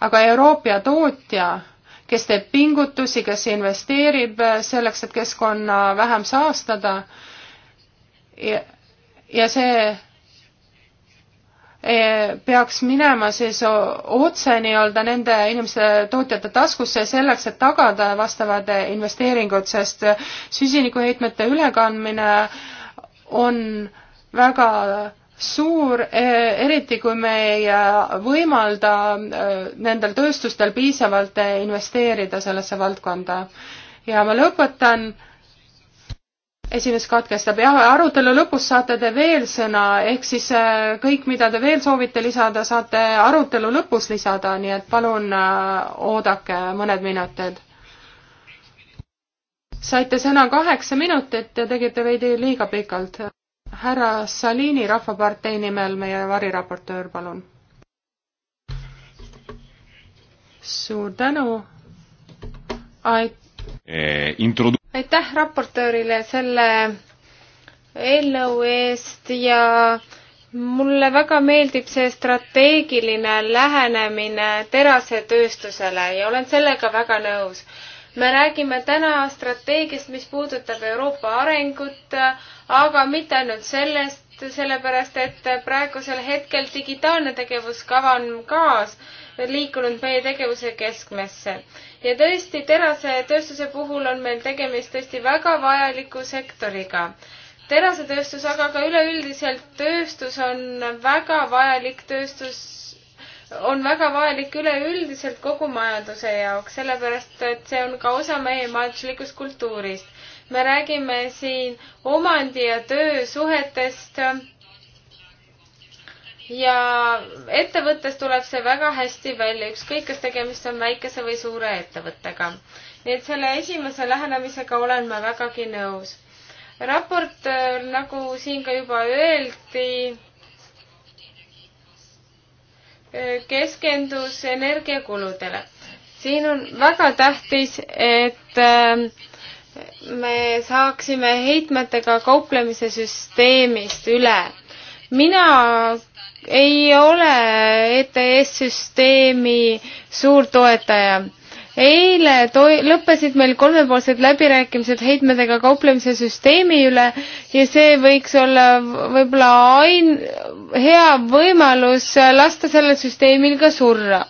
aga Euroopa tootja, kes teeb pingutusi, kes investeerib selleks, et keskkonna vähem saastada, ja see Eh, peaks minema siis otse nii-öelda nende inimeste, tootjate taskusse selleks, et tagada vastavad investeeringud, sest süsinikuheitmete ülekandmine on väga suur, e, eriti kui me ei e, võimalda e, nendel tööstustel piisavalt investeerida sellesse valdkonda. ja ma lõpetan esimees katkestab, jah, arutelu lõpus saate te veel sõna, ehk siis äh, kõik, mida te veel soovite lisada, saate arutelu lõpus lisada, nii et palun äh, oodake mõned minutid. saite sõna kaheksa minutit ja tegite veidi liiga pikalt. härra Salini Rahvapartei nimel meie variraportöör, palun. suur tänu. aitäh. Eh, aitäh raportöörile selle eelnõu eest ja mulle väga meeldib see strateegiline lähenemine terasetööstusele ja olen sellega väga nõus. me räägime täna strateegiast, mis puudutab Euroopa arengut, aga mitte ainult sellest, sellepärast et praegusel hetkel digitaalne tegevuskava on kaas liikunud meie tegevuse keskmesse ja tõesti, terasetööstuse puhul on meil tegemist tõesti väga vajaliku sektoriga. terasetööstus, aga ka üleüldiselt tööstus on väga vajalik tööstus, on väga vajalik üleüldiselt kogu majanduse jaoks, sellepärast et see on ka osa meie majanduslikust kultuurist. me räägime siin omandi ja töö suhetest ja ettevõttes tuleb see väga hästi välja, ükskõik kas tegemist on väikese või suure ettevõttega. nii et selle esimese lähenemisega olen ma vägagi nõus. raport, äh, nagu siin ka juba öeldi, äh, keskendus energiakuludele. siin on väga tähtis, et äh, me saaksime heitmetega kauplemise süsteemist üle. mina ei ole ETS-süsteemi suur toetaja. eile toi-, lõppesid meil kolmepoolsed läbirääkimised heitmedega kauplemise süsteemi üle ja see võiks olla võib-olla ain-, hea võimalus lasta sellel süsteemil ka surra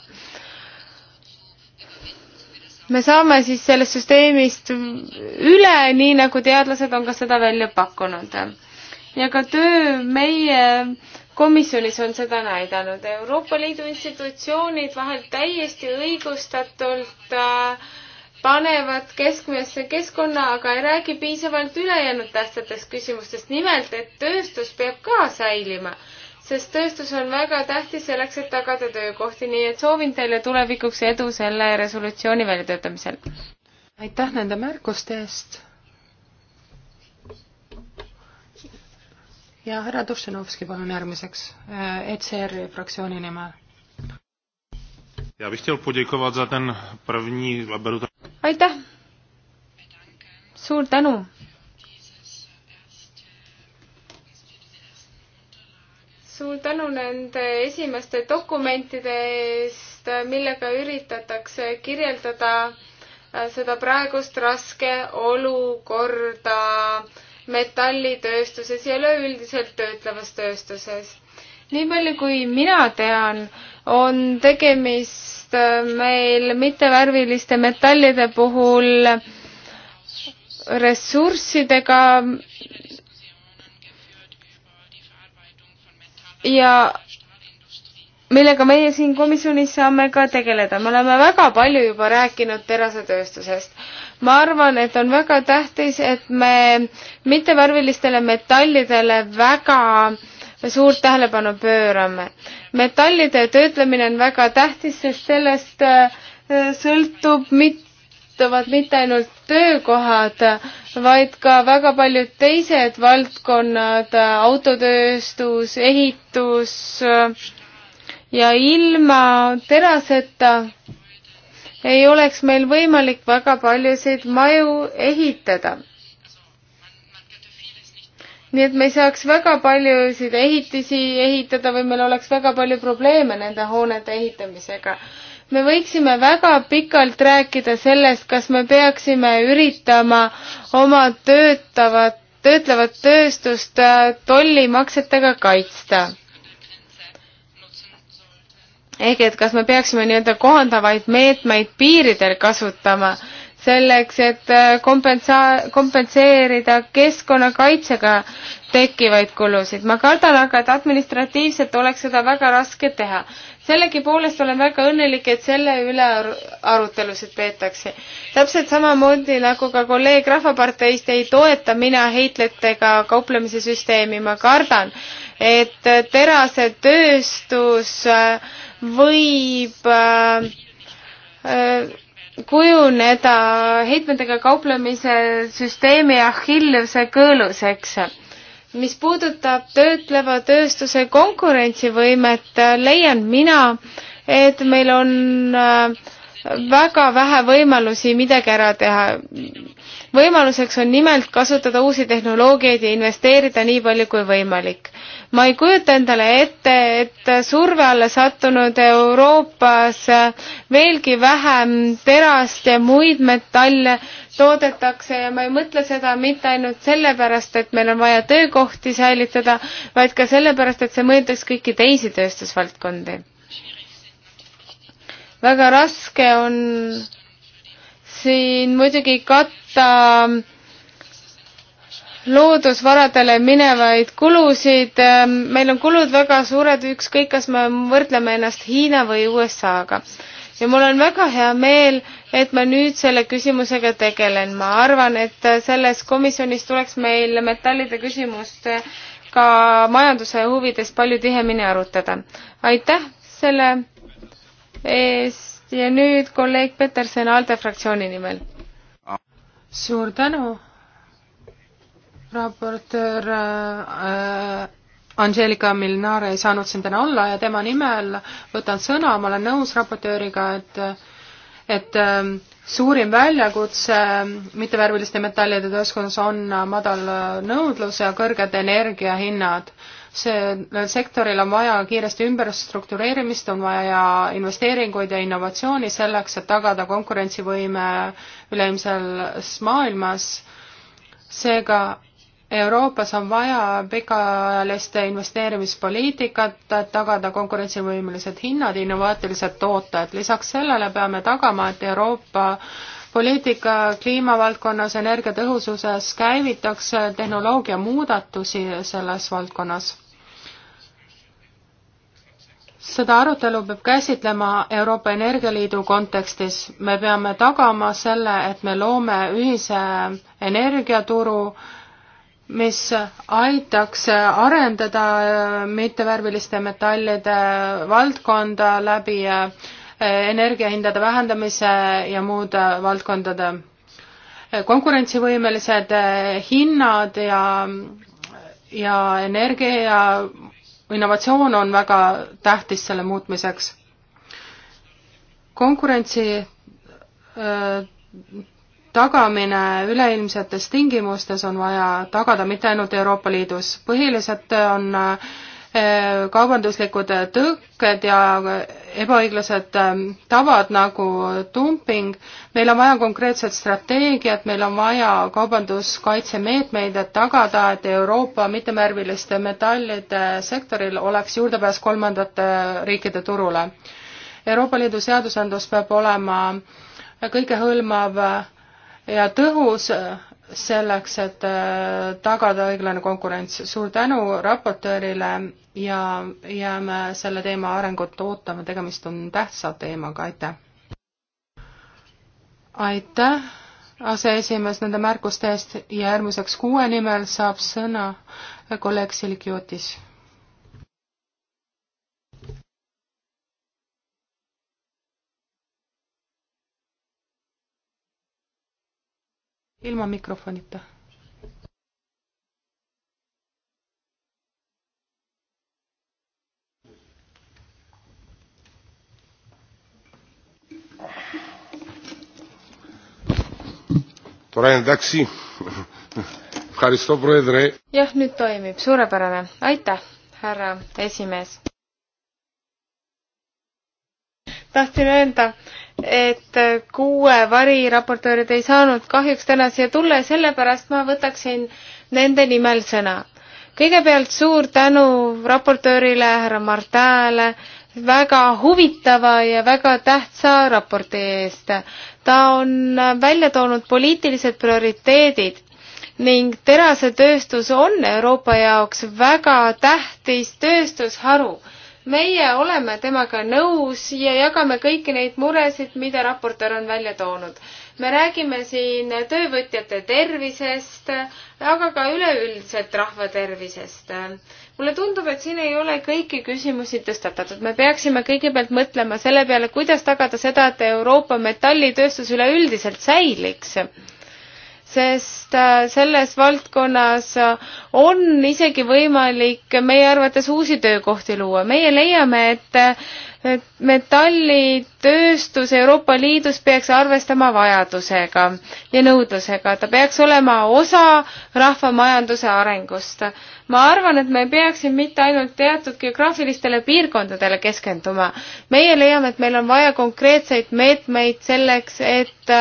me saame siis sellest süsteemist üle, nii nagu teadlased on ka seda välja pakkunud. ja ka töö meie komisjonis on seda näidanud. Euroopa Liidu institutsioonid vahel täiesti õigustatult äh, panevad keskmesse keskkonna, aga ei räägi piisavalt ülejäänud tähtsatest küsimustest. nimelt, et tööstus peab ka säilima, sest tööstus on väga tähtis selleks, et tagada töökohti, nii et soovin teile tulevikuks edu selle resolutsiooni väljatöötamisel. aitäh nende märkuste eest ja härra Dušanovski, palun järgmiseks äh, ECR-i fraktsiooni nimel. aitäh! suur tänu! suur tänu nende esimeste dokumentide eest, millega üritatakse kirjeldada äh, seda praegust raske olukorda äh, metallitööstuses ja üleüldiselt töötlevas tööstuses. nii palju, kui mina tean, on tegemist äh, meil mittevärviliste metallide puhul ressurssidega ja millega meie siin komisjonis saame ka tegeleda. me oleme väga palju juba rääkinud terasetööstusest. ma arvan, et on väga tähtis, et me mittevärvilistele metallidele väga suurt tähelepanu pöörame. metallide töötlemine on väga tähtis, sest sellest äh, sõltub mit-, sõltuvad mitte ainult töökohad, vaid ka väga paljud teised valdkonnad, autotööstus, ehitus, ja ilma teraseta ei oleks meil võimalik väga paljusid maju ehitada. nii et me ei saaks väga paljusid ehitisi ehitada või meil oleks väga palju probleeme nende hoonete ehitamisega. me võiksime väga pikalt rääkida sellest, kas me peaksime üritama oma töötavat, töötlevat tööstust äh, tollimaksetega kaitsta ehk et kas me peaksime nii-öelda kohandavaid meetmeid piiridel kasutama selleks, et äh, kompensa-, kompenseerida keskkonnakaitsega tekkivaid kulusid. ma kardan aga, et administratiivselt oleks seda väga raske teha. sellegipoolest olen väga õnnelik, et selle üle arutelusid peetakse. täpselt samamoodi nagu ka kolleeg Rahvaparteist ei toeta mina heitletega kauplemise süsteemi, ma kardan, et terasetööstus äh, võib äh, äh, kujuneda heitmetega kauplemise süsteemi ahilluse kõõluseks. mis puudutab töötleva tööstuse konkurentsivõimet, äh, leian mina, et meil on äh, väga vähe võimalusi midagi ära teha võimaluseks on nimelt kasutada uusi tehnoloogiaid ja investeerida nii palju kui võimalik. ma ei kujuta endale ette, et surve alla sattunud Euroopas veelgi vähem terast ja muid metalle toodetakse ja ma ei mõtle seda mitte ainult sellepärast, et meil on vaja töökohti säilitada, vaid ka sellepärast, et see mõjutaks kõiki teisi tööstusvaldkondi. väga raske on siin muidugi katta katta loodusvaradele minevaid kulusid. meil on kulud väga suured, ükskõik, kas me võrdleme ennast Hiina või USA-ga. ja mul on väga hea meel, et ma nüüd selle küsimusega tegelen. ma arvan, et selles komisjonis tuleks meil metallide küsimust ka majanduse huvides palju tihemini arutada. aitäh selle eest ja nüüd kolleeg Peterson ALDE fraktsiooni nimel suur tänu, raportöör äh, Angelika Milnar ei saanud siin täna olla ja tema nimel võtan sõna, ma olen nõus raportööriga, et et ähm, suurim väljakutse mittevärviliste metallide tööskonnas on madal nõudlus ja kõrged energiahinnad sellel sektoril on vaja kiiresti ümberstruktureerimist, on vaja investeeringuid ja innovatsiooni selleks, et tagada konkurentsivõime üleilmses maailmas. seega Euroopas on vaja pikaajaliste investeerimispoliitikat, et tagada konkurentsivõimelised hinnad, innovaatilised tooted. lisaks sellele peame tagama, et Euroopa poliitika kliimavaldkonnas, energiatõhususes käivitaks tehnoloogia muudatusi selles valdkonnas seda arutelu peab käsitlema Euroopa Energialiidu kontekstis. me peame tagama selle, et me loome ühise energiaturu, mis aitaks arendada mittevärviliste metallide valdkonda läbi energiahindade vähendamise ja muude valdkondade. konkurentsivõimelised hinnad ja ja energia ja innovatsioon on väga tähtis selle muutmiseks. konkurentsi tagamine üleilmsetes tingimustes on vaja tagada mitte ainult Euroopa Liidus, põhilised on äh, Äh, kaubanduslikud tõkked ja ebaõiglased ähm, tavad nagu dumping. meil on vaja konkreetset strateegiat, meil on vaja kaubanduskaitsemeetmeid, et tagada, et Euroopa mittemärviliste metallide sektoril oleks juurdepääs kolmandate riikide turule. Euroopa Liidu seadusandlus peab olema kõikehõlmav ja tõhus selleks, et äh, tagada õiglane konkurents. suur tänu raportöörile ja jääme selle teema arengut ootama, tegemist on tähtsa teemaga, aitäh! aitäh, aseesimees, nende märkuste eest ja järgmiseks kuue nimel saab sõna kolleeg Silikiotis ilma mikrofonita. Τώρα εντάξει, ευχαριστώ Πρόεδρε. Jah, nüüd toimib. Suurepärane. Aitäh, härra esimees. Tahtsin öelda, et kuue variraportöörid ei saanud kahjuks täna siia tulla ja sellepärast ma võtaksin nende nimel sõna. kõigepealt suur tänu raportöörile härra Martäle väga huvitava ja väga tähtsa raporti eest. ta on välja toonud poliitilised prioriteedid ning terasetööstus on Euroopa jaoks väga tähtis tööstusharu meie oleme temaga nõus ja jagame kõiki neid muresid, mida raportöör on välja toonud. me räägime siin töövõtjate tervisest, aga ka üleüldiselt rahva tervisest. mulle tundub, et siin ei ole kõiki küsimusi tõstatatud. me peaksime kõigepealt mõtlema selle peale, kuidas tagada seda, et Euroopa metallitööstus üleüldiselt säiliks sest äh, selles valdkonnas äh, on isegi võimalik meie arvates uusi töökohti luua. meie leiame, et metallitööstus Euroopa Liidus peaks arvestama vajadusega ja nõudlusega, ta peaks olema osa rahvamajanduse arengust. ma arvan, et me ei peaks siin mitte ainult teatud geograafilistele piirkondadele keskenduma. meie leiame, et meil on vaja konkreetseid meetmeid selleks, et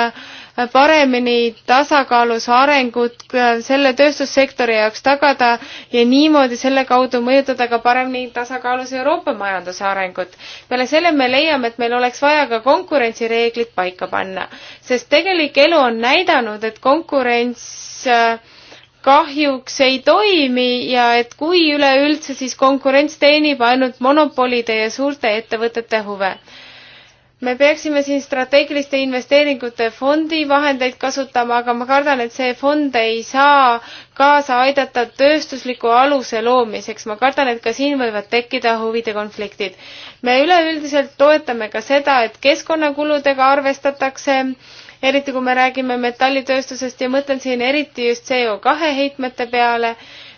paremini tasakaalus arengut äh, selle tööstussektori jaoks tagada ja niimoodi selle kaudu mõjutada ka paremini tasakaalus Euroopa majanduse arengut. peale selle me leiame, et meil oleks vaja ka konkurentsireeglid paika panna, sest tegelik elu on näidanud, et konkurents äh, kahjuks ei toimi ja et kui üleüldse, siis konkurents teenib ainult monopolide ja suurte ettevõtete huve me peaksime siin strateegiliste investeeringute fondi vahendeid kasutama, aga ma kardan, et see fond ei saa kaasa aidata tööstusliku aluse loomiseks. ma kardan, et ka siin võivad tekkida huvide konfliktid. me üleüldiselt toetame ka seda, et keskkonnakuludega arvestatakse, eriti kui me räägime metallitööstusest ja mõtlen siin eriti just CO kahe heitmete peale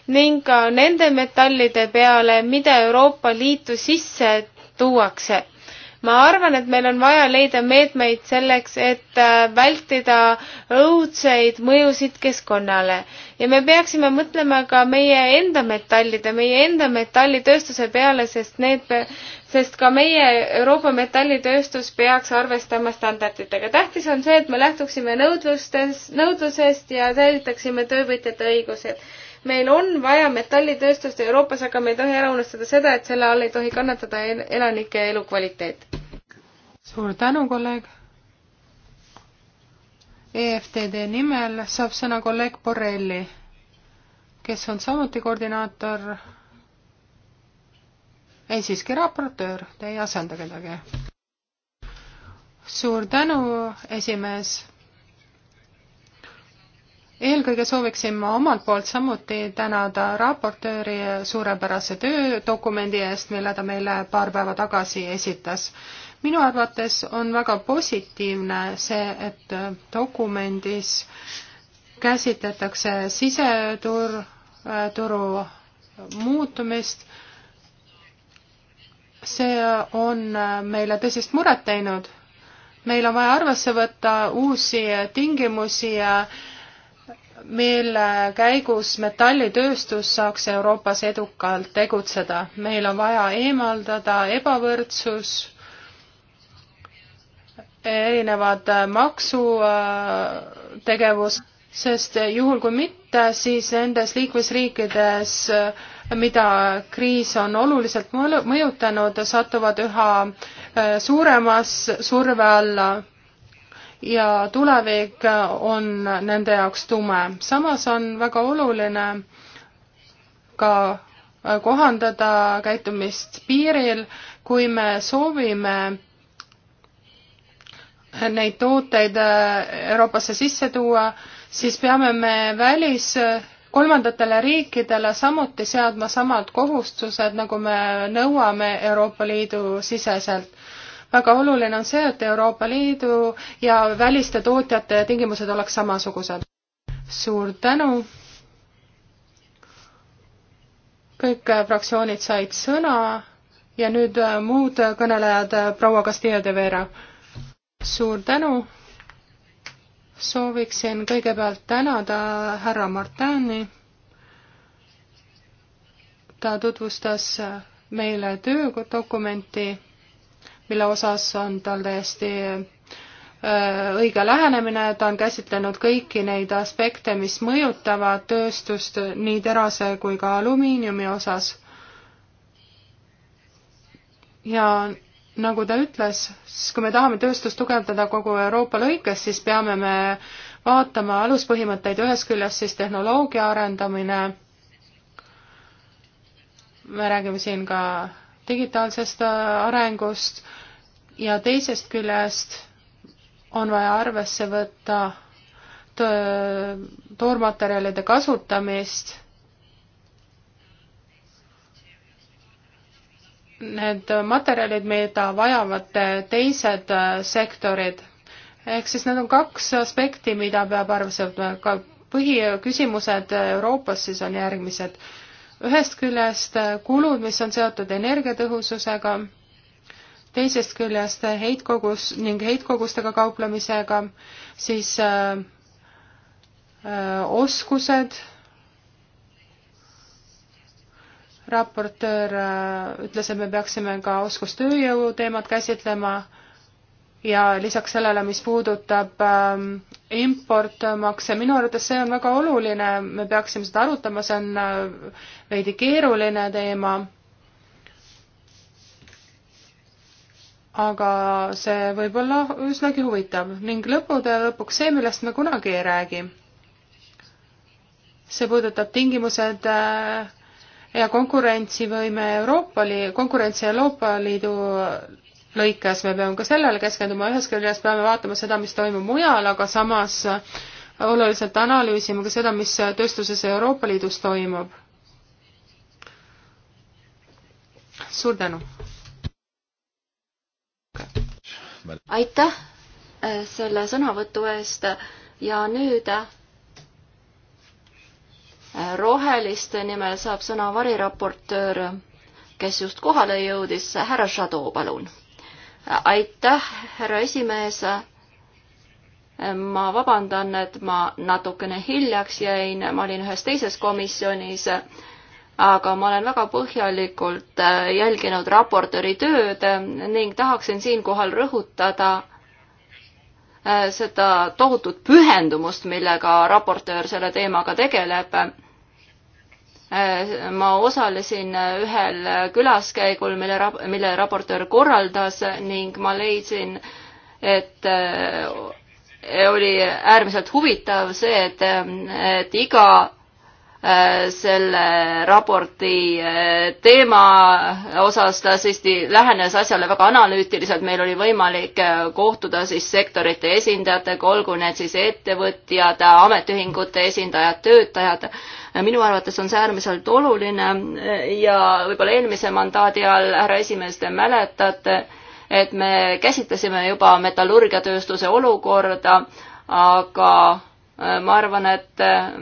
ning ka nende metallide peale, mida Euroopa Liitu sisse tuuakse ma arvan, et meil on vaja leida meetmeid selleks, et äh, vältida õudseid mõjusid keskkonnale ja me peaksime mõtlema ka meie enda metallide, meie enda metallitööstuse peale, sest need, sest ka meie Euroopa metallitööstus peaks arvestama standarditega. tähtis on see, et me lähtuksime nõudlustes, nõudlusest ja säilitaksime töövõtjate õigused meil on vaja metallitööstust Euroopas, aga me ei tohi ära unustada seda, et selle all ei tohi kannatada elanike elukvaliteet suur tänu, kolleeg. EFTD nimel saab sõna kolleeg Borrelli, kes on samuti koordinaator, ei siiski raportöör, te ei asenda kedagi. suur tänu, esimees eelkõige sooviksin ma omalt poolt samuti tänada raportööri suurepärase töödokumendi eest, mille ta meile paar päeva tagasi esitas minu arvates on väga positiivne see, et dokumendis käsitletakse siseturu turu muutumist. see on meile tõsist muret teinud. meil on vaja arvesse võtta uusi tingimusi ja mille käigus metallitööstus saaks Euroopas edukalt tegutseda. meil on vaja eemaldada ebavõrdsus erinevad äh, maksutegevus, sest juhul kui mitte, siis nendes liikmesriikides, äh, mida kriis on oluliselt mõjutanud, satuvad üha äh, suuremas surve alla ja tulevik on nende jaoks tume. samas on väga oluline ka kohandada käitumist piiril, kui me soovime neid tooteid äh, Euroopasse sisse tuua, siis peame me välis äh, kolmandatele riikidele samuti seadma samad kohustused, nagu me nõuame Euroopa Liidu siseselt. väga oluline on see, et Euroopa Liidu ja väliste tootjate tingimused oleks samasugused. suur tänu! kõik äh, fraktsioonid said sõna ja nüüd muud kõnelejad, proua Castillo de Vera suur tänu. sooviksin kõigepealt tänada härra Martani. ta tutvustas meile töödokumenti, mille osas on tal täiesti äh, õige lähenemine, ta on käsitlenud kõiki neid aspekte, mis mõjutavad tööstust nii terase kui ka alumiiniumi osas. ja nagu ta ütles, siis kui me tahame tööstust tugevdada kogu Euroopa lõikes, siis peame me vaatama aluspõhimõtteid, ühest küljest siis tehnoloogia arendamine, me räägime siin ka digitaalsest äh, arengust ja teisest küljest on vaja arvesse võtta toormaterjalide kasutamist need materjalid, mida vajavad teised sektorid. ehk siis need on kaks aspekti, mida peab arvesse võtma, ka põhiküsimused Euroopas siis on järgmised. ühest küljest kulud, mis on seotud energiatõhususega, teisest küljest heitkogus ning heitkogustega kauplemisega, siis öö, äh, äh, oskused raportöör äh, ütles, et me peaksime ka oskustööjõu teemat käsitlema ja lisaks sellele, mis puudutab ähm, importmakse, minu arvates see on väga oluline, me peaksime seda arutama, see on äh, veidi keeruline teema. aga see võib olla üsnagi huvitav ning lõppude lõpuks see, millest me kunagi ei räägi. see puudutab tingimused äh, ja konkurentsivõime Euroopa Liidu, konkurents Euroopa Liidu lõikes, me peame ka sellele keskenduma, ühest küljest peame vaatama seda, mis toimub mujal, aga samas oluliselt analüüsima ka seda, mis tööstuses Euroopa Liidus toimub. suur tänu! aitäh äh, selle sõnavõtu eest ja nüüd äh, roheliste nimel saab sõna variraportöör, kes just kohale jõudis, härra Šadov, palun. aitäh, härra esimees. ma vabandan, et ma natukene hiljaks jäin, ma olin ühes teises komisjonis aga ma olen väga põhjalikult jälginud raportööri tööd ning tahaksin siinkohal rõhutada seda tohutut pühendumust, millega raportöör selle teemaga tegeleb Äh, ma osalesin äh, ühel äh, külaskäigul, mille, mille raportöör korraldas ning ma leidsin, et oli äärmiselt huvitav see, et, et iga Äh, selle raporti äh, teema osas, ta siiski lähenes asjale väga analüütiliselt, meil oli võimalik äh, kohtuda siis sektorite esindajatega, olgu need siis ettevõtjad, ametiühingute esindajad, töötajad. minu arvates on see äärmiselt oluline ja võib-olla eelmise mandaadi all, härra esimees, te mäletate, et me käsitlesime juba metallurgiatööstuse olukorda, aga ma arvan, et äh,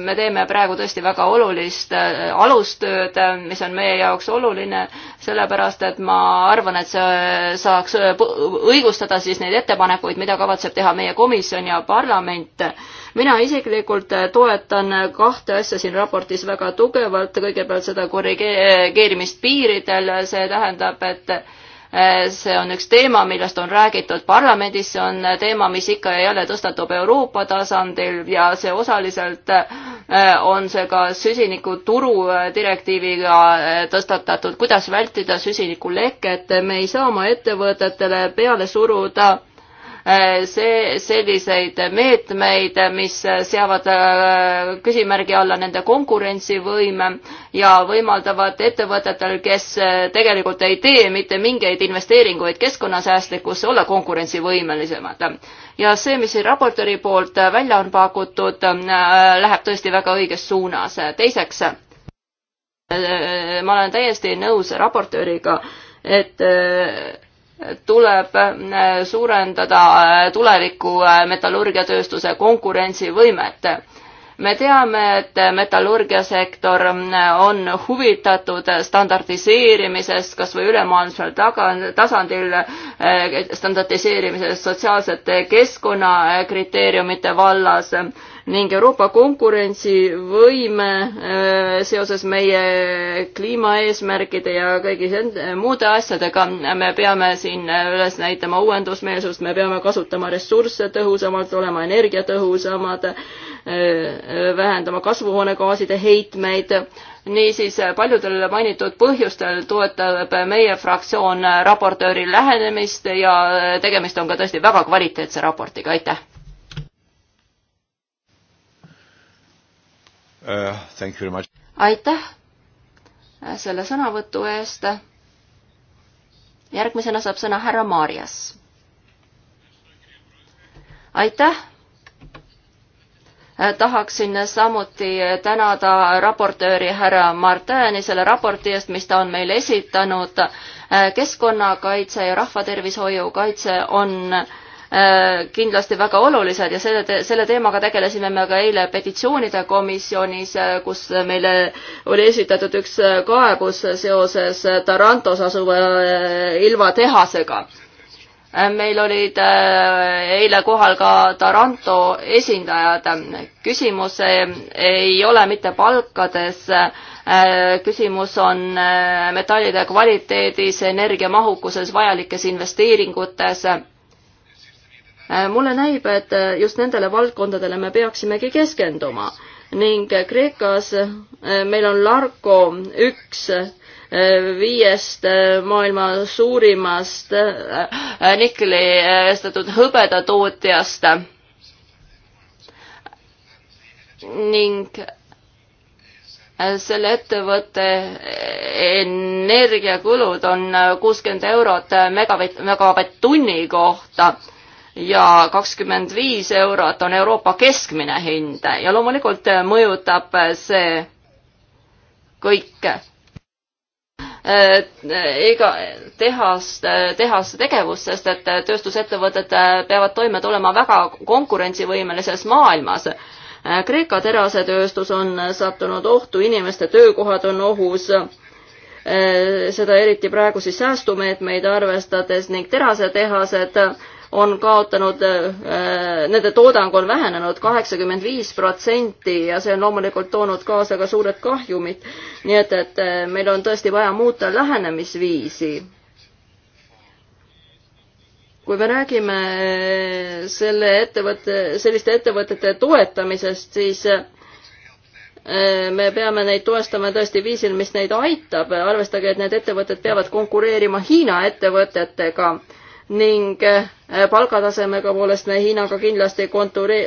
me teeme praegu tõesti väga olulist äh, alustööd, äh, mis on meie jaoks oluline, sellepärast et ma arvan, et see saaks õigustada siis neid ettepanekuid, mida kavatseb teha meie komisjon ja parlament. mina isiklikult toetan kahte asja siin raportis väga tugevalt, kõigepealt seda korrigeerimist piiridel, see tähendab, et Eh, see on üks teema, millest on räägitud parlamendis, see on eh, teema, mis ikka ja jälle tõstatub Euroopa tasandil ja see osaliselt eh, on see ka süsinikuturu direktiiviga tõstatatud, kuidas vältida süsinikuleket, me ei saa oma ettevõtetele peale suruda Äh, see, selliseid meetmeid, mis seavad äh, küsimärgi alla nende konkurentsivõime ja võimaldavad ettevõtetel, kes äh, tegelikult ei tee mitte mingeid investeeringuid keskkonnasäästlikkusse, olla konkurentsivõimelisemad. ja see, mis siin raportööri poolt välja on pakutud, läheb tõesti väga õiges suunas. teiseks, ma olen täiesti nõus raportööriga, et tuleb äh, suurendada äh, tuleviku äh, metallurgiatööstuse konkurentsivõimet. me teame, et metallurgiasektor on huvitatud standardiseerimisest kas või ülemaailmsel tasandil, standardiseerimisest sotsiaalsete keskkonnakriteeriumite vallas ning Euroopa konkurentsivõime äh, seoses meie kliimaeesmärkide ja kõigi äh, muude asjadega, me peame siin äh, üles näitama uuendusmeelsust, me peame kasutama ressursse tõhusamalt, olema energiatõhusamad, vähendama kasvuhoonegaaside heitmeid niisiis paljudel mainitud põhjustel toetab meie fraktsioon raportööri lähenemist ja tegemist on ka tõesti väga kvaliteetse raportiga, aitäh! uh,. aitäh selle sõnavõtu eest. järgmisena saab sõna härra Maarjas. aitäh tahaksin samuti tänada raportööri härra Martini selle raporti eest, mis ta on meile esitanud. keskkonnakaitse ja rahvatervishoiu kaitse on äh, Äh, kindlasti väga olulised ja selle, selle teemaga tegelesime me ka eile petitsioonide komisjonis, äh, kus meile oli esitatud üks äh, kaebus seoses Tarantos asuva Ilva tehasega. meil olid eile kohal ka Taranto esindajad. küsimus ei ole mitte palkades, küsimus on metallide kvaliteedis, energiamahukuses, vajalikes investeeringutes Äh, mulle näib, et äh, just nendele valdkondadele me peaksimegi keskenduma ning äh, Kreekas meil on Larko üks viiest maailma suurimast nikli eestatud hõbedatootjast ning selle ettevõtte energiakulud on kuuskümmend eurot megavatt, megavatt-tunni kohta ja kakskümmend viis eurot on Euroopa keskmine hind ja loomulikult mõjutab see kõik eh, iga tehas, tehase tegevus, sest et tööstusettevõtted peavad toime tulema väga konkurentsivõimelises maailmas. Kreeka terasetööstus on sattunud ohtu, inimeste töökohad on ohus eh, seda eriti praegu siis säästumeetmeid arvestades ning terasetehased on kaotanud, äh, nende toodang on vähenenud kaheksakümmend viis protsenti ja see on loomulikult toonud kaasa ka suured kahjumid. nii et, et äh, meil on tõesti vaja muuta lähenemisviisi. kui me räägime äh, selle ettevõtte, selliste ettevõtete toetamisest, siis me peame neid toestama tõesti viisil, mis neid aitab, arvestage, et need ettevõtted peavad konkureerima Hiina ettevõtetega ning eh, palgatasemega poolest me Hiinaga kindlasti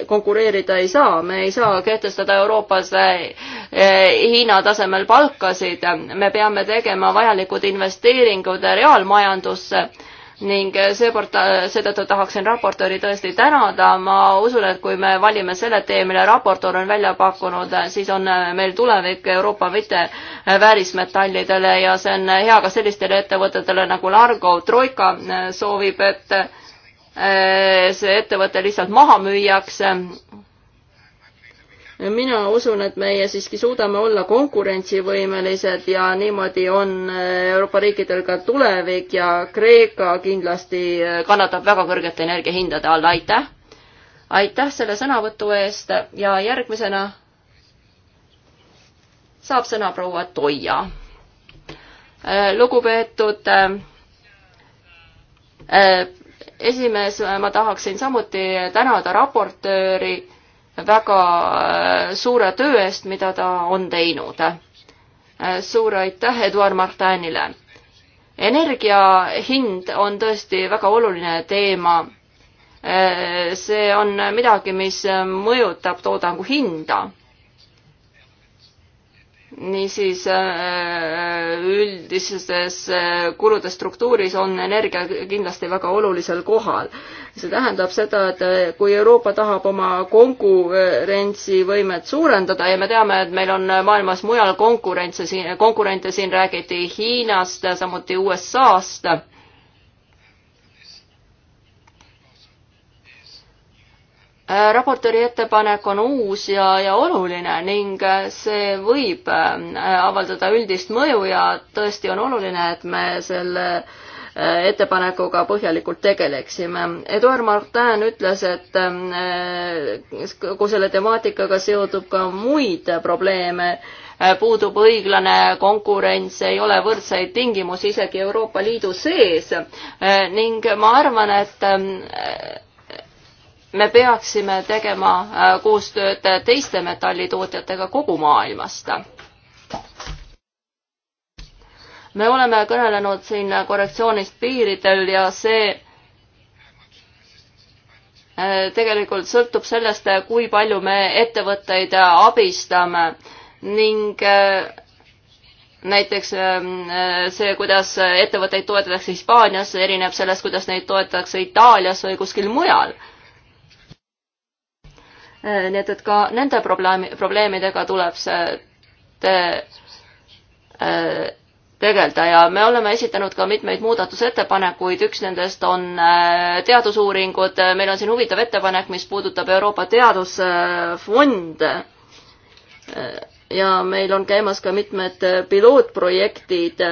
konkureerida ei saa, me ei saa kehtestada Euroopas eh, eh, Hiina tasemel palkasid, me peame tegema vajalikud investeeringud reaalmajandusse ning seekord seetõttu tahaksin raportööri tõesti tänada, ma usun, et kui me valime selle tee, mille raportöör on välja pakkunud, siis on meil tulevik Euroopa mitte väärismetallidele ja see on hea ka sellistele ettevõtetele nagu Largo, Troika soovib, et eh, see ettevõte lihtsalt maha müüakse mina usun, et meie siiski suudame olla konkurentsivõimelised ja niimoodi on äh, Euroopa riikidel ka tulevik ja Kreeka kindlasti äh, kannatab väga kõrgete energiahindade all, aitäh! aitäh selle sõnavõtu eest ja järgmisena saab sõna proua Toia. Äh, lugupeetud esimees, ma tahaksin samuti tänada raportööri väga äh, suure töö eest, mida ta on teinud. Äh, suur aitäh Eduard Martinile. energia hind on tõesti väga oluline teema. Äh, see on midagi, mis mõjutab toodangu hinda niisiis äh, äh, üldises äh, kulude struktuuris on energia kindlasti väga olulisel kohal. see tähendab seda, et kui Euroopa tahab oma konkurentsivõimet suurendada ja me teame, et meil on maailmas mujal konkurentse siin, konkurente siin räägiti Hiinast, samuti USA-st Äh, raportööri ettepanek on uus ja, ja oluline ning äh, see võib äh, avaldada üldist mõju ja tõesti on oluline, et me selle ettepanekuga põhjalikult tegeleksime. Eduard Martin ütles, et kogu selle temaatikaga seotub ka muid probleeme, puudub õiglane konkurents, ei ole võrdseid tingimusi isegi Euroopa Liidu sees ning ma arvan, et me peaksime tegema äh, koostööd teiste metallitootjatega kogu maailmast. me oleme kõnelenud siin korrektsioonist piiridel ja see äh, tegelikult sõltub sellest, kui palju me ettevõtteid abistame ning äh, näiteks ähm, see, kuidas ettevõtteid toetatakse Hispaanias, erineb sellest, kuidas neid toetatakse Itaalias või kuskil mujal Äh, nii et, et ka nende probleemi, probleemidega tuleb see te, äh, tegeleda ja me oleme esitanud ka mitmeid muudatusettepanekuid, üks nendest on äh, teadusuuringud, meil on siin huvitav ettepanek, mis puudutab Euroopa Teadusfonde. ja meil on käimas ka mitmed pilootprojektid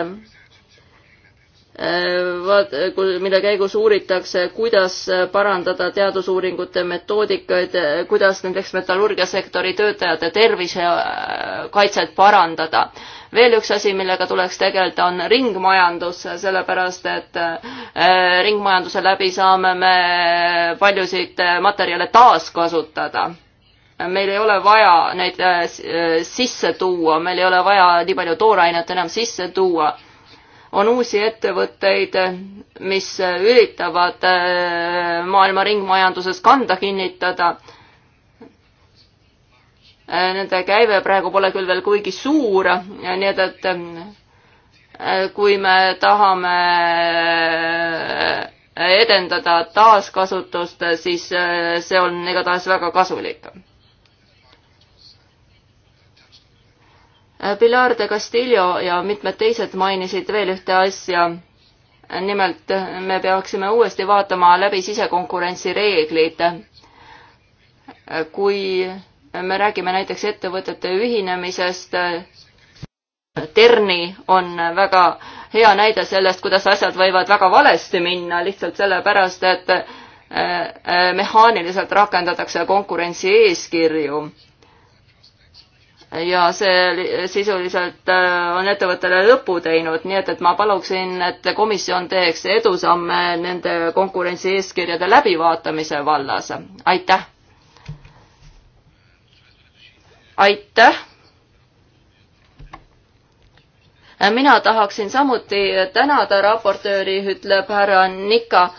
vaat-, mille käigus uuritakse, kuidas parandada teadusuuringute metoodikaid, kuidas näiteks metallurgiasektori töötajate tervisekaitset parandada. veel üks asi, millega tuleks tegeleda, on ringmajandus, sellepärast et äh, ringmajanduse läbi saame me paljusid materjale taaskasutada meil ei ole vaja neid äh, sisse tuua, meil ei ole vaja nii palju toorainet enam sisse tuua on uusi ettevõtteid, mis üritavad äh, maailma ringmajanduses kanda kinnitada. Äh, nende käive praegu pole küll veel kuigi suur, nii et, et äh, kui me tahame edendada taaskasutust, siis see on igatahes väga kasulik Äh, Pilar de Castillo ja mitmed teised mainisid veel ühte asja. nimelt äh, me peaksime uuesti vaatama läbi sisekonkurentsi reeglid. Äh, kui me räägime näiteks ettevõtete ühinemisest, Terni on väga hea näide sellest, kuidas asjad võivad väga valesti minna lihtsalt sellepärast, et mehaaniliselt rakendatakse konkurentsi eeskirju ja see sisuliselt äh, on ettevõttele lõpu teinud, nii et, et ma paluksin, et komisjon teeks edusamme nende konkurentsieeskirjade läbivaatamise vallas. aitäh! aitäh! mina tahaksin samuti tänada raportööri, ütleb härra Nika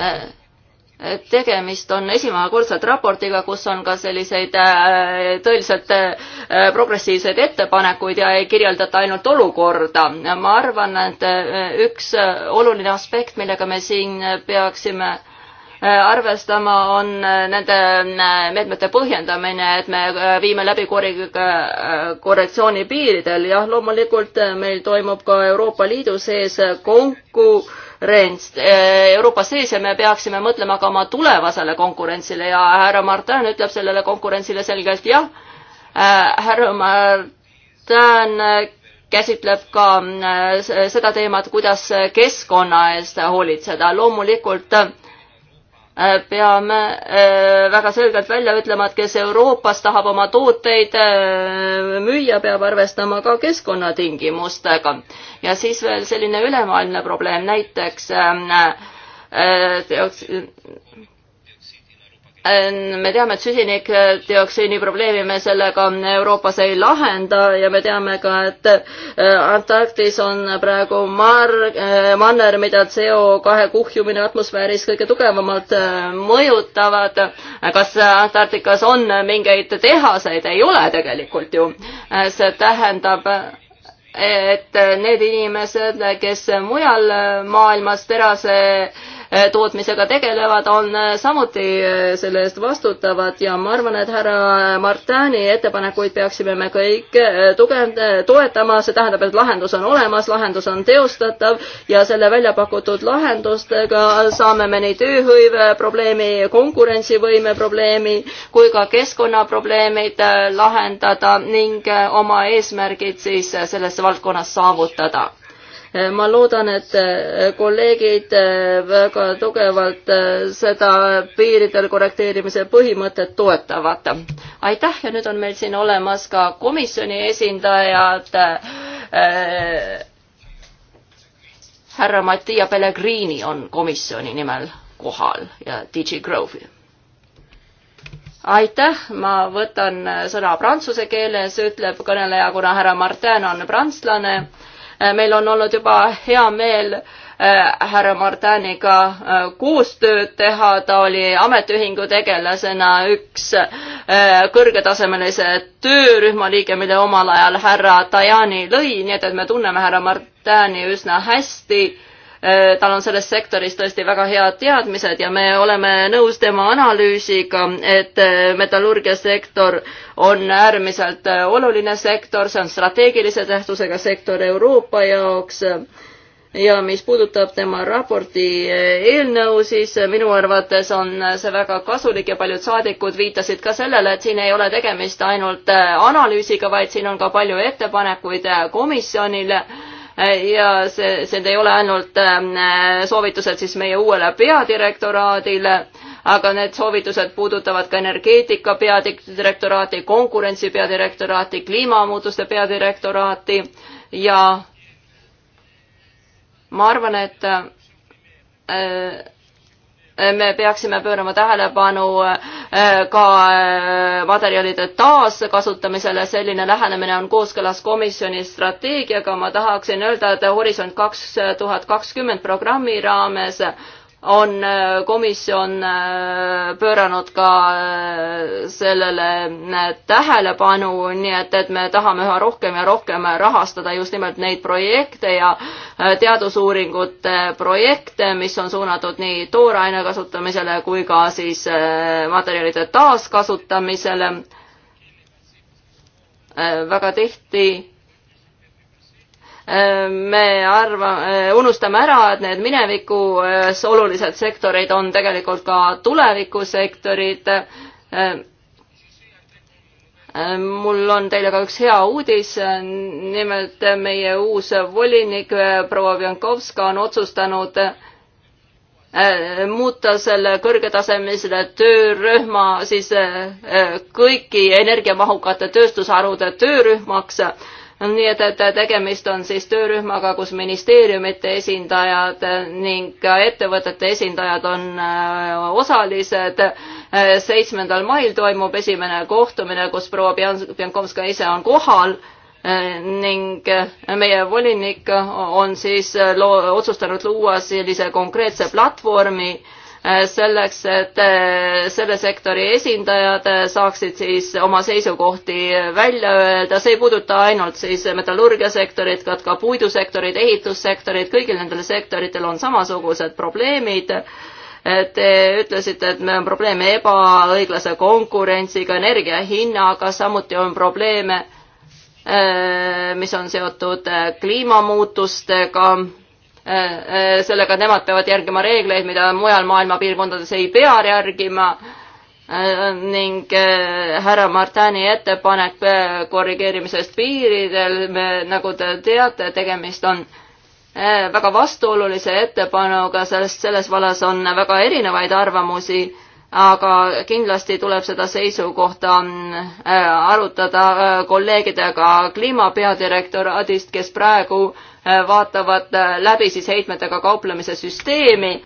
äh, tegemist on esimekordselt raportiga, kus on ka selliseid äh, tõeliselt äh, progressiivseid ettepanekuid ja ei kirjeldata ainult olukorda. ma arvan, et äh, üks oluline aspekt, millega me siin peaksime arvestama, on nende meetmete põhjendamine, et me viime läbi korrektsiooni piiridel. jah, loomulikult meil toimub ka Euroopa Liidu sees konku- konkurents eh, Euroopa sees ja me peaksime mõtlema ka oma tulevasele konkurentsile ja härra Martin ütleb sellele konkurentsile selgelt jah. Eh, härra Martin käsitleb ka eh, seda teemat, kuidas keskkonna eest hoolitseda. loomulikult äh, Äh, peame äh, väga selgelt välja ütlema, et kes Euroopas tahab oma tooteid äh, müüa, peab arvestama ka keskkonnatingimustega. ja siis veel selline ülemaailmne probleem, näiteks ähm, Äh, me teame, et süsinikdioksiini probleemi me sellega Euroopas ei lahenda ja me teame ka, et äh, Antarktis on praegu mar-, äh, manner, mida CO2 kuhjumine atmosfääris kõige tugevamalt mõjutavad. kas Antarktikas on mingeid tehaseid? ei ole tegelikult ju. see tähendab et need inimesed, kes mujal maailmas terase Äh, tootmisega tegelevad, on äh, samuti äh, selle eest vastutavad ja ma arvan, et härra Martani ettepanekuid peaksime me kõik tugev, toetama, see tähendab, et lahendus on olemas, lahendus on teostatav ja selle välja pakutud lahendustega saame me nii tööhõive probleemi, konkurentsivõime probleemi kui ka keskkonnaprobleemid lahendada ning oma eesmärgid siis selles valdkonnas saavutada Eh, ma loodan, et eh, kolleegid eh, väga tugevalt seda piiridel korrekteerimise põhimõtet toetavad. aitäh ja nüüd on meil siin olemas ka komisjoni esindajad äh,. härra Mattia Pellegrini on komisjoni nimel kohal ja DJ Grove'i aitäh, ma võtan sõna prantsuse keeles, ütleb kõneleja, kuna härra Martin on prantslane Äh, meil on olnud juba hea meel äh, härra Martaniga äh, koostööd teha, ta oli ametiühingu tegelasena üks kõrgetasemelise töörühma liige, mille omal ajal härra Tajani lõi, nii et, et me tunneme härra Martani üsna hästi Äh, tal on selles sektoris tõesti väga head teadmised ja me oleme nõus tema analüüsiga, et äh, metallurgiasektor on äärmiselt äh, oluline sektor, see on strateegilise tähtsusega sektor Euroopa jaoks ja mis puudutab tema raporti eelnõu, siis minu arvates on see väga kasulik ja paljud saadikud viitasid ka sellele, et siin ei ole tegemist ainult analüüsiga, vaid siin on ka palju ettepanekuid komisjonile ja see, see ei ole ainult ähm, soovitused siis meie uuele peadirektoraadile, aga need soovitused puudutavad ka energeetika peadirektoraati, konkurentsi peadirektoraati, kliimamuutuste peadirektoraati ja ma arvan, et äh, me peaksime pöörama tähelepanu äh, ka äh, materjalide taaskasutamisele, selline lähenemine on kooskõlas komisjoni strateegiaga, ma tahaksin öelda, et Horisont kaks tuhat kakskümmend programmi raames on äh, komisjon äh, pööranud ka äh, sellele tähelepanu, nii et, et me tahame üha rohkem ja rohkem rahastada just nimelt neid projekte ja teadusuuringute projekte, mis on suunatud nii tooraine kasutamisele kui ka siis materjalide taaskasutamisele. väga tihti Ehm, me arva-, eh, unustame ära, et need minevikus eh, olulised sektorid on tegelikult ka tulevikusektorid. Ehm, ehm, mul on teile ka üks hea uudis, nimelt meie uus volinik eh, proua Vjankovska on otsustanud muuta selle kõrgetasemelisele töörühma siis kõiki energiamahukate tööstusharude töörühmaks nii et, et tegemist on siis töörühmaga, kus ministeeriumite esindajad ning ka ettevõtete esindajad on äh, osalised. Äh, seitsmendal mail toimub esimene kohtumine, kus proua Biankomska ise on kohal äh, ning meie volinik on siis otsustanud luua sellise konkreetse platvormi selleks, et eh, selle sektori esindajad eh, saaksid siis oma seisukohti välja öelda, see ei puuduta ainult siis metallurgiasektorit, vaid ka puidusektorit, ehitussektorit, kõigil nendel sektoritel on samasugused probleemid. Te ütlesite, et meil on probleeme ebaõiglase konkurentsiga, energia hinnaga, samuti on probleeme, eh, mis on seotud kliimamuutustega sellega, et nemad peavad järgima reegleid, mida mujal maailma piirkondades ei pea järgima ning eh, härra Martani ettepanek eh, korrigeerimisest piiridel, me, nagu te teate, tegemist on eh, väga vastuolulise ettepanuga, sellest, selles vallas on väga erinevaid arvamusi, aga kindlasti tuleb seda seisukohta arutada kolleegidega kliima peadirektoraadist, kes praegu Äh, vaatavad äh, läbi siis heitmetega kauplemise süsteemi.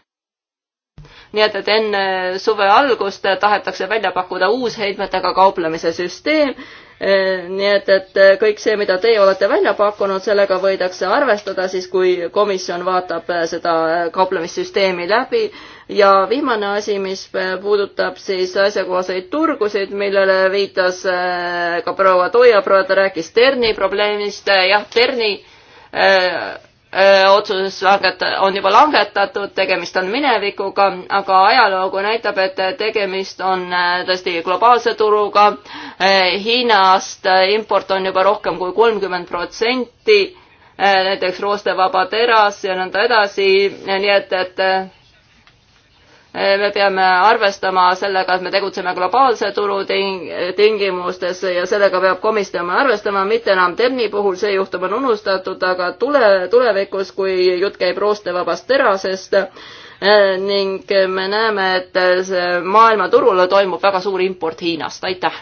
nii et, et enne suve algust tahetakse välja pakkuda uus heitmetega kauplemise süsteem. Äh, nii et, et kõik see, mida teie olete välja pakkunud, sellega võidakse arvestada siis, kui komisjon vaatab seda kauplemissüsteemi läbi ja viimane asi, mis puudutab siis asjakohaseid turgusid, millele viitas ka proua Toia, proua ta rääkis Terni probleemist, jah, Terni Äh, äh, otsus langeta-, on juba langetatud, tegemist on minevikuga, aga ajalugu näitab, et tegemist on äh, tõesti globaalse turuga. Hiinast import on juba rohkem kui kolmkümmend protsenti, näiteks roostevaba teras ja nõnda edasi, nii et, et me peame arvestama sellega, et me tegutseme globaalse turu ting tingimustes ja sellega peab komisjon arvestama, mitte enam TEM-i puhul, see juhtum on unustatud, aga tule, tulevikus, kui jutt käib roostevabast terasest eh, ning me näeme, et maailmaturule toimub väga suur import Hiinast, aitäh.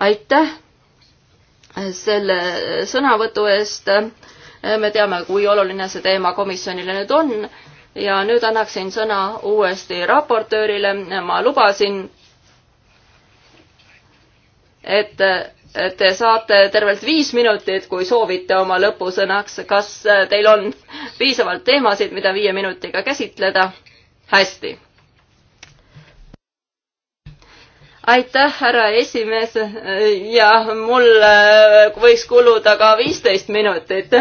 aitäh selle sõnavõtu eest me teame, kui oluline see teema komisjonile nüüd on ja nüüd annaksin sõna uuesti raportöörile, ma lubasin, et te saate tervelt viis minutit, kui soovite oma lõpusõnaks, kas teil on piisavalt teemasid, mida viie minutiga käsitleda? hästi. aitäh, härra esimees. jah, mul võiks kuluda ka viisteist minutit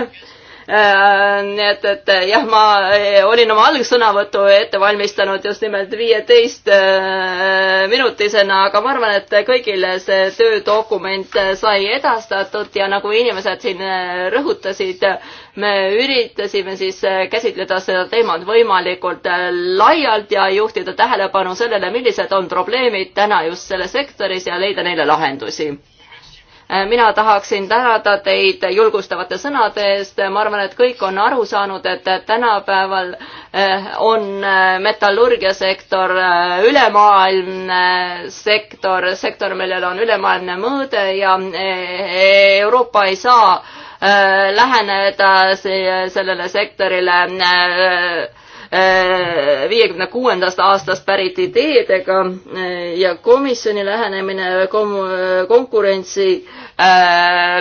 Äh, nii et, et jah, ma eh, olin oma algsõnavõtu ette valmistanud just nimelt viieteist äh, minutisena, aga ma arvan, et kõigile see töödokument sai edastatud ja nagu inimesed siin äh, rõhutasid, me üritasime siis käsitleda seda teemat võimalikult laialt ja juhtida tähelepanu sellele, millised on probleemid täna just selles sektoris ja leida neile lahendusi Äh, mina tahaksin tänada teid julgustavate sõnade eest, ma arvan, et kõik on aru saanud, et tänapäeval äh, on äh, metallurgiasektor ülemaailmne sektor, sektor, millel on ülemaailmne mõõde ja Euroopa ei saa läheneda sellele sektorile Äh, viiekümne kuuendast aastast pärit ideedega äh, ja komisjoni lähenemine kom, äh, konkurentsi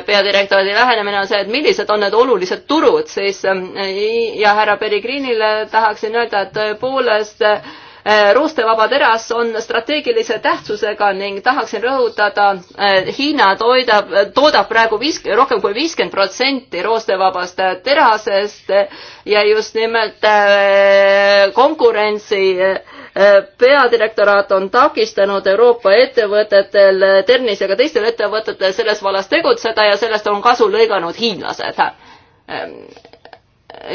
peadirektori lähenemine on see, et millised on need olulised turud siis ja härra Peregrinile tahaksin öelda, et tõepoolest Eh, roostevaba teras on strateegilise tähtsusega ning tahaksin rõhutada, eh, Hiina toidab, toodab praegu viis, rohkem kui viiskümmend protsenti roostevabast eh, terasest ja just nimelt konkurentsi peadirektoraat on takistanud Euroopa ettevõtetel, Ternisel ja teistel ettevõtetel selles vallas tegutseda ja sellest on kasu lõiganud hiinlased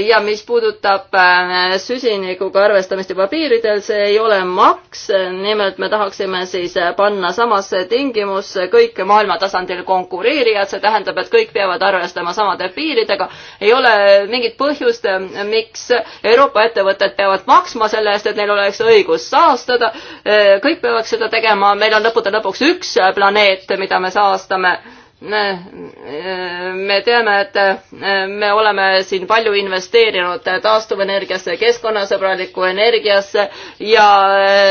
ja mis puudutab äh, süsinikuga arvestamist juba piiridel, see ei ole maks, nimelt me tahaksime siis äh, panna samasse tingimusse kõik maailma tasandil konkureerijad, see tähendab, et kõik peavad arvestama samade piiridega. ei ole mingit põhjust, äh, miks Euroopa ettevõtted peavad maksma selle eest, et neil oleks õigus saastada. kõik peavad seda tegema, meil on lõppude lõpuks üks planeet, mida me saastame me teame, et e, me oleme siin palju investeerinud taastuvenergiasse, keskkonnasõbralikku energiasse ja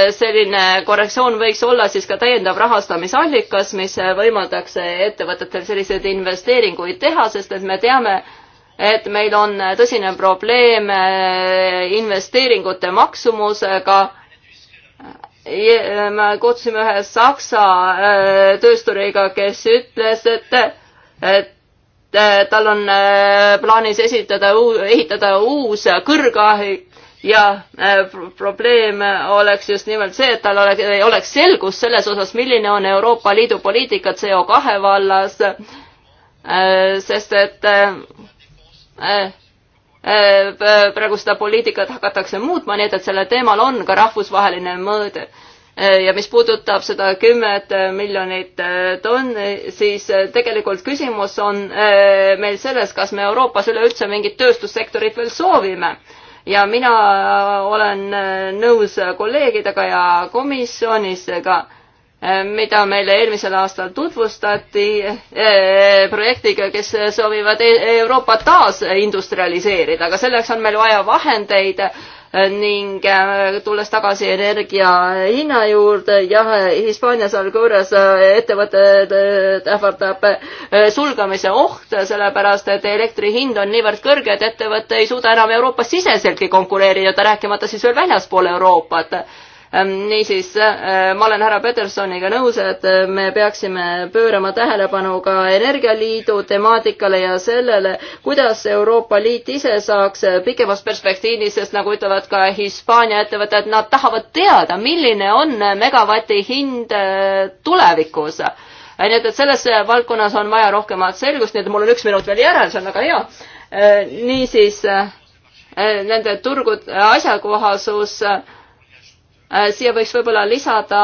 e, selline korrektsioon võiks olla siis ka täiendav rahastamisallikas, mis võimaldaks ettevõtetel selliseid investeeringuid teha, sest et me teame, et meil on tõsine probleem e, investeeringute maksumusega me kohtusime ühe Saksa äh, töösturiga, kes ütles, et, et äh, tal on äh, plaanis esitada, ehitada uus kõrgahi ja probleem oleks just nimelt see, et tal oleks, oleks selgus selles osas, milline on Euroopa Liidu poliitika CO2 vallas, sest et Äh, äh, praegu seda poliitikat hakatakse muutma, nii et, et sellel teemal on ka rahvusvaheline mõõde. Äh, ja mis puudutab seda kümmet miljonit tonni, siis tegelikult küsimus on meil selles, kas me Euroopas üleüldse mingit tööstussektorit veel soovime ja mina olen nõus kolleegidega ja komisjonistega mida meile eelmisel aastal tutvustati eh, projektiga, kes soovivad e-, Euroopat taasindustrialiseerida, aga selleks on meil vaja vahendeid eh, ning eh, tulles tagasi energia hinna juurde, jah, Hispaanias Algures ettevõtted ähvardab sulgemise oht, sellepärast et elektri hind on niivõrd kõrge, et ettevõte ei suuda enam Euroopas siseseltki konkureerida, rääkimata siis veel väljaspool Euroopat Ehm, niisiis, eh, ma olen härra Petersoniga nõus, et eh, me peaksime pöörama tähelepanu ka Energialiidu temaatikale ja sellele, kuidas Euroopa Liit ise saaks eh, pikemas perspektiivis, sest nagu ütlevad ka Hispaania ettevõtted, nad tahavad teada, milline on megavati hind tulevikus. nii et, et selles valdkonnas on vaja rohkemat selgust, nii et mul on üks minut veel järel, see on väga hea. niisiis, nende turgude asjakohasus äh, Äh, siia võiks võib-olla lisada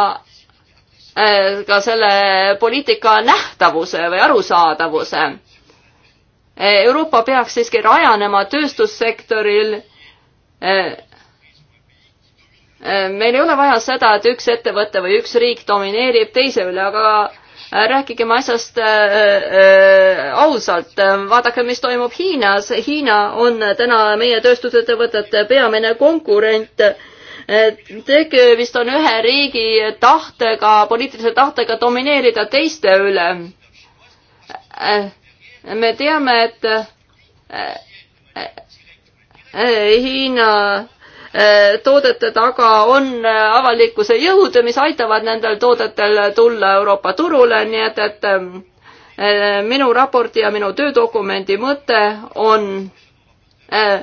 äh, ka selle poliitika nähtavuse või arusaadavuse. Äh, Euroopa peaks siiski rajanema tööstussektoril. meil ei ole vaja seda, et üks ettevõte või üks riik domineerib teise üle, aga rääkigem asjast ausalt. vaadake, mis toimub Hiinas. Hiina on täna meie tööstusettevõtete peamine konkurent tegemist on ühe riigi tahtega, poliitilise tahtega domineerida teiste üle. Äh, me teame, et äh, äh, Hiina toodete taga on avalikkuse jõud, mis aitavad nendel toodetel tulla Euroopa turule, nii et, et minu raporti ja minu töödokumendi mõte on äh,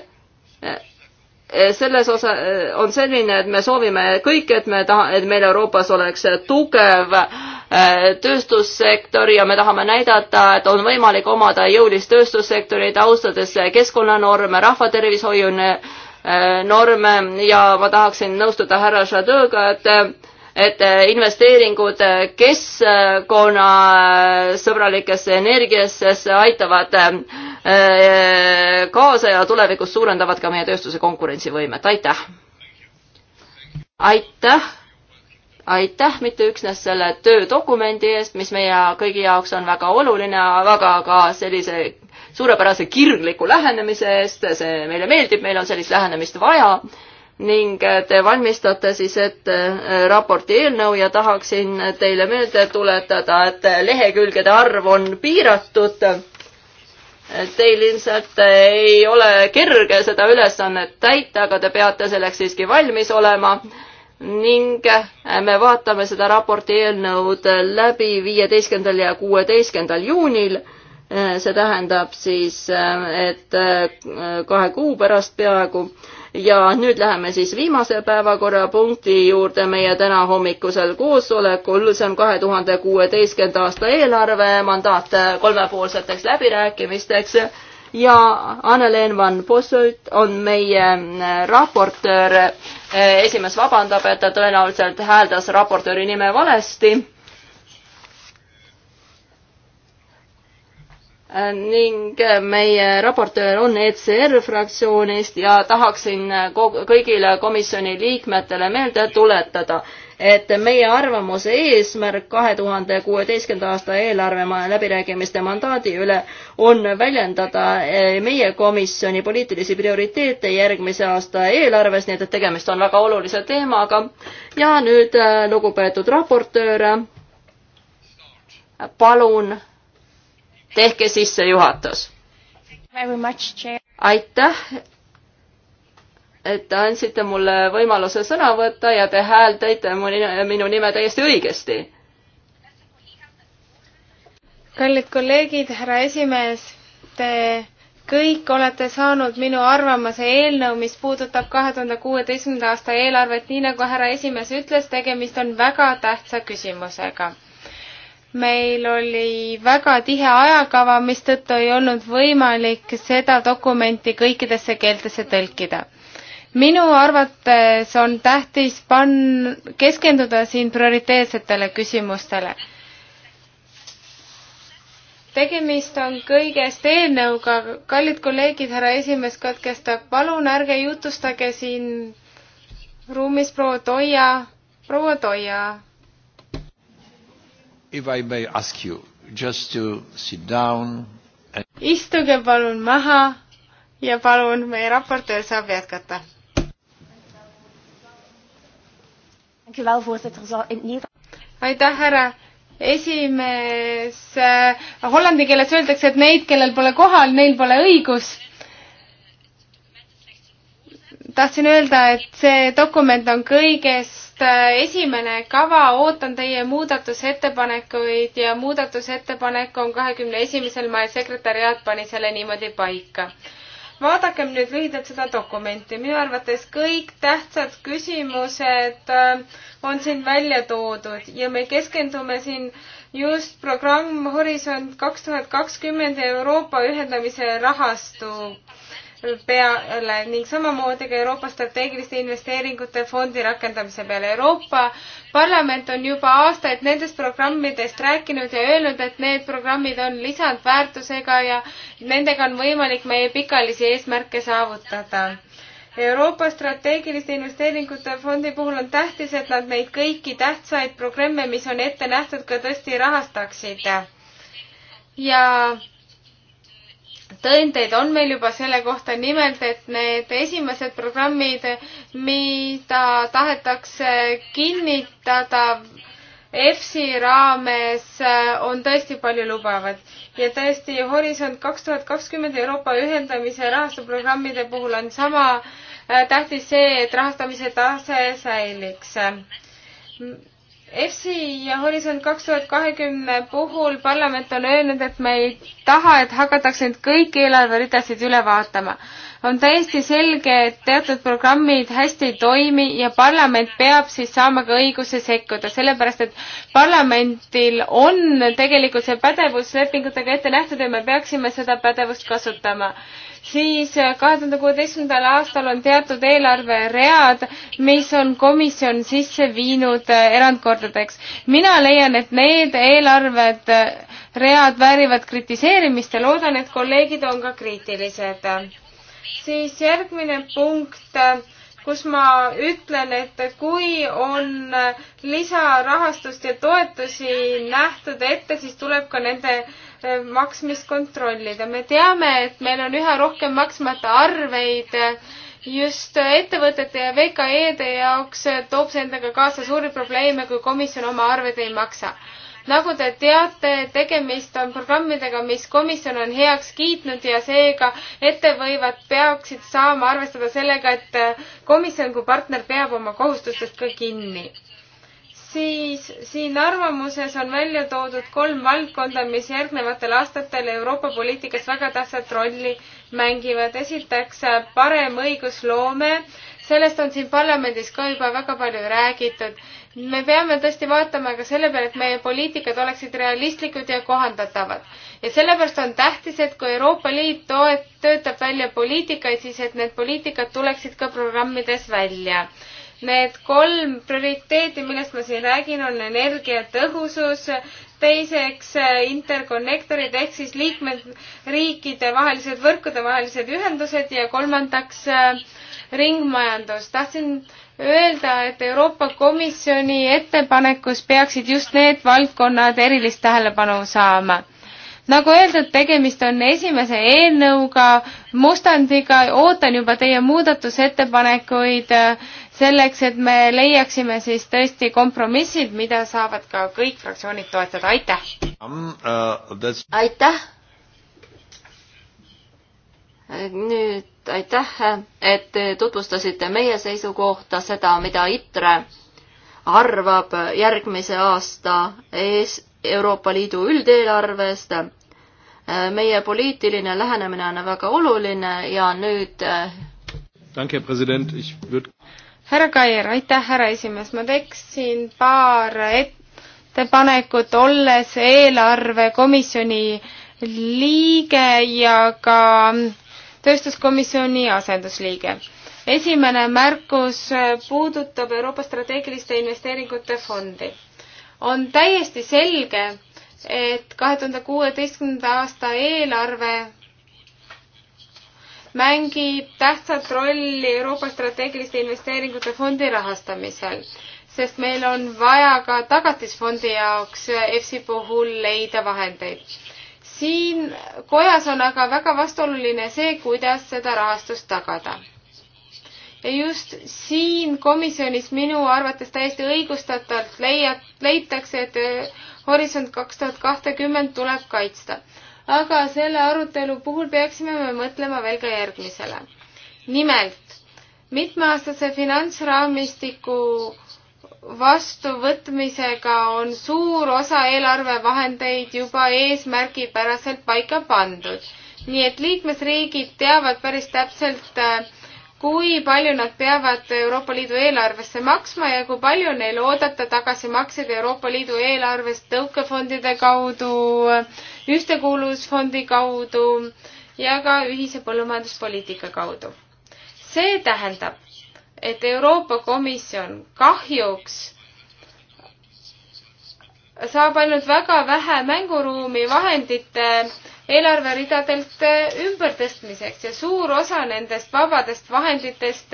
selles osa on selline, et me soovime kõik, et me taha, et meil Euroopas oleks tugev äh, tööstussektor ja me tahame näidata, et on võimalik omada jõulist tööstussektorit, austades keskkonnanorme, rahvatervishoiu äh, norme ja ma tahaksin nõustuda härra Šadõga, et et äh, investeeringud äh, keskkonnasõbralikesse äh, energiasse aitavad kaasa ja tulevikus suurendavad ka meie tööstuse konkurentsivõimet, aitäh! aitäh, aitäh mitte üksnes selle töödokumendi eest, mis meie kõigi jaoks on väga oluline, aga ka sellise suurepärase kirgliku lähenemise eest, see meile meeldib, meil on sellist lähenemist vaja ning te valmistate siis ette äh, raporti eelnõu ja tahaksin teile meelde tuletada, et lehekülgede arv on piiratud. Teil ilmselt ei ole kerge seda ülesannet täita, aga te peate selleks siiski valmis olema ning äh, me vaatame seda raporti eelnõud läbi viieteistkümnendal ja kuueteistkümnendal juunil äh, see tähendab siis, et kahe kuu pärast peaaegu ja nüüd läheme siis viimase päevakorrapunkti juurde meie tänahommikusel koosolekul, see on kahe tuhande kuueteistkümnenda aasta eelarve mandaat kolmepoolseteks läbirääkimisteks ja Anneleen van Posselt on meie raportöör. esimees vabandab, et ta tõenäoliselt hääldas raportööri nime valesti ning meie raportöör on ECR fraktsioonist ja tahaksin kõigile komisjoni liikmetele meelde tuletada, et meie arvamuse eesmärk kahe tuhande kuueteistkümnenda aasta eelarve läbirääkimiste mandaadi üle on väljendada eh, meie komisjoni poliitilisi prioriteete järgmise aasta eelarves, nii et tegemist on väga olulise teemaga. ja nüüd eh, lugupeetud raportöör, palun tehke sissejuhatus. aitäh, et te andsite mulle võimaluse sõna võtta ja te hääldate minu nime täiesti õigesti. kallid kolleegid, härra esimees, te kõik olete saanud minu arvamuse eelnõu, mis puudutab kahe tuhande kuueteistkümnenda aasta eelarvet, nii nagu härra esimees ütles, tegemist on väga tähtsa küsimusega meil oli väga tihe ajakava, mistõttu ei olnud võimalik seda dokumenti kõikidesse keeltesse tõlkida. minu arvates on tähtis pann-, keskenduda siin prioriteetsetele küsimustele. tegemist on kõigest eelnõuga, kallid kolleegid, härra esimees katkestab, palun ärge jutustage siin ruumis proua Toia, proua Toia If I may ask you just to sit down and... istuge palun maha ja palun, meie raportöör saab jätkata. aitäh, härra esimees. Hollandi keeles öeldakse, et neid, kellel pole kohal, neil pole õigus tahtsin öelda, et see dokument on kõigest Äh, esimene kava, ootan teie muudatusettepanekuid ja muudatusettepanek on kahekümne esimesel mail, sekretäriaat pani selle niimoodi paika. vaadakem nüüd lühidalt seda dokumenti, minu arvates kõik tähtsad küsimused äh, on siin välja toodud ja me keskendume siin just programm Horisont kaks tuhat kakskümmend Euroopa ühendamise rahastu peale ning samamoodi ka Euroopa strateegiliste investeeringute fondi rakendamise peale. Euroopa Parlament on juba aastaid nendest programmidest rääkinud ja öelnud, et need programmid on lisandväärtusega ja nendega on võimalik meie pikaajalisi eesmärke saavutada. Euroopa strateegiliste investeeringute fondi puhul on tähtis, et nad neid kõiki tähtsaid programme, mis on ette nähtud, ka tõesti rahastaksid. ja tõendeid on meil juba selle kohta, nimelt et need esimesed programmid, mida tahetakse kinnitada EFSI raames, on tõesti paljulubavad. ja tõesti Horisont kaks tuhat kakskümmend Euroopa ühendamise rahastusprogrammide puhul on sama äh, tähtis see, et rahastamise tase säiliks EFSI ja Horisont kaks tuhat kahekümne puhul parlament on öelnud, et me ei taha, et hakatakse nüüd kõiki eelarveridasid üle vaatama on täiesti selge, et teatud programmid hästi ei toimi ja parlament peab siis saama ka õiguse sekkuda, sellepärast et parlamentil on tegelikult see pädevus lepingutega ette nähtud ja me peaksime seda pädevust kasutama siis äh, kahe tuhande kuueteistkümnendal aastal on teatud eelarveread, mis on komisjon sisse viinud äh, erandkordadeks. mina leian, et need eelarved, äh, read väärivad kritiseerimist ja loodan, et kolleegid on ka kriitilised siis järgmine punkt, kus ma ütlen, et kui on lisarahastust ja toetusi nähtud ette, siis tuleb ka nende eh, maksmist kontrollida. me teame, et meil on üha rohkem maksmata arveid just ettevõtete ja VKE-de jaoks toob see endaga kaasa suuri probleeme, kui komisjon oma arveid ei maksa nagu te teate, tegemist on programmidega, mis komisjon on heaks kiitnud ja seega ettevõivad peaksid saama arvestada sellega, et komisjon kui partner peab oma kohustustest ka kinni. siis siin arvamuses on välja toodud kolm valdkonda, mis järgnevatel aastatel Euroopa poliitikas väga tähtsat rolli mängivad. esiteks parem õigusloome sellest on siin parlamendis ka juba väga palju räägitud me peame tõesti vaatama ka selle peale, et meie poliitikad oleksid realistlikud ja kohandatavad. ja sellepärast on tähtis, et kui Euroopa Liit toet-, töötab välja poliitikaid, siis et need poliitikad tuleksid ka programmides välja. Need kolm prioriteeti, millest ma siin räägin, on energiatõhusus, teiseks äh, interkonnektorid ehk siis liikmesriikide vahelised võrkude vahelised ühendused ja kolmandaks äh, ringmajandus. tahtsin öelda, et Euroopa Komisjoni ettepanekus peaksid just need valdkonnad erilist tähelepanu saama. nagu öeldud, tegemist on esimese eelnõuga, mustandiga, ootan juba teie muudatusettepanekuid äh, selleks, et me leiaksime siis tõesti kompromissid, mida saavad ka kõik fraktsioonid toetada, aitäh um,! Uh, that's... aitäh! nüüd aitäh, et te tutvustasite meie seisukohta, seda, mida ITRE arvab järgmise aasta ees Euroopa Liidu üldeelarvest. meie poliitiline lähenemine on väga oluline ja nüüd würd... härra Kair, aitäh, härra esimees, ma teeksin paar ettepanekut, olles eelarvekomisjoni liige ja ka äh, tööstuskomisjoni asendusliige. esimene märkus puudutab Euroopa strateegiliste investeeringute fondi. on täiesti selge, et kahe tuhande kuueteistkümnenda aasta eelarve mängib tähtsat rolli Euroopa strateegiliste investeeringute fondi rahastamisel, sest meil on vaja ka tagatisfondi jaoks EFSI puhul leida vahendeid siin kojas on aga väga vastuoluline see, kuidas seda rahastust tagada. ja just siin komisjonis minu arvates täiesti õigustatult leiab, leitakse, et Horisont kaks tuhat kahtekümmend tuleb kaitsta. aga selle arutelu puhul peaksime me mõtlema veel ka järgmisele. nimelt, mitmeaastase finantsraamistiku vastuvõtmisega on suur osa eelarvevahendeid juba eesmärgipäraselt paika pandud. nii et liikmesriigid teavad päris täpselt, äh, kui palju nad peavad Euroopa Liidu eelarvesse maksma ja kui palju neil oodata tagasimakseid Euroopa Liidu eelarvest tõukefondide kaudu, ühtekuuluvusfondi kaudu ja ka ühise põllumajanduspoliitika kaudu. see tähendab, et Euroopa Komisjon kahjuks saab ainult väga vähe mänguruumi vahendite eelarveridadelt ümbertõstmiseks ja suur osa nendest vabadest vahenditest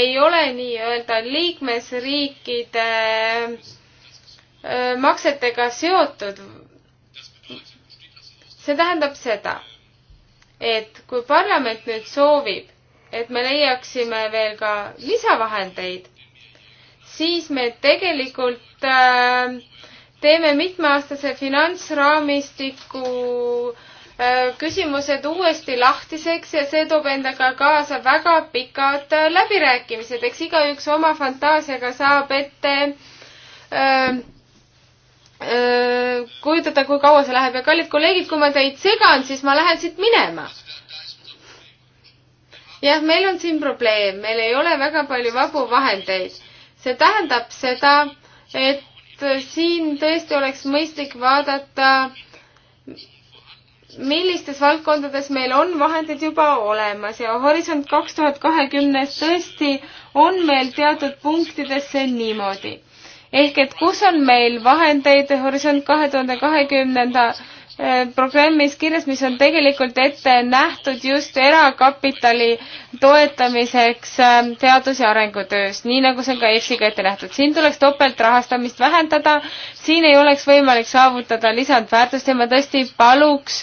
ei ole nii-öelda liikmesriikide äh, maksetega seotud. see tähendab seda, et kui parlament nüüd soovib, et me leiaksime veel ka lisavahendeid, siis me tegelikult äh, teeme mitmeaastase finantsraamistiku äh, küsimused uuesti lahtiseks ja see toob endaga kaasa väga pikad äh, läbirääkimised, eks igaüks oma fantaasiaga saab ette äh, äh kujutada, kui kaua see läheb ja kallid kolleegid, kui ma teid segan, siis ma lähen siit minema jah, meil on siin probleem, meil ei ole väga palju vabu vahendeid. see tähendab seda, et siin tõesti oleks mõistlik vaadata, millistes valdkondades meil on vahendid juba olemas ja Horisont kaks tuhat kahekümnes tõesti on meil teatud punktides see niimoodi. ehk et kus on meil vahendeid Horisont kahe tuhande kahekümnenda Eh, programmis kirjas, mis on tegelikult ette nähtud just erakapitali toetamiseks eh, teadus- ja arengutöös, nii nagu see on ka EFSiga ette nähtud. siin tuleks topeltrahastamist vähendada, siin ei oleks võimalik saavutada lisandväärtust ja ma tõesti paluks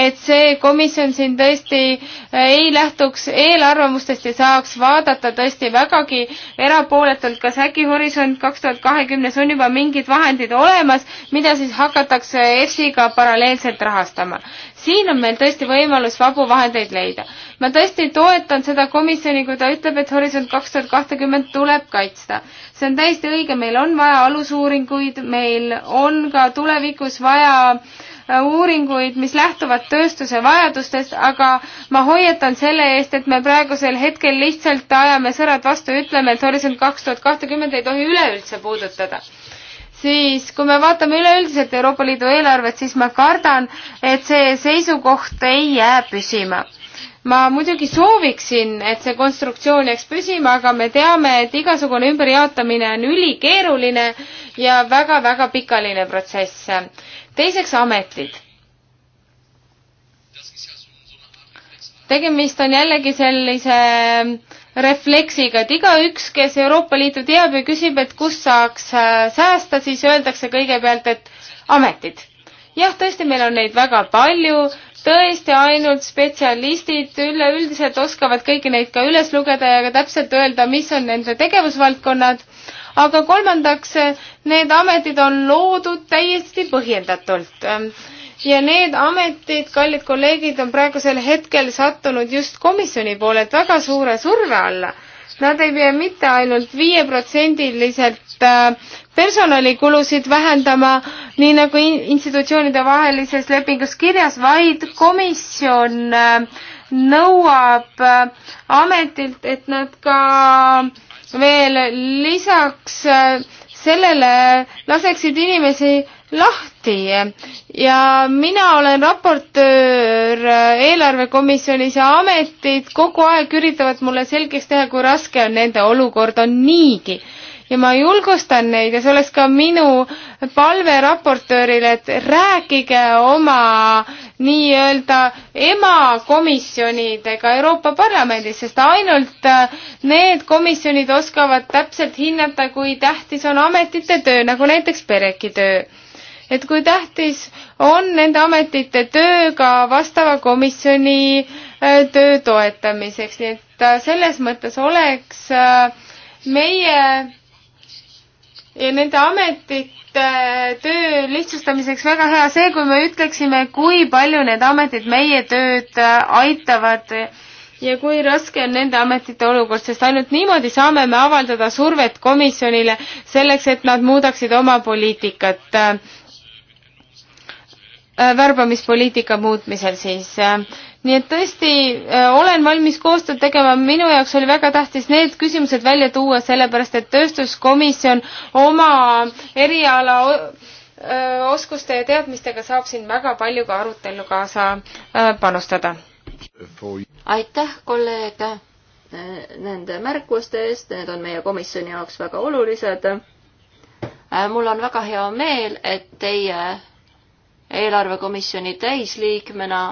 et see komisjon siin tõesti ei lähtuks eelarvamustest ja saaks vaadata tõesti vägagi erapooletult, kas äkki Horisont kaks tuhat kahekümnes on juba mingid vahendid olemas, mida siis hakatakse EFSiga paralleelselt rahastama. siin on meil tõesti võimalus vabu vahendeid leida. ma tõesti toetan seda komisjoni, kui ta ütleb, et Horisont kaks tuhat kahtekümmend tuleb kaitsta. see on täiesti õige, meil on vaja alusuuringuid, meil on ka tulevikus vaja äh, uuringuid, mis lähtuvad tööstuse vajadustest, aga ma hoiatan selle eest, et me praegusel hetkel lihtsalt ajame sõrad vastu ja ütleme, et Horisont kaks tuhat kahtekümmend ei tohi üleüldse puudutada siis kui me vaatame üleüldiselt Euroopa Liidu eelarvet, siis ma kardan, et see seisukoht ei jää püsima ma muidugi sooviksin, et see konstruktsioon jääks püsima, aga me teame, et igasugune ümberjaotamine on ülikeeruline ja väga-väga pikaline protsess teiseks ametid. tegemist on jällegi sellise refleksiga, et igaüks, kes Euroopa Liitu teab ja küsib, et kus saaks äh, säästa, siis öeldakse kõigepealt, et ametid. jah, tõesti, meil on neid väga palju, tõesti ainult spetsialistid üleüldiselt oskavad kõiki neid ka üles lugeda ja ka täpselt öelda, mis on nende tegevusvaldkonnad aga kolmandaks, need ametid on loodud täiesti põhjendatult ja need ametid, kallid kolleegid, on praegusel hetkel sattunud just komisjoni poolelt väga suure surve alla. Nad ei pea mitte ainult viieprotsendiliselt äh, personalikulusid vähendama, nii nagu institutsioonide vahelises lepingus kirjas, vaid komisjon äh, nõuab äh, ametilt, et nad ka veel lisaks äh, sellele laseksid inimesi lahti ja mina olen raportöör äh, eelarvekomisjonis ja ametid kogu aeg üritavad mulle selgeks teha, kui raske on nende olukord on niigi ja ma julgustan neid ja see oleks ka minu palve raportöörile, et rääkige oma nii-öelda emakomisjonidega Euroopa Parlamendis, sest ainult äh, need komisjonid oskavad täpselt hinnata, kui tähtis on ametite töö, nagu näiteks pereki töö et kui tähtis on nende ametite töö ka vastava komisjoni äh, töö toetamiseks, nii et äh, selles mõttes oleks meie nende ametite äh, töö lihtsustamiseks väga hea see, kui me ütleksime, kui palju need ametid meie tööd äh, aitavad ja kui raske on nende ametite olukord, sest ainult niimoodi saame me avaldada survet komisjonile selleks, et nad muudaksid oma poliitikat äh, värbamispoliitika muutmisel siis nii et tõesti äh, olen valmis koostööd tegema, minu jaoks oli väga tähtis need küsimused välja tuua, sellepärast et tööstuskomisjon oma eriala äh, oskuste ja teadmistega saab siin väga palju ka arutellu kaasa äh, panustada. aitäh, kolleeg, nende märkuste eest, need on meie komisjoni jaoks väga olulised. mul on väga hea meel, et teie eelarvekomisjoni täisliikmena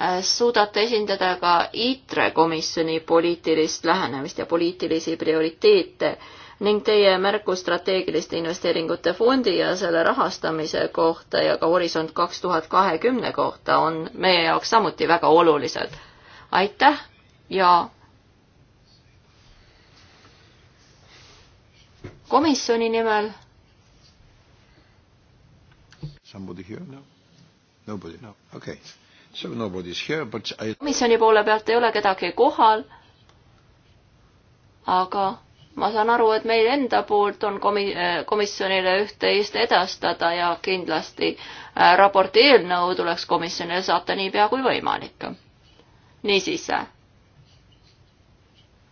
Äh, suudate esindada ka ITRE komisjoni poliitilist lähenemist ja poliitilisi prioriteete ning teie märkus strateegiliste investeeringute fondi ja selle rahastamise kohta ja ka Horisont kaks tuhat kahekümne kohta on meie jaoks samuti väga olulised. aitäh ja komisjoni nimel. Somebody here? No. Nobody? No. Okay komisjoni poole pealt ei ole kedagi kohal, aga ma saan aru, et meil enda poolt on komi-, äh, komisjonile üht-teist edastada ja kindlasti äh, raporti eelnõu tuleks komisjonile saata niipea kui võimalik. niisiis, äh,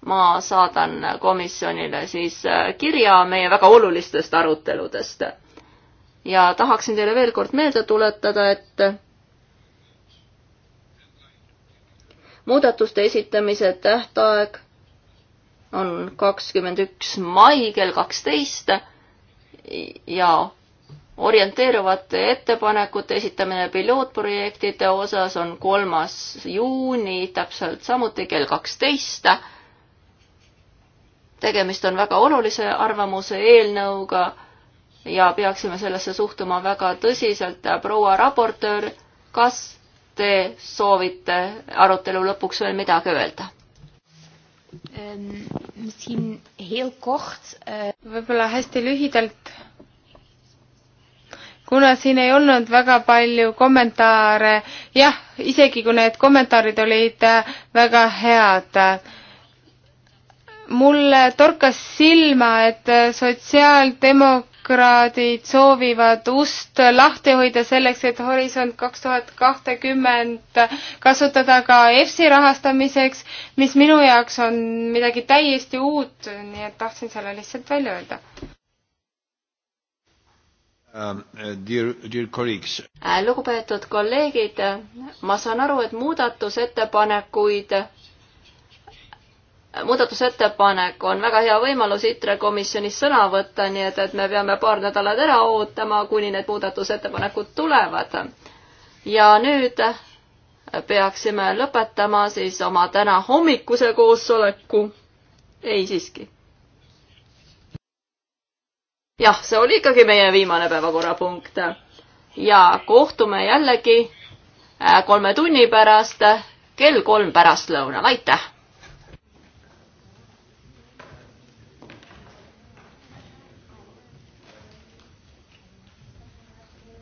ma saadan komisjonile siis kirja meie väga olulistest aruteludest. ja tahaksin teile veel kord meelde tuletada, et muudatuste esitamise tähtaeg on kakskümmend üks mai kell kaksteist ja orienteeruvate ettepanekute esitamine pilootprojektide osas on kolmas juuni, täpselt samuti kell kaksteist. tegemist on väga olulise arvamuse eelnõuga ja peaksime sellesse suhtuma väga tõsiselt. proua raportöör, kas te soovite arutelu lõpuks veel midagi öelda? Ähm, äh, võib-olla hästi lühidalt. kuna siin ei olnud väga palju kommentaare, jah, isegi kui need kommentaarid olid äh, väga head, mulle torkas silma, et äh, sotsiaaldemok-, demokraadid soovivad ust lahti hoida selleks, et Horisont kaks tuhat kahtekümmend kasutada ka EFSI rahastamiseks, mis minu jaoks on midagi täiesti uut, nii et tahtsin selle lihtsalt välja öelda. Um, uh, dear, dear colleagues. Äh, lugupeetud kolleegid, ma saan aru, et muudatusettepanekuid muudatusettepanek on väga hea võimalus ITRE komisjonis sõna võtta, nii et, et me peame paar nädalat ära ootama, kuni need muudatusettepanekud tulevad. ja nüüd peaksime lõpetama siis oma täna hommikuse koosoleku. ei siiski. jah, see oli ikkagi meie viimane päevakorrapunkt. ja kohtume jällegi äh, kolme tunni pärast, äh, kell kolm pärastlõunal, aitäh!